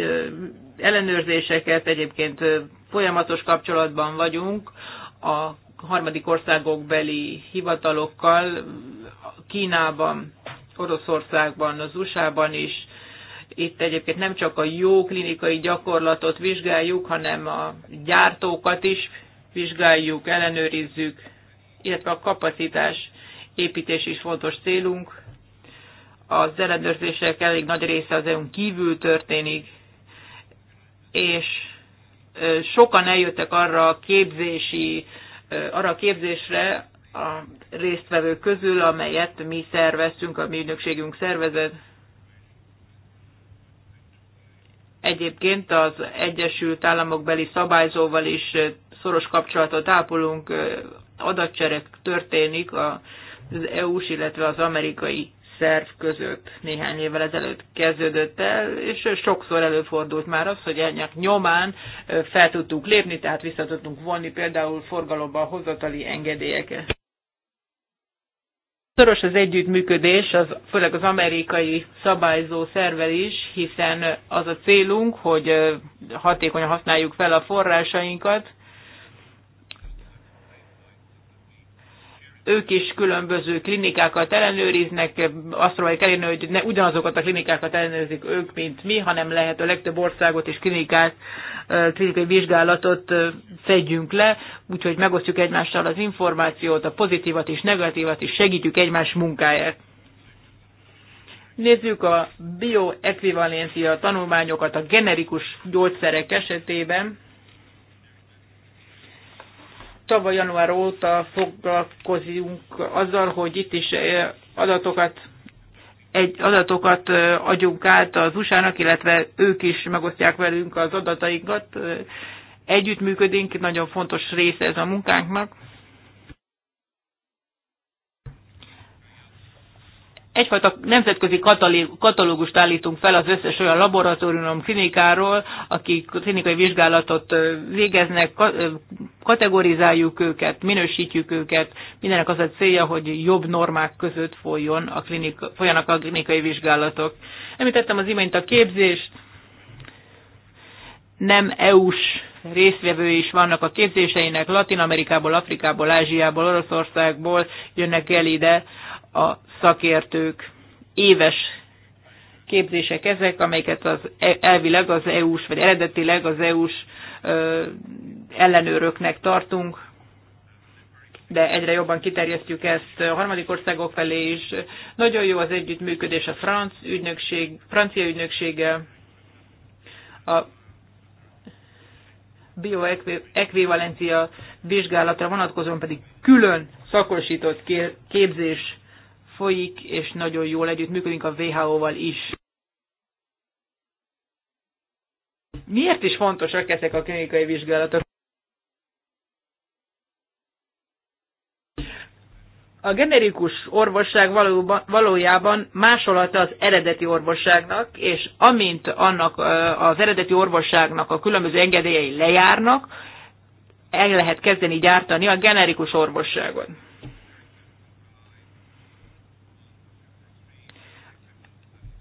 ellenőrzéseket, egyébként folyamatos kapcsolatban vagyunk a harmadik országok beli hivatalokkal, Kínában, Oroszországban, az USA-ban is, itt egyébként nem csak a jó klinikai gyakorlatot vizsgáljuk, hanem a gyártókat is vizsgáljuk, ellenőrizzük, illetve a kapacitás építés is fontos célunk. Az ellenőrzések elég nagy része az EU-n kívül történik, és sokan eljöttek arra a képzési, arra a képzésre a résztvevők közül, amelyet mi szerveztünk, a mi ügynökségünk szervezett. Egyébként az Egyesült Államok beli szabályzóval is szoros kapcsolatot ápolunk, adatcserek történik az EU-s, illetve az amerikai szerv között néhány évvel ezelőtt kezdődött el, és sokszor előfordult már az, hogy ennyi nyomán fel tudtunk lépni, tehát vissza tudtunk vonni például forgalomba hozatali engedélyeket. Szoros az együttműködés, az, főleg az amerikai szabályzó szervel is, hiszen az a célunk, hogy hatékonyan használjuk fel a forrásainkat, ők is különböző klinikákat ellenőriznek, azt próbáljuk elérni, hogy ne ugyanazokat a klinikákat ellenőrzik ők, mint mi, hanem lehet a legtöbb országot és klinikát, klinikai vizsgálatot szedjünk le, úgyhogy megosztjuk egymással az információt, a pozitívat és negatívat, és segítjük egymás munkáját. Nézzük a bioekvivalencia tanulmányokat a generikus gyógyszerek esetében tavaly január óta foglalkozunk azzal, hogy itt is eh, adatokat egy adatokat eh, adjunk át az USA-nak, illetve ők is megosztják velünk az adatainkat. Eh, együttműködünk, nagyon fontos része ez a munkánknak. egyfajta nemzetközi katalógust állítunk fel az összes olyan laboratórium klinikáról, akik klinikai vizsgálatot végeznek, kategorizáljuk őket, minősítjük őket. Mindenek az a célja, hogy jobb normák között folyjon a klinika, folyanak a klinikai vizsgálatok. Említettem az imént a képzést, nem EU-s részvevői is vannak a képzéseinek, Latin Amerikából, Afrikából, Ázsiából, Oroszországból jönnek el ide a szakértők, éves képzések ezek, amelyeket az e, elvileg az EU-s, vagy eredetileg az EU-s ellenőröknek tartunk, de egyre jobban kiterjesztjük ezt a harmadik országok felé is. Nagyon jó az együttműködés a franc ügynökség, francia ügynöksége, a bioekvivalencia vizsgálatra vonatkozóan pedig külön szakosított képzés folyik, és nagyon jól Működünk a WHO-val is. Miért is fontosak ezek a klinikai vizsgálatok? A generikus orvosság valóban, valójában másolata az eredeti orvosságnak, és amint annak az eredeti orvosságnak a különböző engedélyei lejárnak, el lehet kezdeni gyártani a generikus orvosságot.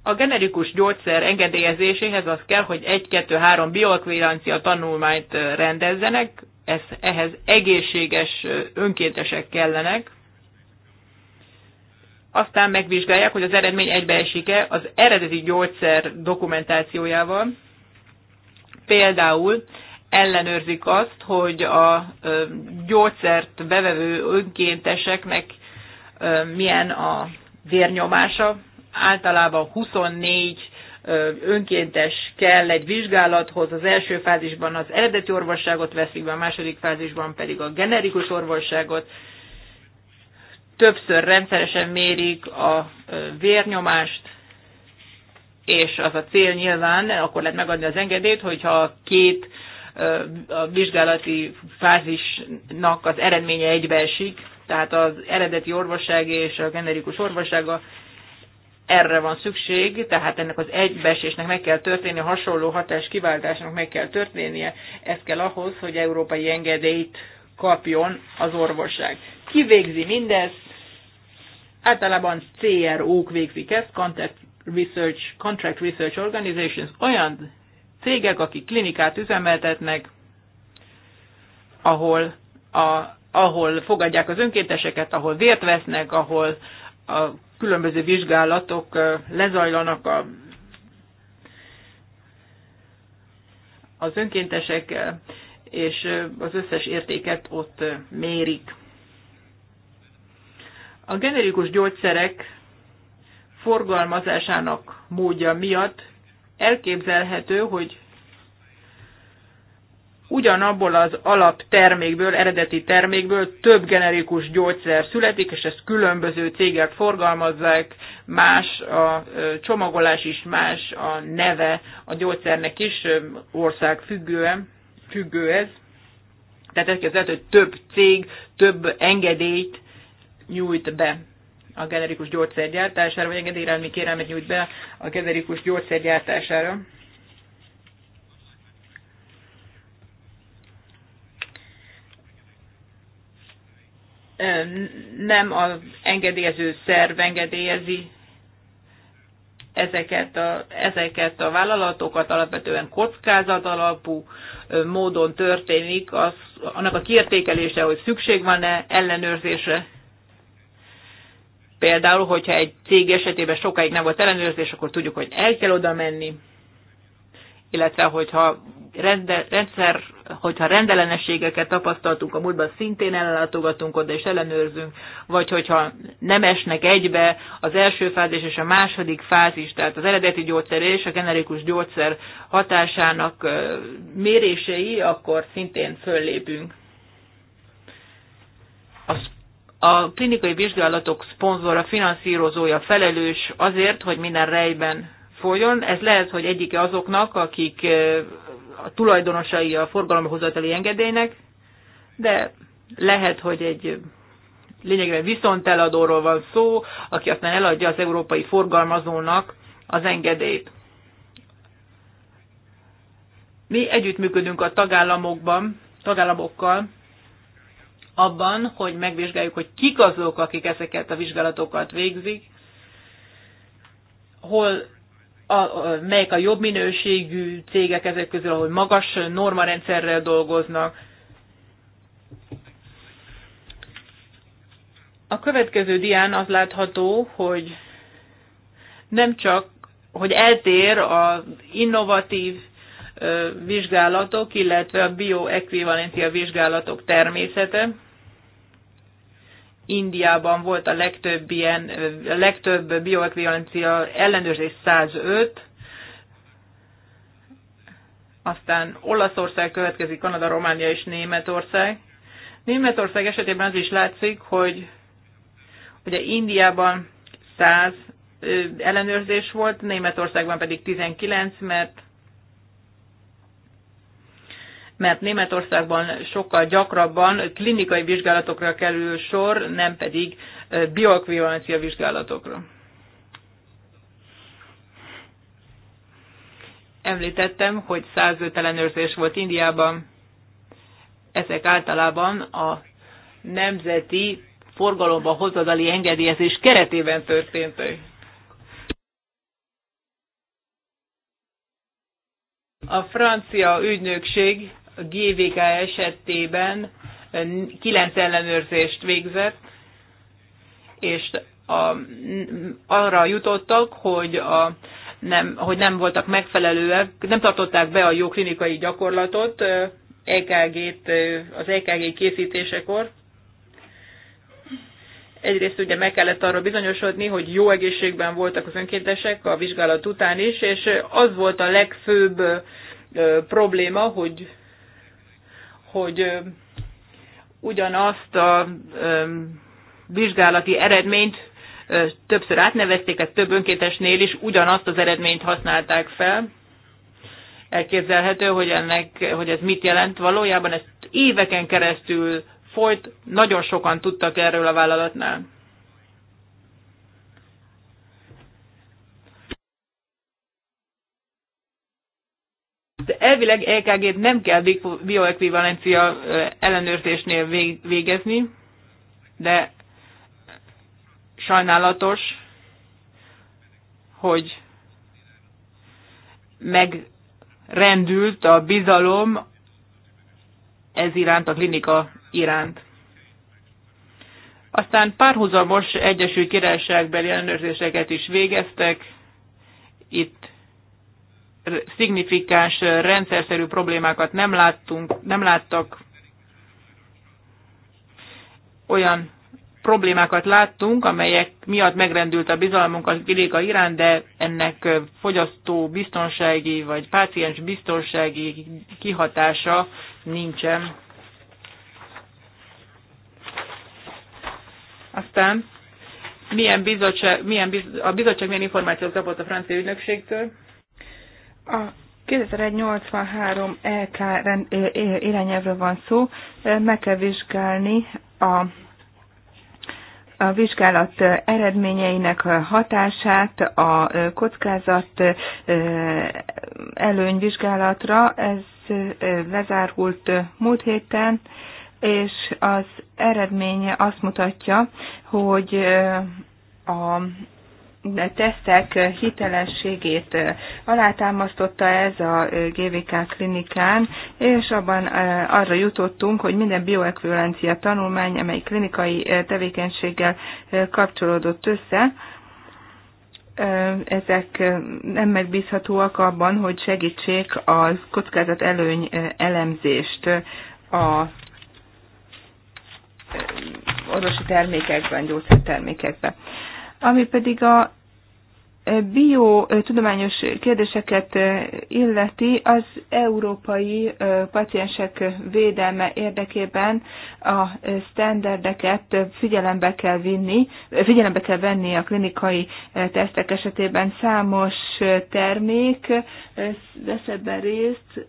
A generikus gyógyszer engedélyezéséhez az kell, hogy 1-2-3 bioekvivalencia tanulmányt rendezzenek, ez, ehhez egészséges önkéntesek kellenek, aztán megvizsgálják, hogy az eredmény egybeesik-e az eredeti gyógyszer dokumentációjával. Például ellenőrzik azt, hogy a gyógyszert bevevő önkénteseknek milyen a vérnyomása, általában 24 önkéntes kell egy vizsgálathoz, az első fázisban az eredeti orvosságot veszik be, a második fázisban pedig a generikus orvosságot. Többször rendszeresen mérik a vérnyomást, és az a cél nyilván, akkor lehet megadni az engedélyt, hogyha két a vizsgálati fázisnak az eredménye egybeesik, tehát az eredeti orvosság és a generikus orvossága erre van szükség, tehát ennek az egybesésnek meg kell a hasonló hatás kiváltásnak meg kell történnie, ez kell ahhoz, hogy európai engedélyt kapjon az orvosság. Ki végzi mindezt? Általában CRO-k végzik ezt, Contact Research, Contract Research Organizations, olyan cégek, akik klinikát üzemeltetnek, ahol, a, ahol fogadják az önkénteseket, ahol vért vesznek, ahol a különböző vizsgálatok lezajlanak a, az önkéntesek, és az összes értéket ott mérik. A generikus gyógyszerek forgalmazásának módja miatt elképzelhető, hogy ugyanabból az alaptermékből, eredeti termékből több generikus gyógyszer születik, és ezt különböző cégek forgalmazzák, más a csomagolás is, más a neve a gyógyszernek is, ország függően, függő ez. Tehát kezdett, hogy több cég több engedélyt nyújt be a generikus gyógyszergyártására, vagy engedélyelmi kérelmet nyújt be a generikus gyógyszergyártására. nem az engedélyező szerv engedélyezi ezeket a, ezeket a vállalatokat, alapvetően kockázat alapú módon történik az, annak a kiértékelése, hogy szükség van-e ellenőrzésre. Például, hogyha egy cég esetében sokáig nem volt ellenőrzés, akkor tudjuk, hogy el kell oda menni, illetve hogyha rende, rendszer, hogyha rendellenességeket tapasztaltunk a múltban, szintén ellátogatunk oda és ellenőrzünk, vagy hogyha nem esnek egybe az első fázis és a második fázis, tehát az eredeti gyógyszer és a generikus gyógyszer hatásának mérései, akkor szintén föllépünk. A, a klinikai vizsgálatok szponzora, finanszírozója felelős azért, hogy minden rejben folyjon. Ez lehet, hogy egyike azoknak, akik eh, a tulajdonosai a forgalomhozatali engedélynek, de lehet, hogy egy lényegében eladóról van szó, aki aztán eladja az európai forgalmazónak az engedélyt. Mi együttműködünk a tagállamokban, tagállamokkal abban, hogy megvizsgáljuk, hogy kik azok, akik ezeket a vizsgálatokat végzik, hol a, a, melyek a jobb minőségű cégek ezek közül, ahol magas normarendszerrel dolgoznak. A következő dián az látható, hogy nem csak, hogy eltér az innovatív vizsgálatok, illetve a bioekvivalencia vizsgálatok természete. Indiában volt a legtöbb ilyen, a legtöbb bioekvivalencia ellenőrzés 105, aztán Olaszország következik, Kanada, Románia és Németország. Németország esetében az is látszik, hogy ugye Indiában 100 ellenőrzés volt, Németországban pedig 19, mert mert Németországban sokkal gyakrabban klinikai vizsgálatokra kerül sor, nem pedig bioekvivalencia vizsgálatokra. Említettem, hogy 105 ellenőrzés volt Indiában. Ezek általában a nemzeti forgalomba hozadali engedélyezés keretében történtek. A francia ügynökség GVK esetében kilenc ellenőrzést végzett, és a, arra jutottak, hogy, a, nem, hogy nem voltak megfelelőek, nem tartották be a jó klinikai gyakorlatot EKG-t, az EKG készítésekor. Egyrészt ugye meg kellett arra bizonyosodni, hogy jó egészségben voltak az önkéntesek a vizsgálat után is, és az volt a legfőbb probléma, hogy hogy ugyanazt a vizsgálati eredményt többször átnevezték, tehát több önkéntesnél is ugyanazt az eredményt használták fel. Elképzelhető, hogy, ennek, hogy ez mit jelent. Valójában ezt éveken keresztül folyt, nagyon sokan tudtak erről a vállalatnál. Elvileg EKG-t nem kell bioekvivalencia ellenőrzésnél végezni, de sajnálatos, hogy megrendült a bizalom ez iránt, a klinika iránt. Aztán párhuzamos Egyesült Királyságbeli ellenőrzéseket is végeztek. Itt szignifikáns rendszerszerű problémákat nem, láttunk, nem láttak, olyan problémákat láttunk, amelyek miatt megrendült a bizalmunk az Giléga irán, de ennek fogyasztó biztonsági vagy páciens biztonsági kihatása nincsen. Aztán milyen, bizottság, milyen biz, a bizottság milyen információt kapott a francia ügynökségtől? A 2083 EK irányelvről van szó, meg kell vizsgálni a a vizsgálat eredményeinek hatását a kockázat előnyvizsgálatra. Ez lezárult múlt héten, és az eredménye azt mutatja, hogy a tesztek hitelességét alátámasztotta ez a GVK klinikán, és abban arra jutottunk, hogy minden bioekvivalencia tanulmány, amely klinikai tevékenységgel kapcsolódott össze, ezek nem megbízhatóak abban, hogy segítsék a kockázat előny elemzést a orvosi termékekben, gyógyszertermékekben. Ami pedig a eh, bio eh, tudományos kérdéseket eh, illeti, az európai paciensek védelme érdekében a standardeket figyelembe kell vinni, figyelembe kell venni a klinikai tesztek esetében számos termék vesz ebben részt,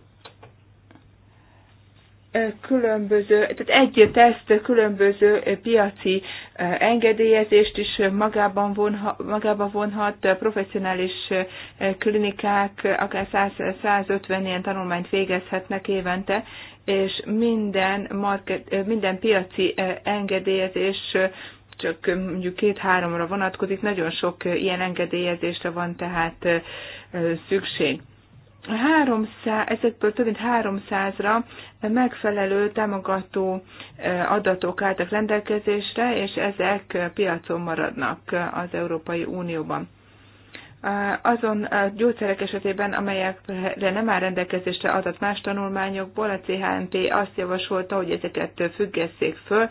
különböző, tehát egy teszt különböző piaci e, engedélyezést is magában, vonha, magában vonhat, professzionális e, klinikák akár 100, 150 ilyen tanulmányt végezhetnek évente, és minden, market, e, minden piaci engedélyezés csak mondjuk két-háromra vonatkozik, nagyon sok ilyen engedélyezésre van tehát szükség. 300, ezekből több mint 300-ra megfelelő támogató adatok álltak rendelkezésre, és ezek piacon maradnak az Európai Unióban. Azon gyógyszerek esetében, amelyekre nem áll rendelkezésre adat más tanulmányokból, a CHMP azt javasolta, hogy ezeket függesszék föl,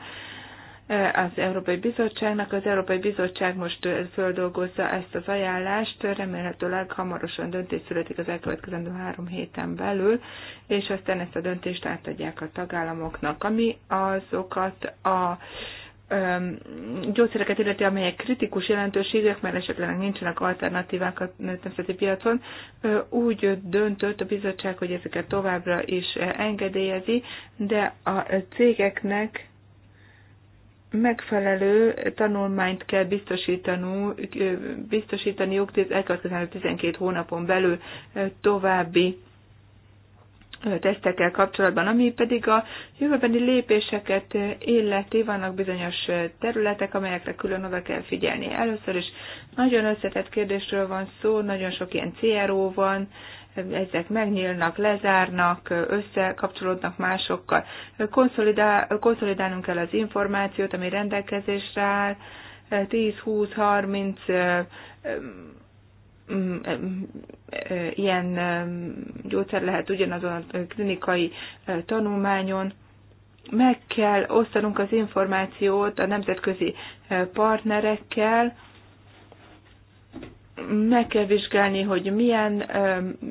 az Európai Bizottságnak. Az Európai Bizottság most földolgozza ezt az ajánlást, remélhetőleg hamarosan döntés születik az elkövetkezendő három héten belül, és aztán ezt a döntést átadják a tagállamoknak, ami azokat a gyógyszereket illeti, amelyek kritikus jelentőségek, mert esetleg nincsenek alternatívák a nemzeti piacon, úgy döntött a bizottság, hogy ezeket továbbra is engedélyezi, de a cégeknek megfelelő tanulmányt kell biztosítani biztosítaniuk elkövetkező 12 hónapon belül további tesztekkel kapcsolatban, ami pedig a jövőbeni lépéseket illeti, vannak bizonyos területek, amelyekre külön oda kell figyelni. Először is nagyon összetett kérdésről van szó, nagyon sok ilyen CRO van, ezek megnyílnak, lezárnak, összekapcsolódnak másokkal. Konszolidál, konszolidálnunk kell az információt, ami rendelkezésre áll, 10, 20, 30 ilyen gyógyszer lehet ugyanazon a klinikai tanulmányon. Meg kell osztanunk az információt a nemzetközi partnerekkel, meg kell vizsgálni, hogy milyen,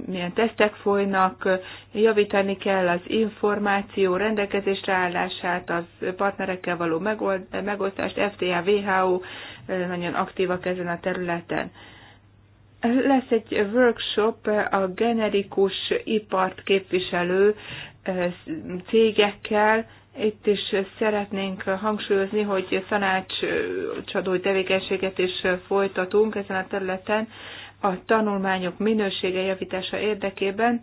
milyen tesztek folynak, javítani kell az információ rendelkezésre állását, az partnerekkel való megold, megosztást, FTA, WHO nagyon aktívak ezen a területen. Lesz egy workshop a generikus ipart képviselő cégekkel, itt is szeretnénk hangsúlyozni, hogy tanácsadói tevékenységet is folytatunk ezen a területen a tanulmányok minősége javítása érdekében,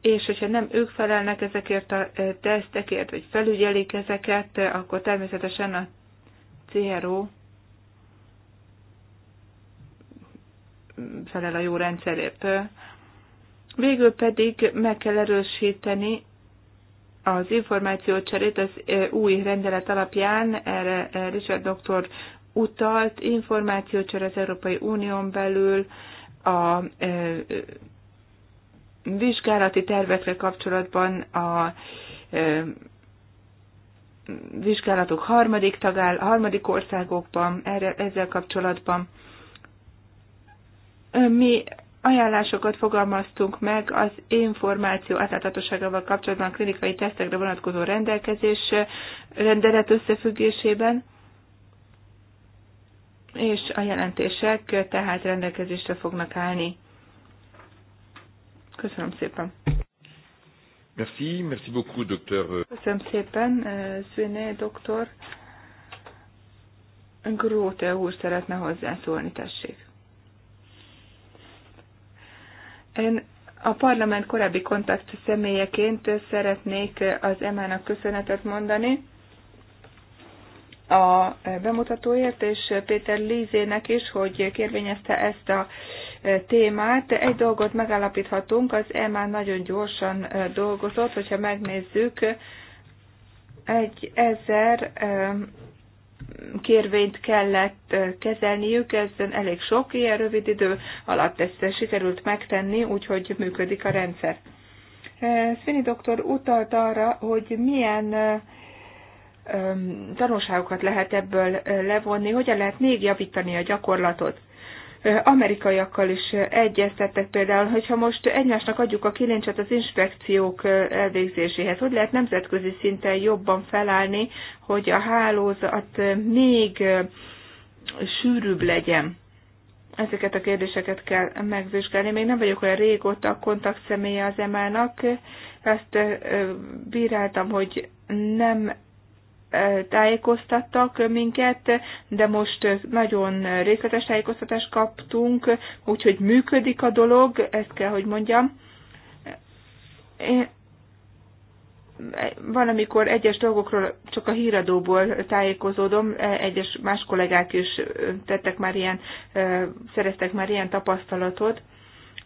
és hogyha nem ők felelnek ezekért a tesztekért, vagy felügyelik ezeket, akkor természetesen a CRO felel a jó rendszerért. Végül pedig meg kell erősíteni az információcserét az új rendelet alapján, erre Richard doktor utalt, információcsere az Európai Unión belül, a vizsgálati tervekre kapcsolatban a vizsgálatok harmadik tagáll, harmadik országokban, erre, ezzel kapcsolatban. Mi ajánlásokat fogalmaztunk meg az információ átláthatóságával kapcsolatban a klinikai tesztekre vonatkozó rendelkezés rendelet összefüggésében, és a jelentések tehát rendelkezésre fognak állni. Köszönöm szépen. Merci, merci beaucoup, docteur. Köszönöm szépen, Züné, eh, doktor. Gróte úr szeretne hozzászólni, tessék. Én a parlament korábbi kontakt személyeként szeretnék az Emának köszönetet mondani a bemutatóért, és Péter Lízének is, hogy kérvényezte ezt a témát. Egy dolgot megállapíthatunk, az EMA nagyon gyorsan dolgozott, hogyha megnézzük, egy ezer kérvényt kellett kezelniük, ez elég sok ilyen rövid idő alatt ezt sikerült megtenni, úgyhogy működik a rendszer. Szvini doktor utalt arra, hogy milyen tanulságokat lehet ebből levonni, hogyan lehet még javítani a gyakorlatot amerikaiakkal is egyeztettek például, hogyha most egymásnak adjuk a kilincset az inspekciók elvégzéséhez, hogy lehet nemzetközi szinten jobban felállni, hogy a hálózat még sűrűbb legyen. Ezeket a kérdéseket kell megvizsgálni. Még nem vagyok olyan régóta a kontakt személye az emának. Ezt bíráltam, hogy nem tájékoztattak minket, de most nagyon részletes tájékoztatást kaptunk, úgyhogy működik a dolog, ezt kell, hogy mondjam. Van, amikor egyes dolgokról csak a híradóból tájékozódom, egyes más kollégák is tettek már ilyen, szereztek már ilyen tapasztalatot,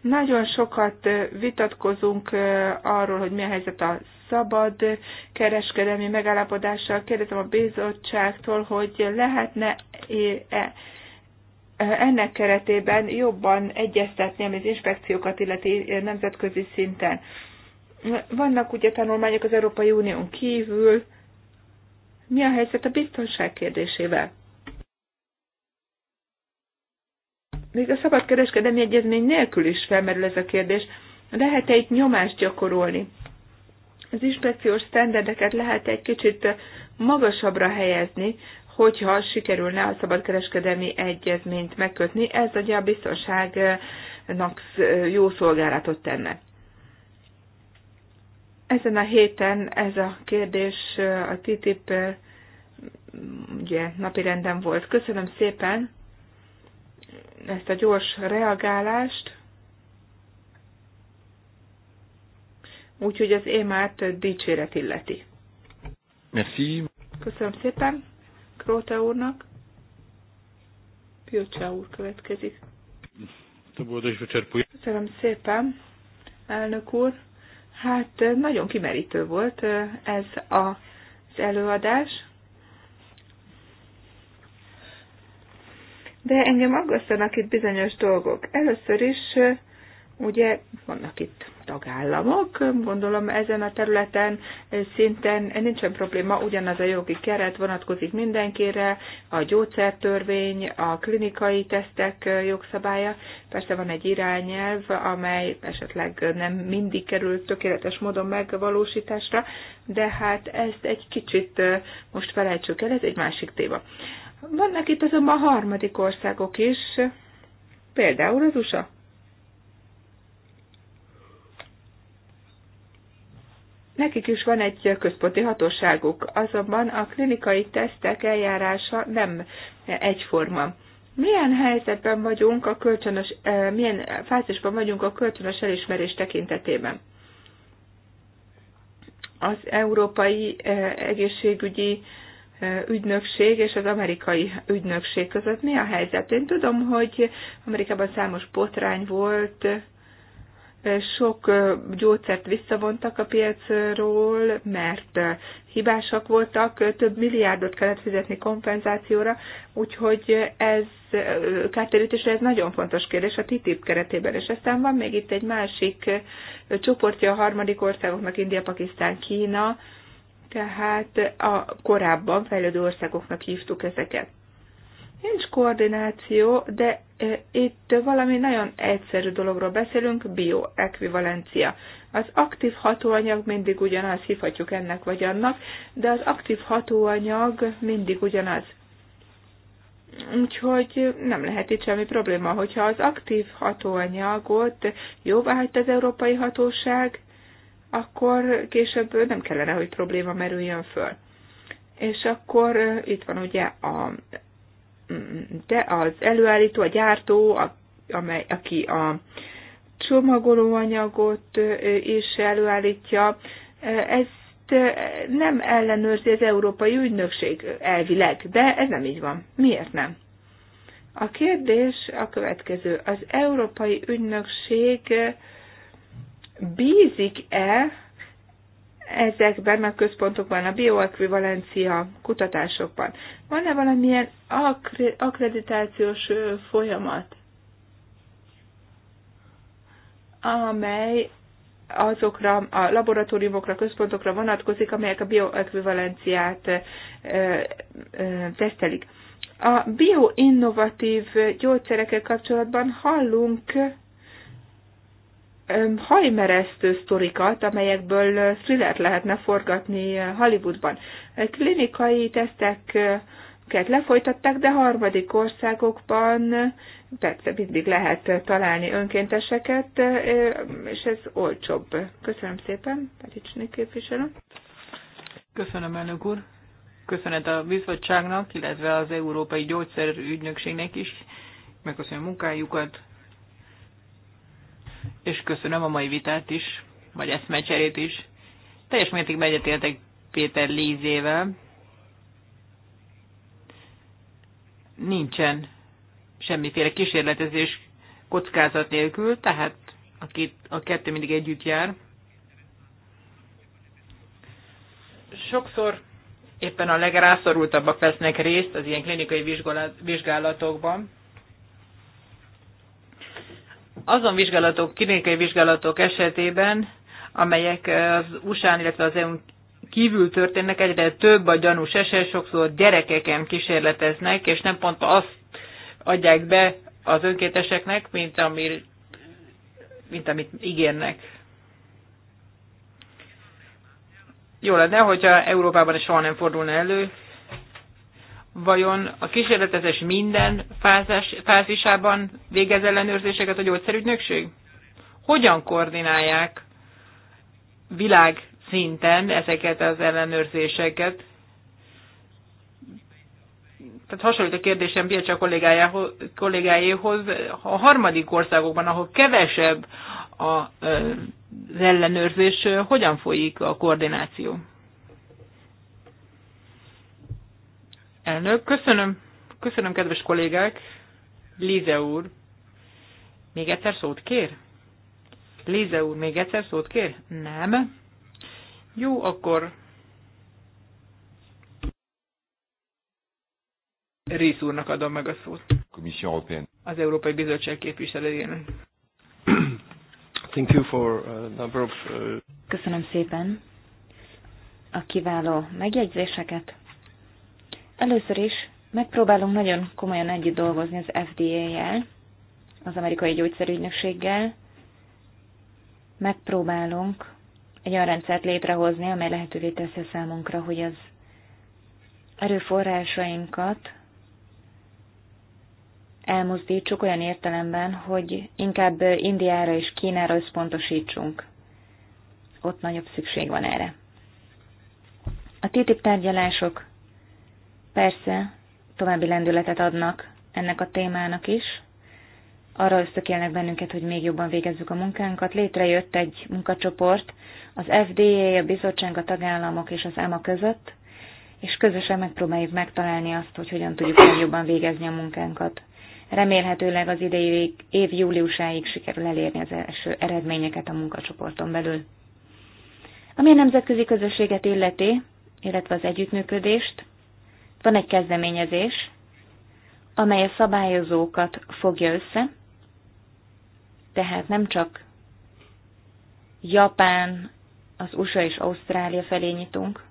nagyon sokat vitatkozunk arról, hogy mi a helyzet a szabad kereskedelmi megállapodással. Kérdezem a bizottságtól, hogy lehetne -e ennek keretében jobban egyeztetni, az inspekciókat illeti nemzetközi szinten. Vannak ugye tanulmányok az Európai Unión kívül. Mi a helyzet a biztonság kérdésével? Még a szabad kereskedelmi egyezmény nélkül is felmerül ez a kérdés. Lehet-e itt nyomást gyakorolni? Az inspekciós sztenderdeket lehet egy kicsit magasabbra helyezni, hogyha sikerülne a szabadkereskedelmi egyezményt megkötni, ez ugye a biztonságnak jó szolgálatot tenne. Ezen a héten ez a kérdés a TTIP ugye napirenden volt. Köszönöm szépen! ezt a gyors reagálást, úgyhogy az émát dicséret illeti. Merci. Köszönöm szépen Króta úrnak. Pilcsá úr következik. Köszönöm szépen, elnök úr. Hát nagyon kimerítő volt ez az előadás. de engem aggasztanak itt bizonyos dolgok. Először is, ugye vannak itt tagállamok, gondolom ezen a területen szinten nincsen probléma, ugyanaz a jogi keret vonatkozik mindenkire, a gyógyszertörvény, a klinikai tesztek jogszabálya, persze van egy irányelv, amely esetleg nem mindig kerül tökéletes módon megvalósításra, de hát ezt egy kicsit most felejtsük el, ez egy másik téma. Vannak itt azonban harmadik országok is, például az USA. Nekik is van egy központi hatóságuk, azonban a klinikai tesztek eljárása nem egyforma. Milyen helyzetben vagyunk a kölcsönös, eh, milyen fázisban vagyunk a kölcsönös elismerés tekintetében? Az európai eh, egészségügyi ügynökség és az amerikai ügynökség között mi a helyzet? Én tudom, hogy Amerikában számos botrány volt, sok gyógyszert visszavontak a piacról, mert hibásak voltak, több milliárdot kellett fizetni kompenzációra, úgyhogy ez kártérítésre ez nagyon fontos kérdés a TTIP keretében, és aztán van még itt egy másik csoportja a harmadik országoknak, India, Pakisztán, Kína, tehát a korábban fejlődő országoknak hívtuk ezeket. Nincs koordináció, de e, itt valami nagyon egyszerű dologról beszélünk, bioekvivalencia. Az aktív hatóanyag mindig ugyanaz, hívhatjuk ennek vagy annak, de az aktív hatóanyag mindig ugyanaz. Úgyhogy nem lehet itt semmi probléma, hogyha az aktív hatóanyagot jóvá hagyta az európai hatóság, akkor később nem kellene, hogy probléma merüljön föl. És akkor itt van ugye a, mm, de az előállító, a gyártó, a, amely, aki a csomagolóanyagot is előállítja, ezt nem ellenőrzi az Európai Ügynökség elvileg, de ez nem így van. Miért nem? A kérdés a következő. Az Európai Ügynökség bízik-e ezekben a központokban, a bioekvivalencia kutatásokban? Van-e valamilyen akkreditációs folyamat, amely azokra a laboratóriumokra, központokra vonatkozik, amelyek a bioekvivalenciát tesztelik. A bioinnovatív gyógyszerekkel kapcsolatban hallunk hajmeresztő sztorikat, amelyekből thrillert lehetne forgatni Hollywoodban. Klinikai teszteket lefolytatták, de harmadik országokban persze mindig lehet találni önkénteseket, és ez olcsóbb. Köszönöm szépen, Pericsné képviselő. Köszönöm, elnök úr. Köszönet a bizottságnak, illetve az Európai Gyógyszerügynökségnek is. Megköszönöm a munkájukat, és köszönöm a mai vitát is, vagy eszmecserét is. Teljes mértékben egyetértek Péter Lízével. Nincsen semmiféle kísérletezés kockázat nélkül, tehát a, két, a kettő mindig együtt jár. Sokszor éppen a legrászorultabbak vesznek részt az ilyen klinikai vizsgálatokban, azon vizsgálatok, klinikai vizsgálatok esetében, amelyek az usa illetve az EU-n kívül történnek, egyre több a gyanús eset, sokszor gyerekeken kísérleteznek, és nem pont azt adják be az önkénteseknek, mint, ami, mint amit ígérnek. Jó lenne, hogyha Európában is soha nem fordulna elő, vajon a kísérletezés minden fázás, fázisában végez ellenőrzéseket a gyógyszerügynökség? Hogyan koordinálják világszinten ezeket az ellenőrzéseket? Tehát hasonlít a kérdésem Piacsa kollégájéhoz, a harmadik országokban, ahol kevesebb az ellenőrzés, hogyan folyik a koordináció? Elnök, köszönöm, köszönöm kedves kollégák. Líze úr, még egyszer szót kér? Líze úr, még egyszer szót kér? Nem. Jó, akkor Rész úrnak adom meg a szót. Az Európai Bizottság képviselőjének. Thank you for uh, number of... Uh, köszönöm szépen a kiváló megjegyzéseket. Először is megpróbálunk nagyon komolyan együtt dolgozni az FDA-jel, az amerikai gyógyszerügynökséggel. Megpróbálunk egy olyan rendszert létrehozni, amely lehetővé teszi számunkra, hogy az erőforrásainkat elmozdítsuk olyan értelemben, hogy inkább Indiára és Kínára összpontosítsunk. Ott nagyobb szükség van erre. A TTIP tárgyalások Persze, további lendületet adnak ennek a témának is. Arra összökélnek bennünket, hogy még jobban végezzük a munkánkat. Létrejött egy munkacsoport az FDA, a bizottság, a tagállamok és az EMA között, és közösen megpróbáljuk megtalálni azt, hogy hogyan tudjuk még jobban végezni a munkánkat. Remélhetőleg az idei év júliusáig sikerül elérni az első eredményeket a munkacsoporton belül. Ami a nemzetközi közösséget illeti, illetve az együttműködést, van egy kezdeményezés, amely a szabályozókat fogja össze, tehát nem csak Japán, az USA és Ausztrália felé nyitunk,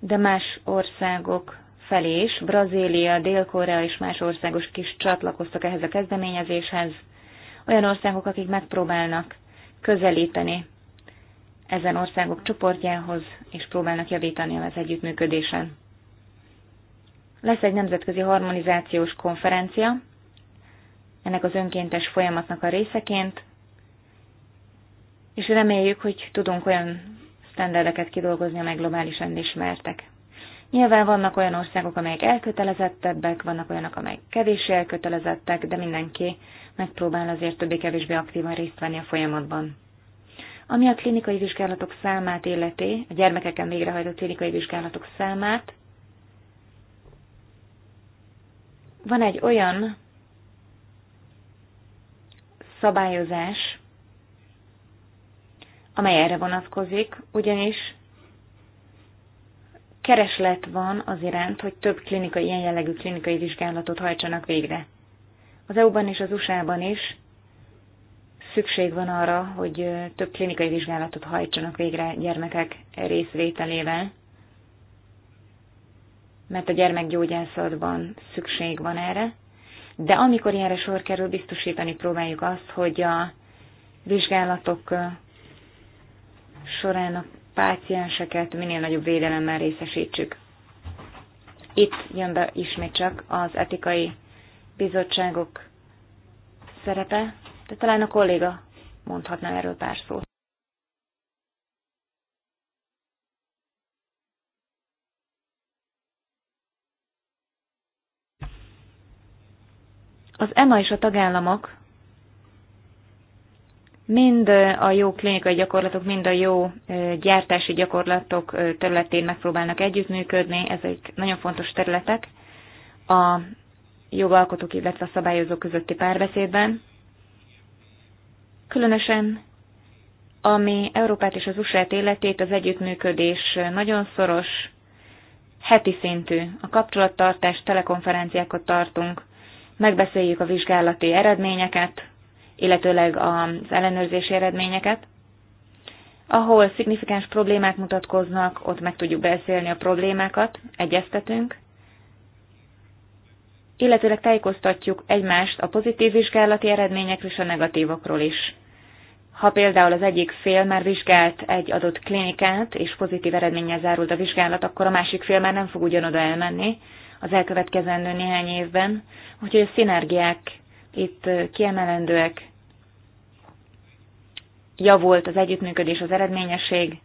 de más országok felé is. Brazília, Dél-Korea és más országos kis csatlakoztak ehhez a kezdeményezéshez. Olyan országok, akik megpróbálnak közelíteni ezen országok csoportjához, és próbálnak javítani az együttműködésen. Lesz egy nemzetközi harmonizációs konferencia, ennek az önkéntes folyamatnak a részeként, és reméljük, hogy tudunk olyan sztenderdeket kidolgozni, amely globálisan ismertek. Nyilván vannak olyan országok, amelyek elkötelezettebbek, vannak olyanok, amelyek kevéssé elkötelezettek, de mindenki megpróbál azért többé-kevésbé aktívan részt venni a folyamatban. Ami a klinikai vizsgálatok számát illeti, a gyermekeken végrehajtott klinikai vizsgálatok számát, van egy olyan szabályozás, amely erre vonatkozik, ugyanis kereslet van az iránt, hogy több klinikai, ilyen jellegű klinikai vizsgálatot hajtsanak végre. Az EU-ban és az USA-ban is szükség van arra, hogy több klinikai vizsgálatot hajtsanak végre gyermekek részvételével, mert a gyermekgyógyászatban szükség van erre, de amikor ilyenre sor kerül, biztosítani próbáljuk azt, hogy a vizsgálatok során a pácienseket minél nagyobb védelemmel részesítsük. Itt jön be ismét csak az etikai bizottságok szerepe, de talán a kolléga mondhatná erről pár szót. Az EMA és a tagállamok mind a jó klinikai gyakorlatok, mind a jó gyártási gyakorlatok területén megpróbálnak együttműködni, ezek nagyon fontos területek a jogalkotók, illetve a szabályozók közötti párbeszédben. Különösen ami Európát és az USA-t életét, az együttműködés nagyon szoros, heti szintű. A kapcsolattartás, telekonferenciákat tartunk, megbeszéljük a vizsgálati eredményeket, illetőleg az ellenőrzési eredményeket. Ahol szignifikáns problémák mutatkoznak, ott meg tudjuk beszélni a problémákat, egyeztetünk, illetőleg tájékoztatjuk egymást a pozitív vizsgálati eredményekről és a negatívokról is. Ha például az egyik fél már vizsgált egy adott klinikát, és pozitív eredménnyel zárult a vizsgálat, akkor a másik fél már nem fog ugyanoda elmenni az elkövetkezendő néhány évben. Úgyhogy a szinergiák itt kiemelendőek. Javult az együttműködés, az eredményesség.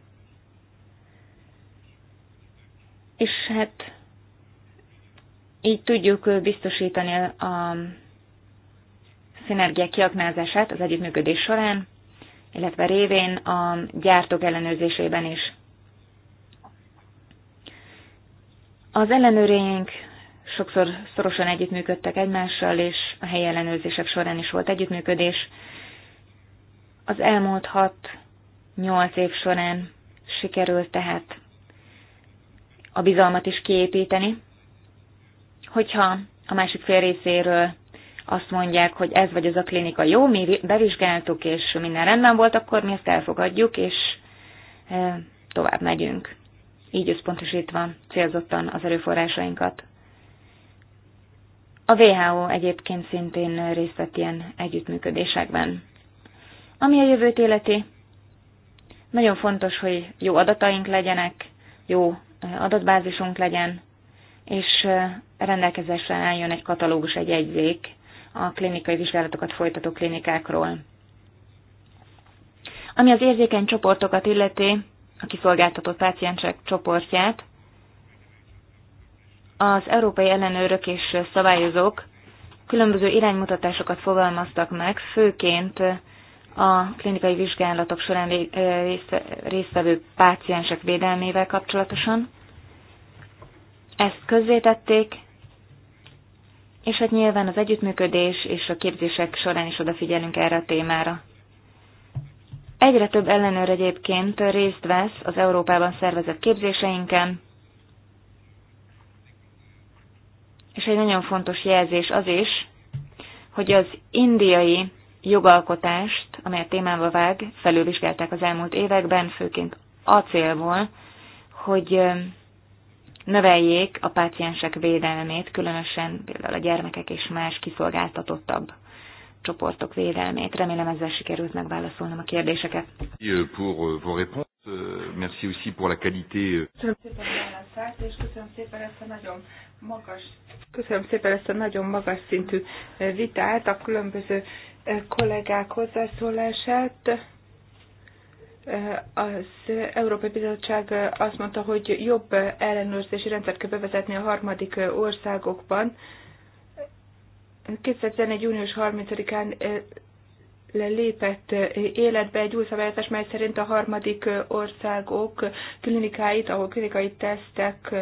És hát így tudjuk biztosítani a szinergiák kiaknázását az együttműködés során illetve révén a gyártók ellenőrzésében is. Az ellenőrénk sokszor szorosan együttműködtek egymással, és a helyi ellenőrzések során is volt együttműködés. Az elmúlt 6-8 év során sikerült tehát a bizalmat is kiépíteni. Hogyha a másik fél részéről azt mondják, hogy ez vagy az a klinika jó, mi bevizsgáltuk, és minden rendben volt, akkor mi ezt elfogadjuk, és e, tovább megyünk. Így összpontosítva célzottan az erőforrásainkat. A WHO egyébként szintén részt vett ilyen együttműködésekben. Ami a jövőt életi, nagyon fontos, hogy jó adataink legyenek, jó e, adatbázisunk legyen, és e, rendelkezésre álljon egy katalógus, egy jegyzék a klinikai vizsgálatokat folytató klinikákról. Ami az érzékeny csoportokat illeti, a kiszolgáltatott páciensek csoportját, az európai ellenőrök és szabályozók különböző iránymutatásokat fogalmaztak meg, főként a klinikai vizsgálatok során résztvevő páciensek védelmével kapcsolatosan. Ezt közzétették, és hát nyilván az együttműködés és a képzések során is odafigyelünk erre a témára. Egyre több ellenőr egyébként részt vesz az Európában szervezett képzéseinken, és egy nagyon fontos jelzés az is, hogy az indiai jogalkotást, amely a témába vág, felülvizsgálták az elmúlt években, főként a célból, hogy növeljék a páciensek védelmét, különösen például a gyermekek és más kiszolgáltatottabb csoportok védelmét. Remélem ezzel sikerült megválaszolnom a kérdéseket. Euh, pour euh, vos réponses, euh, merci aussi pour la qualité. Köszönöm szépen nagyon magas, köszönöm szépen ezt a nagyon magas szintű eh, vitát, a különböző eh, kollégák hozzászólását. Az Európai Bizottság azt mondta, hogy jobb ellenőrzési rendszert kell bevezetni a harmadik országokban. 2011. június 30-án lépett életbe egy új szabályozás, mely szerint a harmadik országok klinikáit, ahol klinikai tesztek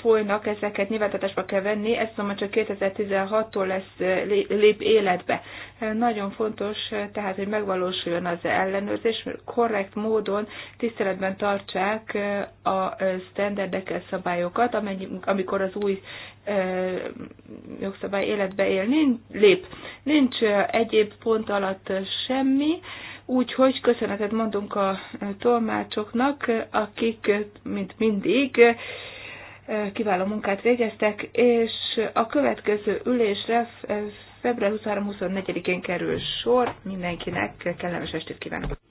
folynak, ezeket nyilvántatásba kell venni, ez azonban csak 2016-tól lesz, lép életbe. Nagyon fontos tehát, hogy megvalósuljon az ellenőrzés, korrekt módon tiszteletben tartsák a standardekkel szabályokat, amikor az új jogszabály életbe él, nincs, lép. Nincs egyéb pont alatt semmi, úgyhogy köszönetet mondunk a tolmácsoknak, akik, mint mindig, kiváló munkát végeztek, és a következő ülésre február 23-24-én kerül sor. Mindenkinek kellemes estét kívánok!